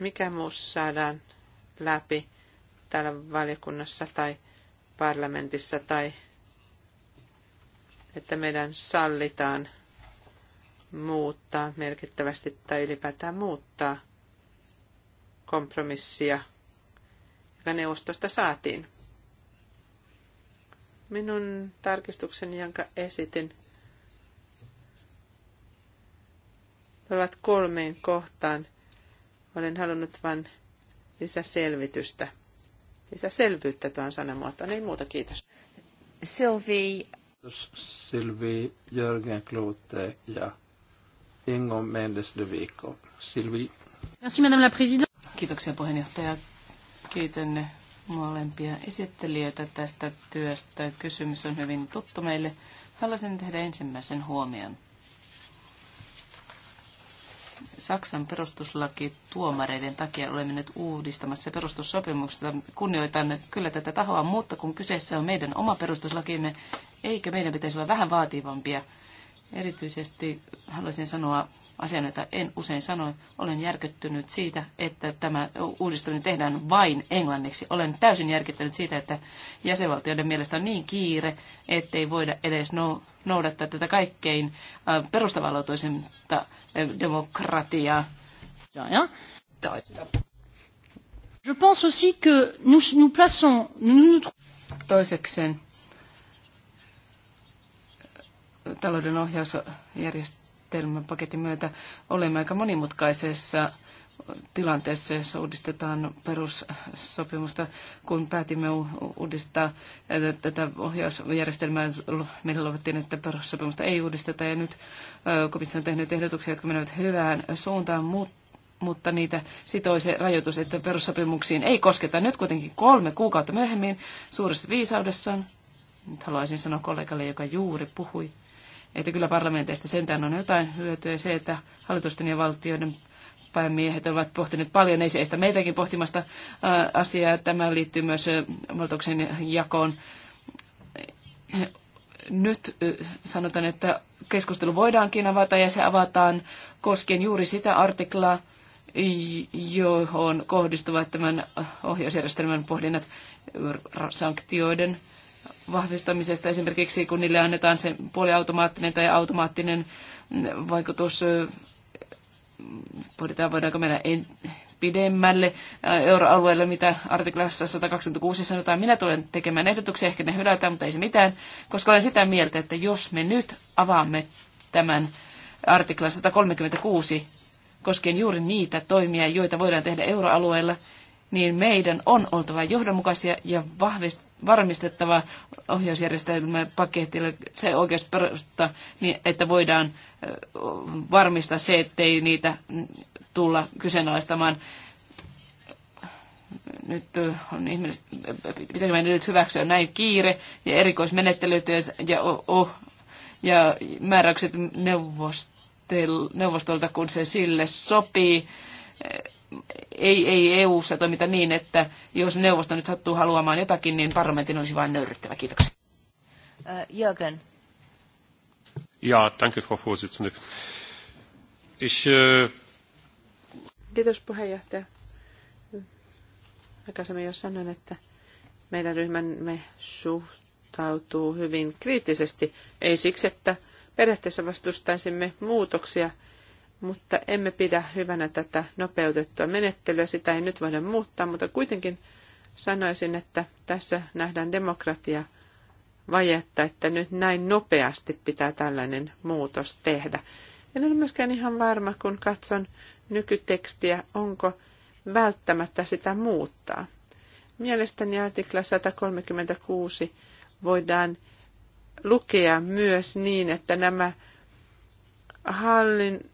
S2: mikä muus saadaan läpi täällä valiokunnassa tai parlamentissa tai että meidän sallitaan muuttaa merkittävästi tai ylipäätään muuttaa kompromissia, joka neuvostosta saatiin. Minun tarkistukseni, jonka esitin, ovat kolmeen kohtaan. Olen halunnut vain lisäselvitystä, lisäselvyyttä tuon sanamuotoon. Ei muuta, kiitos.
S3: Sylvie,
S1: Sylvie Jörgen Klote ja Ingo Mendes de Vico. Sylvie.
S3: Merci, madame la présidente. Kiitoksia puheenjohtaja. Kiitän molempia esittelijöitä tästä työstä. Kysymys on hyvin tuttu meille. Haluaisin tehdä ensimmäisen huomion. Saksan perustuslaki tuomareiden takia olemme nyt uudistamassa perustussopimuksesta. Kunnioitan kyllä tätä tahoa, mutta kun kyseessä on meidän oma perustuslakimme, Eikö meidän pitäisi olla vähän vaativampia? Erityisesti haluaisin sanoa asian, jota en usein sano. Olen järkyttynyt siitä, että tämä uudistuminen tehdään vain englanniksi. Olen täysin järkyttynyt siitä, että jäsenvaltioiden mielestä on niin kiire, ettei voida edes noudattaa tätä kaikkein perustavanlaatuisinta demokratiaa. Ja, Je pense aussi que nous nous plaçons, nous nous Toisekseen talouden ohjausjärjestelmän paketin myötä olemme aika monimutkaisessa tilanteessa, jossa uudistetaan perussopimusta. Kun päätimme uudistaa tätä ohjausjärjestelmää, meillä luvattiin, että perussopimusta ei uudisteta. Ja nyt komissio on tehnyt ehdotuksia, jotka menevät hyvään suuntaan, mutta niitä sitoi se rajoitus, että perussopimuksiin ei kosketa. Nyt kuitenkin kolme kuukautta myöhemmin suuressa viisaudessaan, nyt haluaisin sanoa kollegalle, joka juuri puhui, että kyllä parlamenteista sentään on jotain hyötyä. Se, että hallitusten ja valtioiden päämiehet ovat pohtineet paljon, ei se estä meitäkin pohtimasta asiaa. Tämä liittyy myös valtuuksien jakoon. Nyt sanotaan, että keskustelu voidaankin avata ja se avataan koskien juuri sitä artiklaa, johon kohdistuvat tämän ohjausjärjestelmän pohdinnat sanktioiden vahvistamisesta esimerkiksi, kun niille annetaan se puoliautomaattinen tai automaattinen mm, vaikutus. Pohditaan, voidaanko mennä pidemmälle euroalueelle, mitä artiklassa 126 sanotaan. Minä tulen tekemään ehdotuksia, ehkä ne hylätään, mutta ei se mitään, koska olen sitä mieltä, että jos me nyt avaamme tämän artiklan 136 koskien juuri niitä toimia, joita voidaan tehdä euroalueella, niin meidän on oltava johdonmukaisia ja vahvist- varmistettava ohjausjärjestelmä paketilla se oikeusperusta, niin että voidaan varmistaa se, ettei niitä tulla kyseenalaistamaan. Nyt on ihmiset, pitääkö meidän nyt hyväksyä näin kiire ja erikoismenettelyt ja, ja, oh, ja määräykset neuvostolta, kun se sille sopii ei, ei EU-ssa toimita niin, että jos neuvosto nyt sattuu haluamaan jotakin, niin parlamentin olisi vain nöyryttävä. Kiitoksia.
S2: Uh, äh, Jürgen.
S1: Ja, danke, Frau Vorsitzende. Ich,
S2: uh... Kiitos puheenjohtaja. Aikaisemmin jo sanoin, että meidän ryhmämme suhtautuu hyvin kriittisesti. Ei siksi, että periaatteessa vastustaisimme muutoksia – mutta emme pidä hyvänä tätä nopeutettua menettelyä. Sitä ei nyt voida muuttaa, mutta kuitenkin sanoisin, että tässä nähdään demokratia vajetta, että nyt näin nopeasti pitää tällainen muutos tehdä. En ole myöskään ihan varma, kun katson nykytekstiä, onko välttämättä sitä muuttaa. Mielestäni artikla 136 voidaan lukea myös niin, että nämä hallin,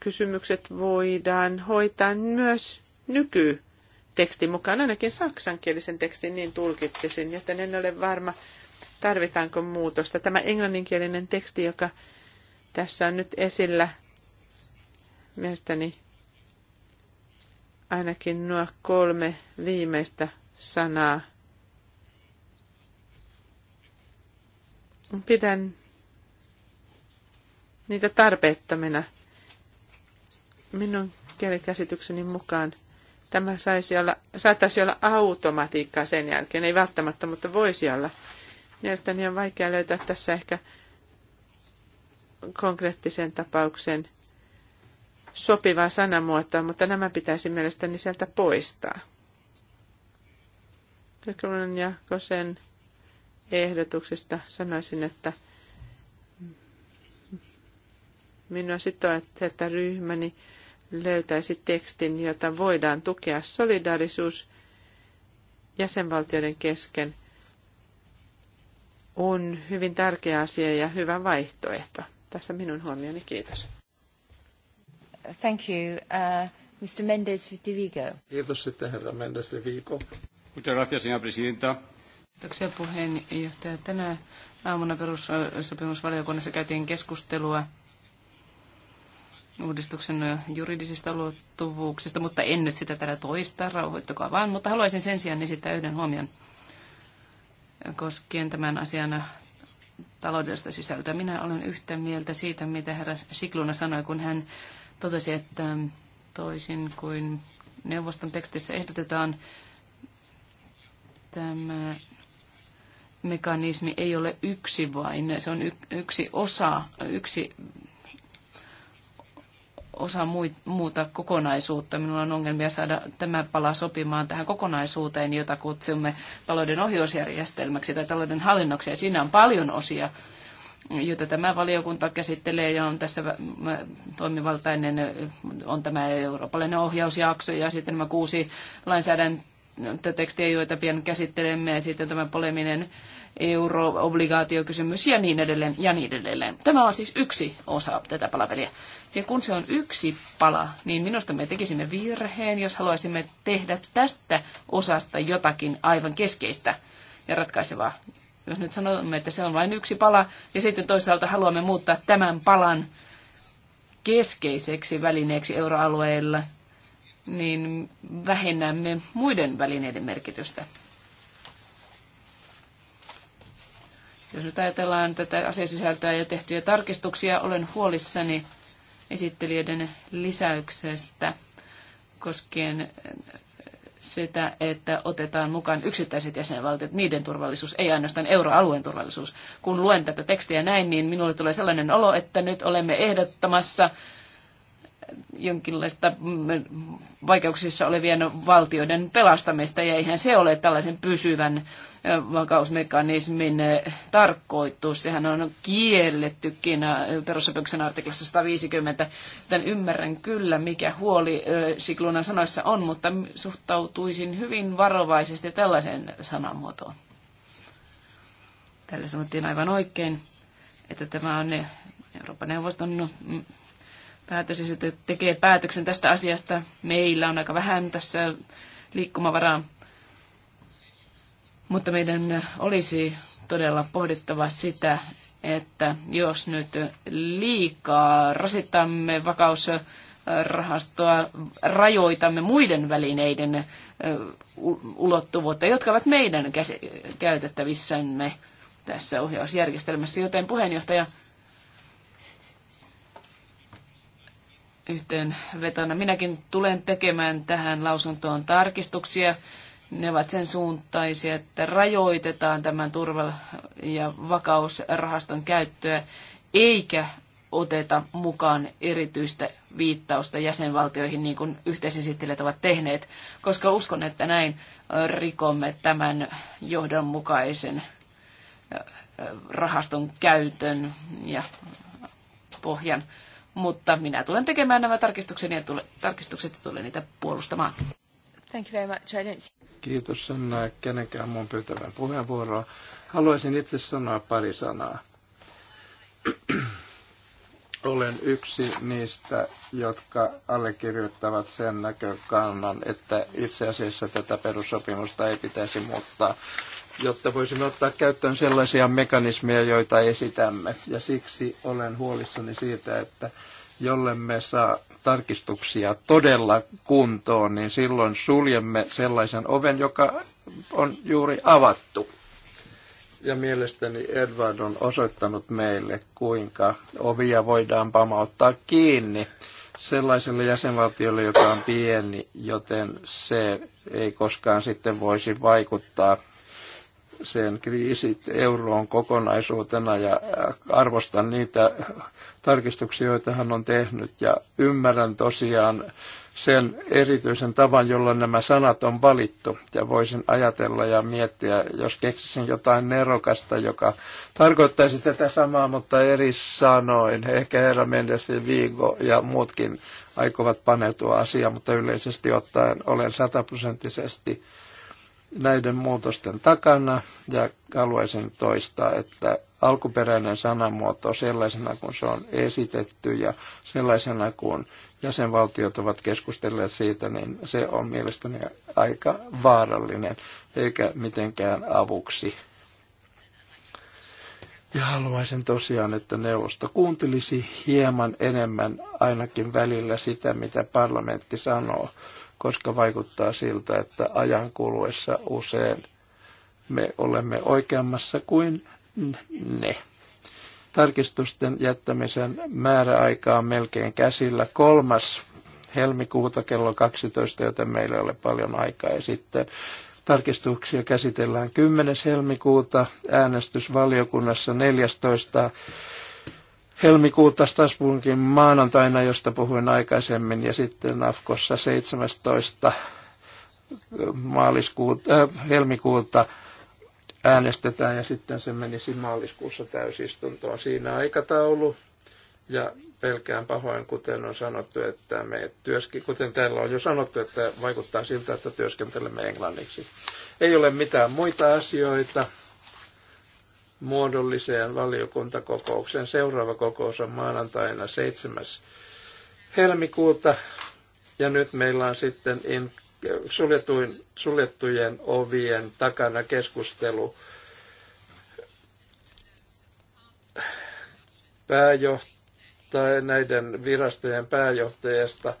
S2: kysymykset voidaan hoitaa myös nyky tekstin mukaan, ainakin saksankielisen tekstin niin tulkitsisin, joten en ole varma, tarvitaanko muutosta. Tämä englanninkielinen teksti, joka tässä on nyt esillä, mielestäni ainakin nuo kolme viimeistä sanaa. Pidän niitä tarpeettomina. Minun kielikäsitykseni mukaan tämä saisi olla, saattaisi olla automatiikkaa sen jälkeen, ei välttämättä, mutta voisi olla. Mielestäni on vaikea löytää tässä ehkä konkreettisen tapauksen sopivaa sanamuotoa, mutta nämä pitäisi mielestäni sieltä poistaa. Kyllä ja Kosen ehdotuksista sanoisin, että minua sitoo, että ryhmäni löytäisi tekstin, jota voidaan tukea solidaarisuus jäsenvaltioiden kesken on hyvin tärkeä asia ja hyvä vaihtoehto. Tässä minun huomioni. Kiitos.
S3: Thank you. Uh, Mr. Mendes de Vigo.
S1: Kiitos sitten herra Mendes de Vigo. Muchas gracias, señora presidenta.
S3: Kiitoksia puheenjohtaja. Tänä aamuna perussopimusvaliokunnassa käytiin keskustelua uudistuksen juridisista ulottuvuuksista, mutta en nyt sitä täällä toista, rauhoittukaa vaan. Mutta haluaisin sen sijaan esittää yhden huomion koskien tämän asian taloudellista sisältöä. Minä olen yhtä mieltä siitä, mitä herra Sikluna sanoi, kun hän totesi, että toisin kuin neuvoston tekstissä ehdotetaan, tämä mekanismi ei ole yksi vain, se on yksi osa, yksi osa muuta kokonaisuutta. Minulla on ongelmia saada tämä pala sopimaan tähän kokonaisuuteen, jota kutsumme talouden ohjausjärjestelmäksi tai talouden hallinnoksi. Ja siinä on paljon osia, joita tämä valiokunta käsittelee ja on tässä toimivaltainen, on tämä eurooppalainen ohjausjakso ja sitten nämä kuusi lainsäädäntötekstiä, joita pian käsittelemme ja sitten tämä poleminen euroobligaatiokysymys ja niin edelleen ja niin edelleen. Tämä on siis yksi osa tätä palapeliä. Ja kun se on yksi pala, niin minusta me tekisimme virheen, jos haluaisimme tehdä tästä osasta jotakin aivan keskeistä ja ratkaisevaa. Jos nyt sanomme, että se on vain yksi pala, ja sitten toisaalta haluamme muuttaa tämän palan keskeiseksi välineeksi euroalueella, niin vähennämme muiden välineiden merkitystä. Jos nyt ajatellaan tätä asiasisältöä ja tehtyjä tarkistuksia, olen huolissani esittelijöiden lisäyksestä koskien sitä, että otetaan mukaan yksittäiset jäsenvaltiot, niiden turvallisuus, ei ainoastaan euroalueen turvallisuus. Kun luen tätä tekstiä näin, niin minulle tulee sellainen olo, että nyt olemme ehdottamassa jonkinlaista mm, vaikeuksissa olevien valtioiden pelastamista, ja eihän se ole tällaisen pysyvän vakausmekanismin tarkoitus. Sehän on kiellettykin perussopimuksen artiklassa 150, joten ymmärrän kyllä, mikä huoli Siklunan sanoissa on, mutta suhtautuisin hyvin varovaisesti tällaiseen sanamuotoon. Tällä sanottiin aivan oikein, että tämä on Euroopan neuvoston mm, päätös ja tekee päätöksen tästä asiasta. Meillä on aika vähän tässä liikkumavaraa, mutta meidän olisi todella pohdittava sitä, että jos nyt liikaa rasittamme vakausrahastoa, rajoitamme muiden välineiden ulottuvuutta, jotka ovat meidän käytettävissämme tässä ohjausjärjestelmässä. Joten puheenjohtaja, yhteenvetona. Minäkin tulen tekemään tähän lausuntoon tarkistuksia. Ne ovat sen suuntaisia, että rajoitetaan tämän turva- ja vakausrahaston käyttöä, eikä oteta mukaan erityistä viittausta jäsenvaltioihin, niin kuin yhteisesittelijät ovat tehneet, koska uskon, että näin rikomme tämän johdonmukaisen äh, äh, rahaston käytön ja pohjan mutta minä tulen tekemään nämä tarkistukset ja, tule, tarkistukset ja tulen niitä puolustamaan. Thank you very much. I don't...
S1: Kiitos, en kenenkään muun pyytävän puheenvuoroa. Haluaisin itse sanoa pari sanaa. Olen yksi niistä, jotka allekirjoittavat sen näkökannan, että itse asiassa tätä perussopimusta ei pitäisi muuttaa jotta voisimme ottaa käyttöön sellaisia mekanismeja, joita esitämme. Ja siksi olen huolissani siitä, että jollemme saa tarkistuksia todella kuntoon, niin silloin suljemme sellaisen oven, joka on juuri avattu. Ja mielestäni Edward on osoittanut meille, kuinka ovia voidaan pamauttaa kiinni sellaiselle jäsenvaltiolle, joka on pieni, joten se ei koskaan sitten voisi vaikuttaa sen kriisit euroon kokonaisuutena ja arvostan niitä tarkistuksia, joita hän on tehnyt ja ymmärrän tosiaan sen erityisen tavan, jolla nämä sanat on valittu ja voisin ajatella ja miettiä, jos keksisin jotain nerokasta, joka tarkoittaisi tätä samaa, mutta eri sanoin. Ehkä herra Mendes ja Viigo ja muutkin aikovat paneutua asiaan, mutta yleisesti ottaen olen sataprosenttisesti näiden muutosten takana ja haluaisin toistaa, että alkuperäinen sanamuoto sellaisena kuin se on esitetty ja sellaisena kuin jäsenvaltiot ovat keskustelleet siitä, niin se on mielestäni aika vaarallinen eikä mitenkään avuksi. Ja haluaisin tosiaan, että neuvosto kuuntelisi hieman enemmän ainakin välillä sitä, mitä parlamentti sanoo koska vaikuttaa siltä, että ajan kuluessa usein me olemme oikeammassa kuin ne. Tarkistusten jättämisen määräaika on melkein käsillä kolmas helmikuuta kello 12, joten meillä ei ole paljon aikaa. Ja sitten tarkistuksia käsitellään 10. helmikuuta äänestysvaliokunnassa 14 helmikuuta Strasbourgin maanantaina, josta puhuin aikaisemmin, ja sitten Afkossa 17. Maaliskuuta, äh, helmikuuta äänestetään ja sitten se menisi maaliskuussa täysistuntoon. Siinä aikataulu ja pelkään pahoin, kuten on sanottu, että me työskin, kuten täällä on jo sanottu, että vaikuttaa siltä, että työskentelemme englanniksi. Ei ole mitään muita asioita muodolliseen valiokuntakokoukseen. Seuraava kokous on maanantaina 7. helmikuuta. Ja nyt meillä on sitten in, suljetuin, suljettujen ovien takana keskustelu pääjohtaja, näiden virastojen pääjohtajasta.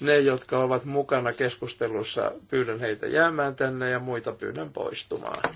S1: Ne, jotka ovat mukana keskustelussa, pyydän heitä jäämään tänne ja muita pyydän poistumaan.